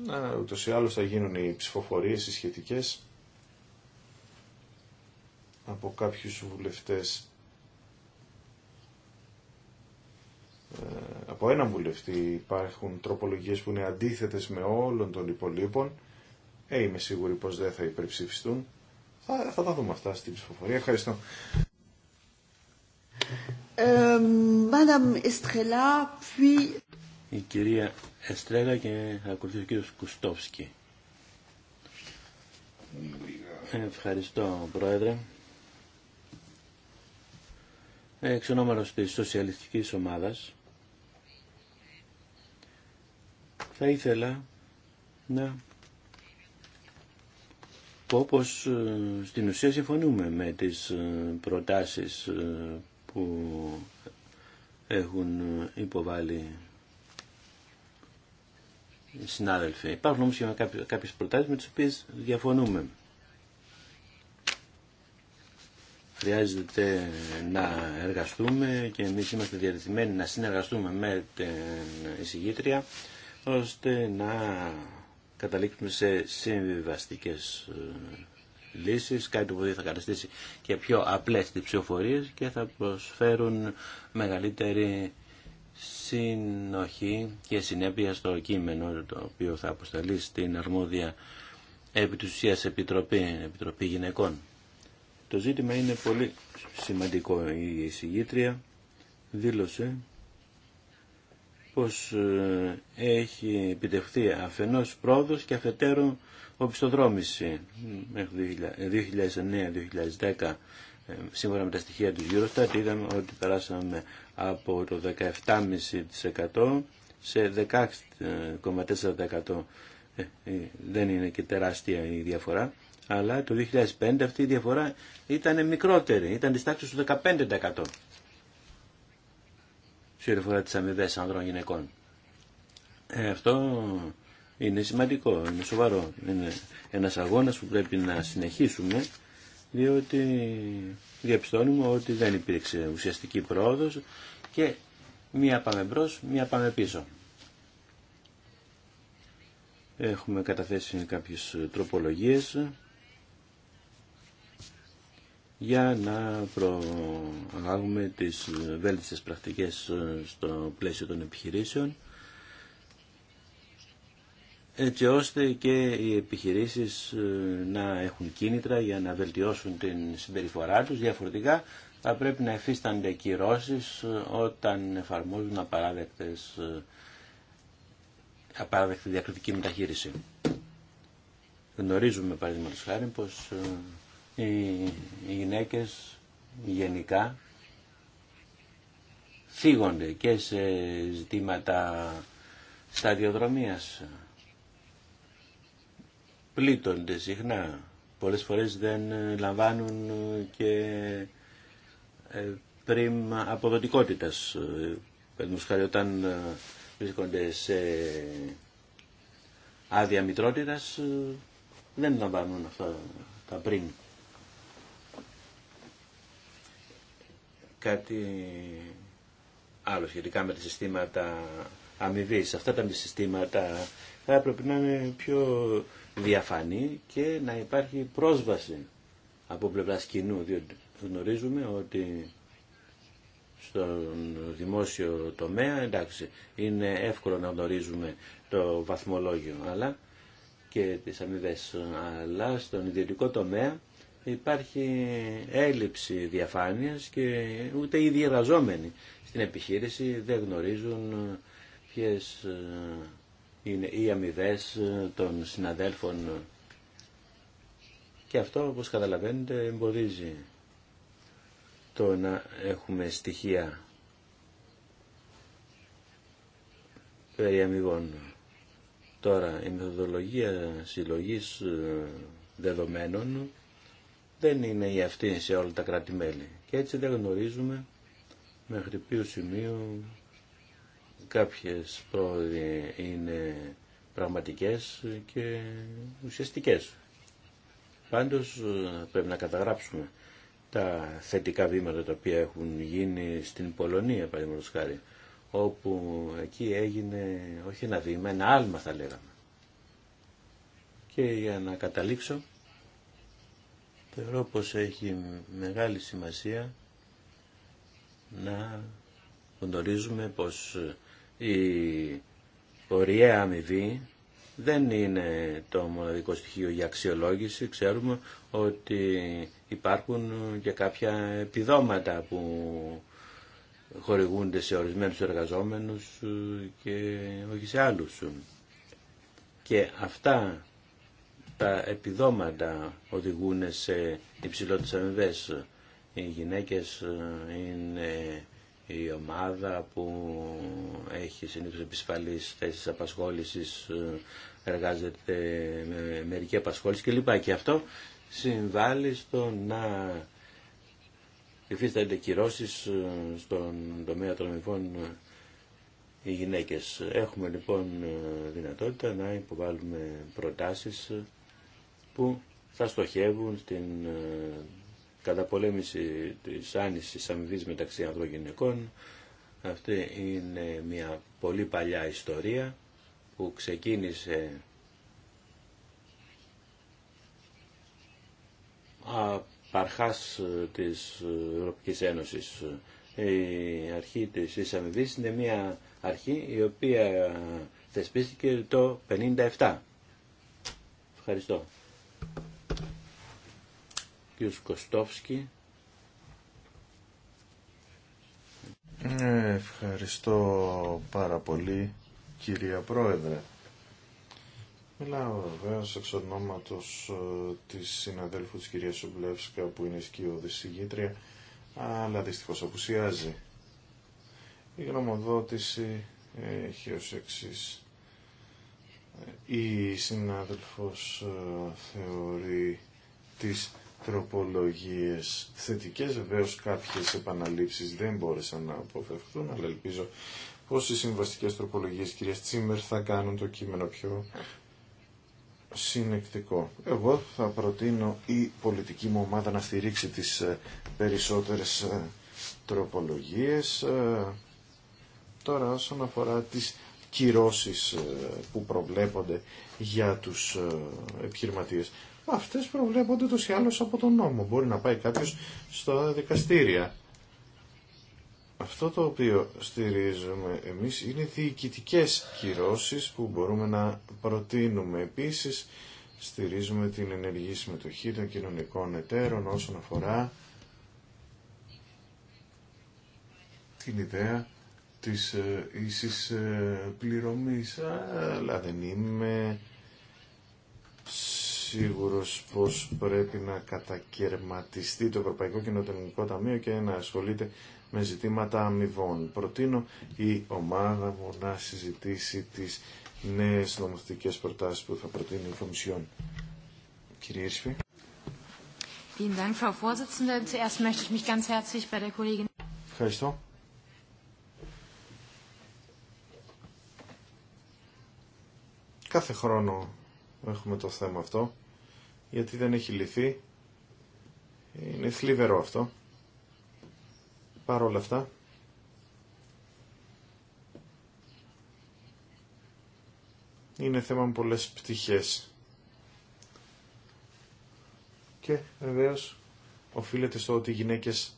Να, ούτως ή άλλως θα γίνουν οι ψηφοφορίες οι σχετικές από κάποιους βουλευτές ε, από έναν βουλευτή υπάρχουν τροπολογίες που είναι αντίθετες με όλων των υπολείπων ε, είμαι σίγουροι πως δεν θα υπερψηφιστούν θα, θα τα δούμε αυτά στην ψηφοφορία. Ευχαριστώ. Ε, Η κυρία Εστρέλα και θα ακολουθεί ο κύριος Κουστόφσκι. Ευχαριστώ, Πρόεδρε. Εξ ονόμαλος της Σοσιαλιστικής Ομάδας θα ήθελα να πω πως ε, στην ουσία συμφωνούμε με τις ε, προτάσεις που έχουν υποβάλει οι συνάδελφοι. Υπάρχουν όμως και κάποιες προτάσεις με τις οποίες διαφωνούμε. Χρειάζεται να εργαστούμε και εμείς είμαστε διαδεθειμένοι να συνεργαστούμε με την εισηγήτρια ώστε να καταλήξουμε σε συμβιβαστικές λύσεις, κάτι που θα καταστήσει και πιο απλές τι ψηφοφορίε και θα προσφέρουν μεγαλύτερη συνοχή και συνέπεια στο κείμενο το οποίο θα αποσταλεί στην αρμόδια επί Επιτροπή, Επιτροπή Γυναικών. Το ζήτημα είναι πολύ σημαντικό. Η εισηγήτρια δήλωσε πως ε, έχει επιτευχθεί αφενός πρόοδος και αφετέρου οπισθοδρόμηση μέχρι 2009-2010 ε, ε, σύμφωνα με τα στοιχεία του Eurostat είδαμε ότι περάσαμε από το 17,5% σε 16,4% ε, δεν είναι και τεράστια η διαφορά αλλά το 2005 αυτή η διαφορά ήταν μικρότερη, ήταν της τάξης του 15% σε της αφορά αμοιβές ανδρών γυναικών. Ε, αυτό είναι σημαντικό, είναι σοβαρό. Είναι ένας αγώνας που πρέπει να συνεχίσουμε διότι διαπιστώνουμε ότι δεν υπήρξε ουσιαστική πρόοδος και μία πάμε μπρο, μία πάμε πίσω. Έχουμε καταθέσει κάποιες τροπολογίες για να προαγάγουμε τις βέλτιστες πρακτικές στο πλαίσιο των επιχειρήσεων έτσι ώστε και οι επιχειρήσεις ε, να έχουν κίνητρα για να βελτιώσουν την συμπεριφορά τους. Διαφορετικά θα πρέπει να εφίστανται κυρώσεις ε, όταν εφαρμόζουν απαράδεκτες, ε, απαράδεκτη διακριτική μεταχείριση. Γνωρίζουμε παραδείγματος χάρη πως οι γυναίκες γενικά θίγονται και σε ζητήματα σταδιοδρομίας πλήττονται συχνά. Πολλές φορές δεν ε, λαμβάνουν ε, και ε, πριν αποδοτικότητας. Παραδείγματος χάρη όταν βρίσκονται σε άδεια μητρότητας δεν λαμβάνουν αυτά τα πριν. Κάτι άλλο σχετικά με τα συστήματα αμοιβή. Αυτά τα συστήματα θα έπρεπε να είναι πιο διαφανή και να υπάρχει πρόσβαση από πλευρά κοινού, διότι γνωρίζουμε ότι στον δημόσιο τομέα, εντάξει, είναι εύκολο να γνωρίζουμε το βαθμολόγιο, αλλά και τις αμοιβέ, αλλά στον ιδιωτικό τομέα υπάρχει έλλειψη διαφάνειας και ούτε οι διεργαζόμενοι στην επιχείρηση δεν γνωρίζουν ποιες ε, είναι οι αμοιβέ ε, των συναδέλφων και αυτό όπως καταλαβαίνετε εμποδίζει το να έχουμε στοιχεία περί αμοιβών. Τώρα η μεθοδολογία συλλογής ε, δεδομένων δεν είναι η αυτή σε όλα τα κράτη-μέλη και έτσι δεν γνωρίζουμε μέχρι ποιο σημείο Κάποιες πρόοδοι είναι πραγματικές και ουσιαστικές. Πάντως ε, πρέπει να καταγράψουμε τα θετικά βήματα τα οποία έχουν γίνει στην Πολωνία, παραδείγματος χάρη, όπου εκεί έγινε όχι ένα βήμα, ένα άλμα θα λέγαμε. Και για να καταλήξω, θεωρώ πως έχει μεγάλη σημασία να γνωρίζουμε πως ε, η ωριαία αμοιβή δεν είναι το μοναδικό στοιχείο για αξιολόγηση. Ξέρουμε ότι υπάρχουν και κάποια επιδόματα που χορηγούνται σε ορισμένους εργαζόμενους και όχι σε άλλους. Και αυτά τα επιδόματα οδηγούν σε υψηλότερες αμοιβές. Οι γυναίκες είναι η ομάδα που έχει συνήθως επισφαλείς θέσεις απασχόλησης, ε, εργάζεται με μερική απασχόληση κλπ. Και αυτό συμβάλλει στο να υφίστανται κυρώσεις ε, στον τομέα των αμοιβών ε, οι γυναίκες. Έχουμε λοιπόν δυνατότητα να υποβάλουμε προτάσεις που θα στοχεύουν στην καταπολέμηση της άνησης αμοιβής μεταξύ ανδρών Αυτή είναι μια πολύ παλιά ιστορία που ξεκίνησε αρχάς της Ευρωπαϊκής Ένωσης. Η αρχή της Ισαμβής είναι μια αρχή η οποία θεσπίστηκε το 57. Ευχαριστώ κ. Ε, ναι, Ευχαριστώ πάρα πολύ κυρία Πρόεδρε. Μιλάω βέβαια εξ ονόματος ε, της συναδέλφου της κυρίας Σουμπλεύσκα που είναι σκιώδης συγγήτρια, αλλά δυστυχώς απουσιάζει. Η γνωμοδότηση έχει ως ε, Η συνάδελφος ε, θεωρεί τις τροπολογίες θετικές. Βεβαίως κάποιες επαναλήψεις δεν μπόρεσαν να αποφευχθούν, αλλά ελπίζω πως οι συμβαστικές τροπολογίες κυρία Τσίμερ θα κάνουν το κείμενο πιο συνεκτικό. Εγώ θα προτείνω η πολιτική μου ομάδα να στηρίξει τις ε, περισσότερες ε, τροπολογίες. Ε, τώρα όσον αφορά τις κυρώσεις που προβλέπονται για τους επιχειρηματίες. Αυτές προβλέπονται ούτω ή άλλω από τον νόμο. Μπορεί να πάει κάποιο στα δικαστήρια. Αυτό το οποίο στηρίζουμε εμείς είναι διοικητικέ κυρώσεις που μπορούμε να προτείνουμε. Επίσης στηρίζουμε την ενεργή συμμετοχή των κοινωνικών εταίρων όσον αφορά την ιδέα της ε, ίσης ε, πληρωμής, αλλά δεν είμαι σίγουρος πως πρέπει να κατακαιρματιστεί το Ευρωπαϊκό Κοινοτεχνικό Ταμείο και να ασχολείται με ζητήματα αμοιβών. Προτείνω η ομάδα μου να συζητήσει τις νέες νομοθετικές προτάσεις που θα προτείνει η Κομισιόν. Κύριε Ήρσφη. Ευχαριστώ. Κάθε χρόνο έχουμε το θέμα αυτό, γιατί δεν έχει λυθεί. Είναι θλιβερό αυτό. παρόλα όλα αυτά, είναι θέμα με πολλές πτυχές. Και βεβαίως οφείλεται στο ότι οι γυναίκες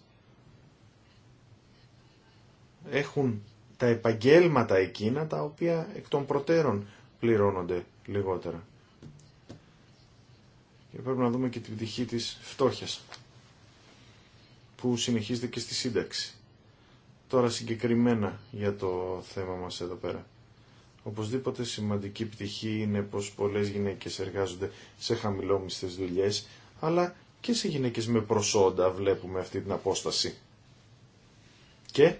έχουν τα επαγγέλματα εκείνα τα οποία εκ των προτέρων πληρώνονται λιγότερα και πρέπει να δούμε και την πτυχή της φτώχειας που συνεχίζεται και στη σύνταξη. Τώρα συγκεκριμένα για το θέμα μας εδώ πέρα. Οπωσδήποτε σημαντική πτυχή είναι πως πολλές γυναίκες εργάζονται σε χαμηλόμιστες δουλειές, αλλά και σε γυναίκες με προσόντα βλέπουμε αυτή την απόσταση. Και,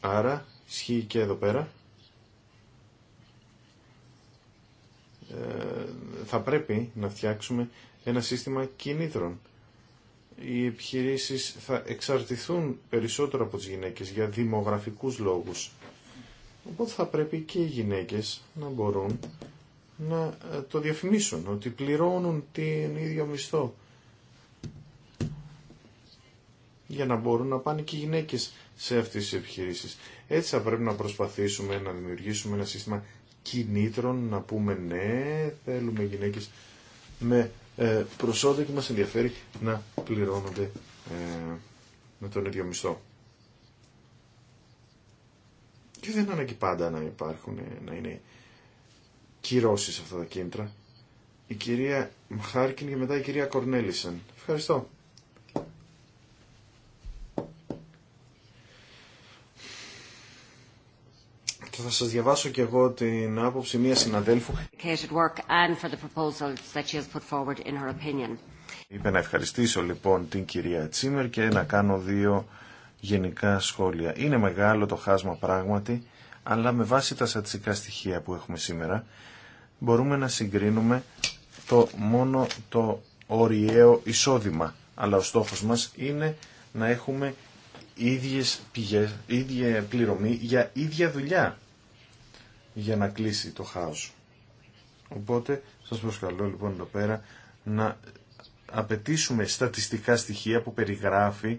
άρα, ισχύει και εδώ πέρα, ε, θα πρέπει να φτιάξουμε ένα σύστημα κινήτρων. Οι επιχειρήσεις θα εξαρτηθούν περισσότερο από τις γυναίκες για δημογραφικούς λόγους. Οπότε θα πρέπει και οι γυναίκες να μπορούν να ε, το διαφημίσουν, ότι πληρώνουν την ίδιο μισθό. Για να μπορούν να πάνε και οι γυναίκες σε αυτές τις επιχειρήσεις. Έτσι θα πρέπει να προσπαθήσουμε να δημιουργήσουμε ένα σύστημα κινήτρων να πούμε ναι, θέλουμε γυναίκες με ε, προσόντα και μας ενδιαφέρει να πληρώνονται ε, με τον ίδιο μισθό. Και δεν ανάγκη πάντα να υπάρχουν, ε, να είναι κυρώσεις αυτά τα κίνητρα. Η κυρία Μχάρκιν και μετά η κυρία Κορνέλισεν. Ευχαριστώ. θα σας διαβάσω και εγώ την άποψη μια συναδέλφου. Είπε να ευχαριστήσω λοιπόν την κυρία Τσίμερ και να κάνω δύο γενικά σχόλια. Είναι μεγάλο το χάσμα πράγματι, αλλά με βάση τα σατσικά στοιχεία που έχουμε σήμερα, μπορούμε να συγκρίνουμε το μόνο το ωριαίο εισόδημα. Αλλά ο στόχος μας είναι να έχουμε ίδιες πηγές, ίδια πληρωμή για ίδια δουλειά για να κλείσει το χάος. Οπότε σας προσκαλώ λοιπόν εδώ πέρα να απαιτήσουμε στατιστικά στοιχεία που περιγράφει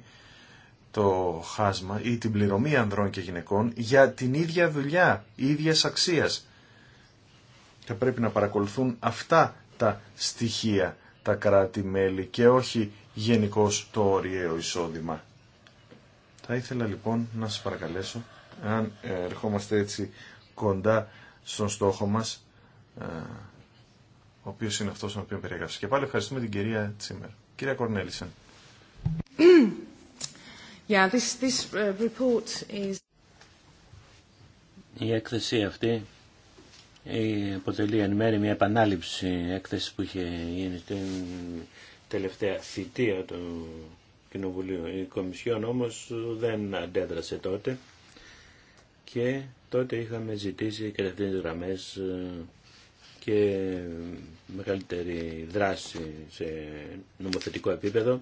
το χάσμα ή την πληρωμή ανδρών και γυναικών για την ίδια δουλειά, ίδιας αξίας. Θα πρέπει να παρακολουθούν αυτά τα στοιχεία τα κράτη-μέλη και όχι γενικώ το ωριαίο εισόδημα. Θα ήθελα λοιπόν να σας παρακαλέσω, αν ε, ερχόμαστε έτσι κοντά στον στόχο μας, ε, ο οποίος είναι αυτός τον οποίο περιέγραψα. Και πάλι ευχαριστούμε την κυρία Τσίμερ. Κυρία Κορνέλισεν. Yeah, uh, is... Η έκθεση αυτή ε, αποτελεί εν μέρει μια επανάληψη έκθεση που είχε γίνει την τελευταία θητεία του Κοινοβουλίου. Η Κομισιόν όμως δεν αντέδρασε τότε και τότε είχαμε ζητήσει κατευθύνες γραμμές ε, και μεγαλύτερη δράση σε νομοθετικό επίπεδο.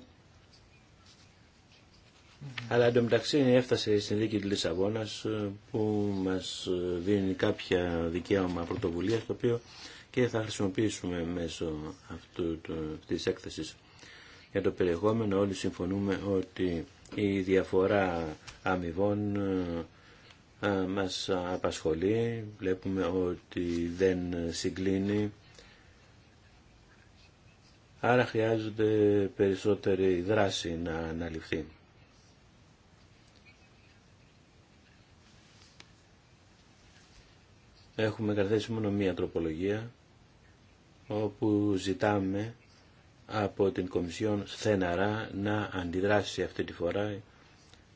Αλλά εντωμεταξύ έφτασε η συνδίκη της Λισαβόνας ε, που μας δίνει κάποια δικαίωμα πρωτοβουλία το οποίο και θα χρησιμοποιήσουμε μέσω αυτού, αυτής της έκθεσης. Για το περιεχόμενο όλοι συμφωνούμε ότι η διαφορά αμοιβών ε, ε, μας απασχολεί. Βλέπουμε ότι δεν συγκλίνει. Άρα χρειάζονται περισσότερη δράση να αναλυφθεί. Έχουμε καταθέσει μόνο μία τροπολογία όπου ζητάμε από την Κομισιόν στεναρά να αντιδράσει αυτή τη φορά.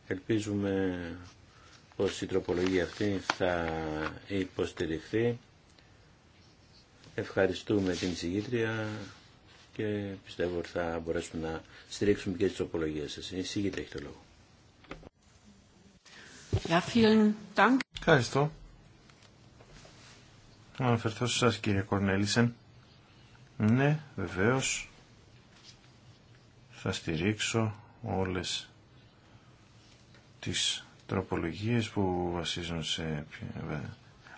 Ελπίζουμε πως η τροπολογία αυτή θα υποστηριχθεί. Ευχαριστούμε την εισηγήτρια και πιστεύω ότι θα μπορέσουμε να στηρίξουμε και τις τροπολογίες σας. Η εισηγήτρια έχει το λόγο. Ευχαριστώ. Να αναφερθώ σε εσάς κύριε Κορνέλησεν Ναι, βεβαίως. Θα στηρίξω όλες τις τροπολογίες που βασίζουν σε... Ε,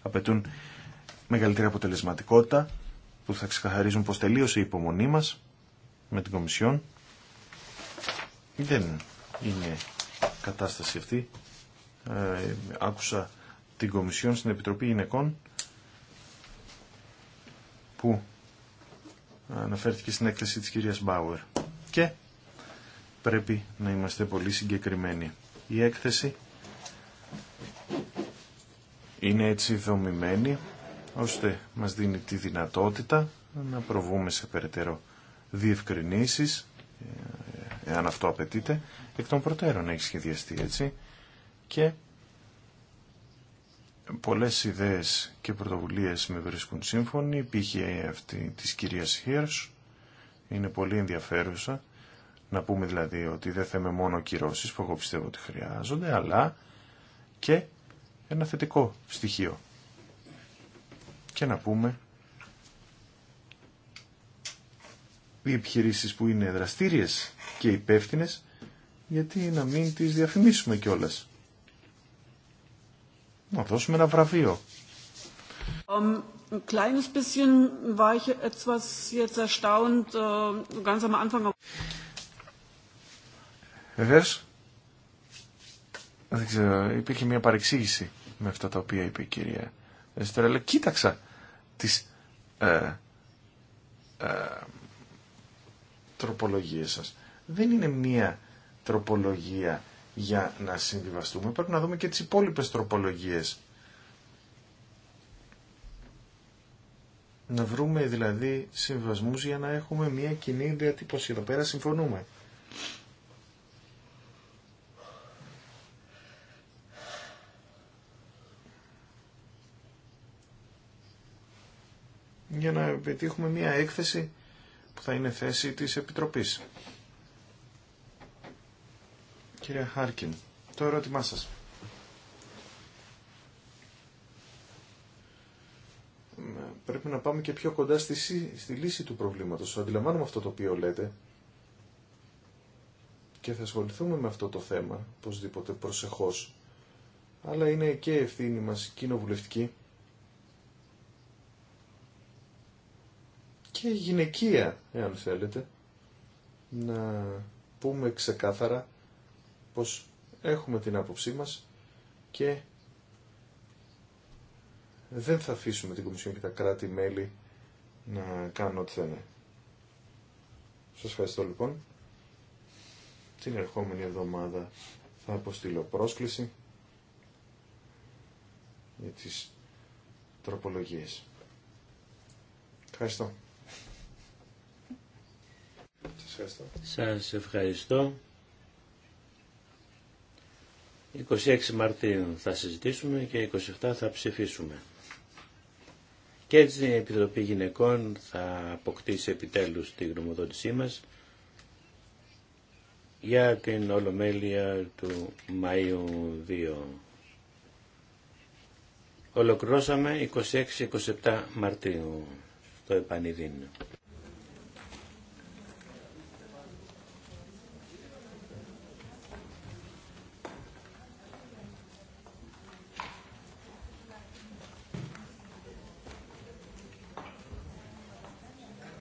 απαιτούν μεγαλύτερη αποτελεσματικότητα που θα ξεκαθαρίζουν πως τελείωσε η υπομονή μας με την Κομισιόν. Δεν είναι κατάσταση αυτή. Ε, άκουσα την Κομισιόν στην Επιτροπή Γυναικών που αναφέρθηκε στην έκθεση της κυρίας Μπάουερ. Και πρέπει να είμαστε πολύ συγκεκριμένοι. Η έκθεση είναι έτσι δομημένη ώστε μας δίνει τη δυνατότητα να προβούμε σε περαιτέρω διευκρινήσεις ε, εάν αυτό απαιτείται εκ των προτέρων έχει σχεδιαστεί έτσι και πολλές ιδέες και πρωτοβουλίες με βρίσκουν σύμφωνοι π.χ. αυτή της κυρίας Χίρς είναι πολύ ενδιαφέρουσα να πούμε δηλαδή ότι δεν θέμε μόνο κυρώσεις που εγώ πιστεύω ότι χρειάζονται αλλά και ένα θετικό στοιχείο και να πούμε οι επιχειρήσεις που είναι δραστήριες και υπεύθυνε γιατί να μην τις διαφημίσουμε κιόλας. Να δώσουμε ένα βραβείο. Um, kleines bisschen etwas jetzt äh, ganz am Anfang. Δεν ξέρω, υπήρχε μια παρεξήγηση με αυτά τα οποία είπε η κυρία Κοίταξα τις ε, ε, τροπολογίες σας. Δεν είναι μία τροπολογία για να συμβιβαστούμε. Πρέπει να δούμε και τις υπόλοιπες τροπολογίες. Να βρούμε δηλαδή συμβασμούς για να έχουμε μία κοινή διατύπωση. Εδώ πέρα συμφωνούμε. για να πετύχουμε μια έκθεση που θα είναι θέση της Επιτροπής. Κύριε Χάρκιν, το ερώτημά σας. Πρέπει να πάμε και πιο κοντά στη, λύση του προβλήματος. Αντιλαμβάνομαι αυτό το οποίο λέτε και θα ασχοληθούμε με αυτό το θέμα, οπωσδήποτε προσεχώς. Αλλά είναι και ευθύνη μας κοινοβουλευτική και γυναικεία, εάν θέλετε, να πούμε ξεκάθαρα πως έχουμε την άποψή μας και δεν θα αφήσουμε την Κομισιόν και τα κράτη-μέλη να κάνουν ό,τι θέλουν. Σας ευχαριστώ λοιπόν. Την ερχόμενη εβδομάδα θα αποστείλω πρόσκληση για τις τροπολογίες. Ευχαριστώ. Σας ευχαριστώ. 26 Μαρτίου θα συζητήσουμε και 27 θα ψηφίσουμε. Και έτσι η Επιτροπή Γυναικών θα αποκτήσει επιτέλους τη γνωμοδότησή μας για την Ολομέλεια του Μαΐου 2. Ολοκληρώσαμε 26-27 Μαρτίου το Επανειδήν.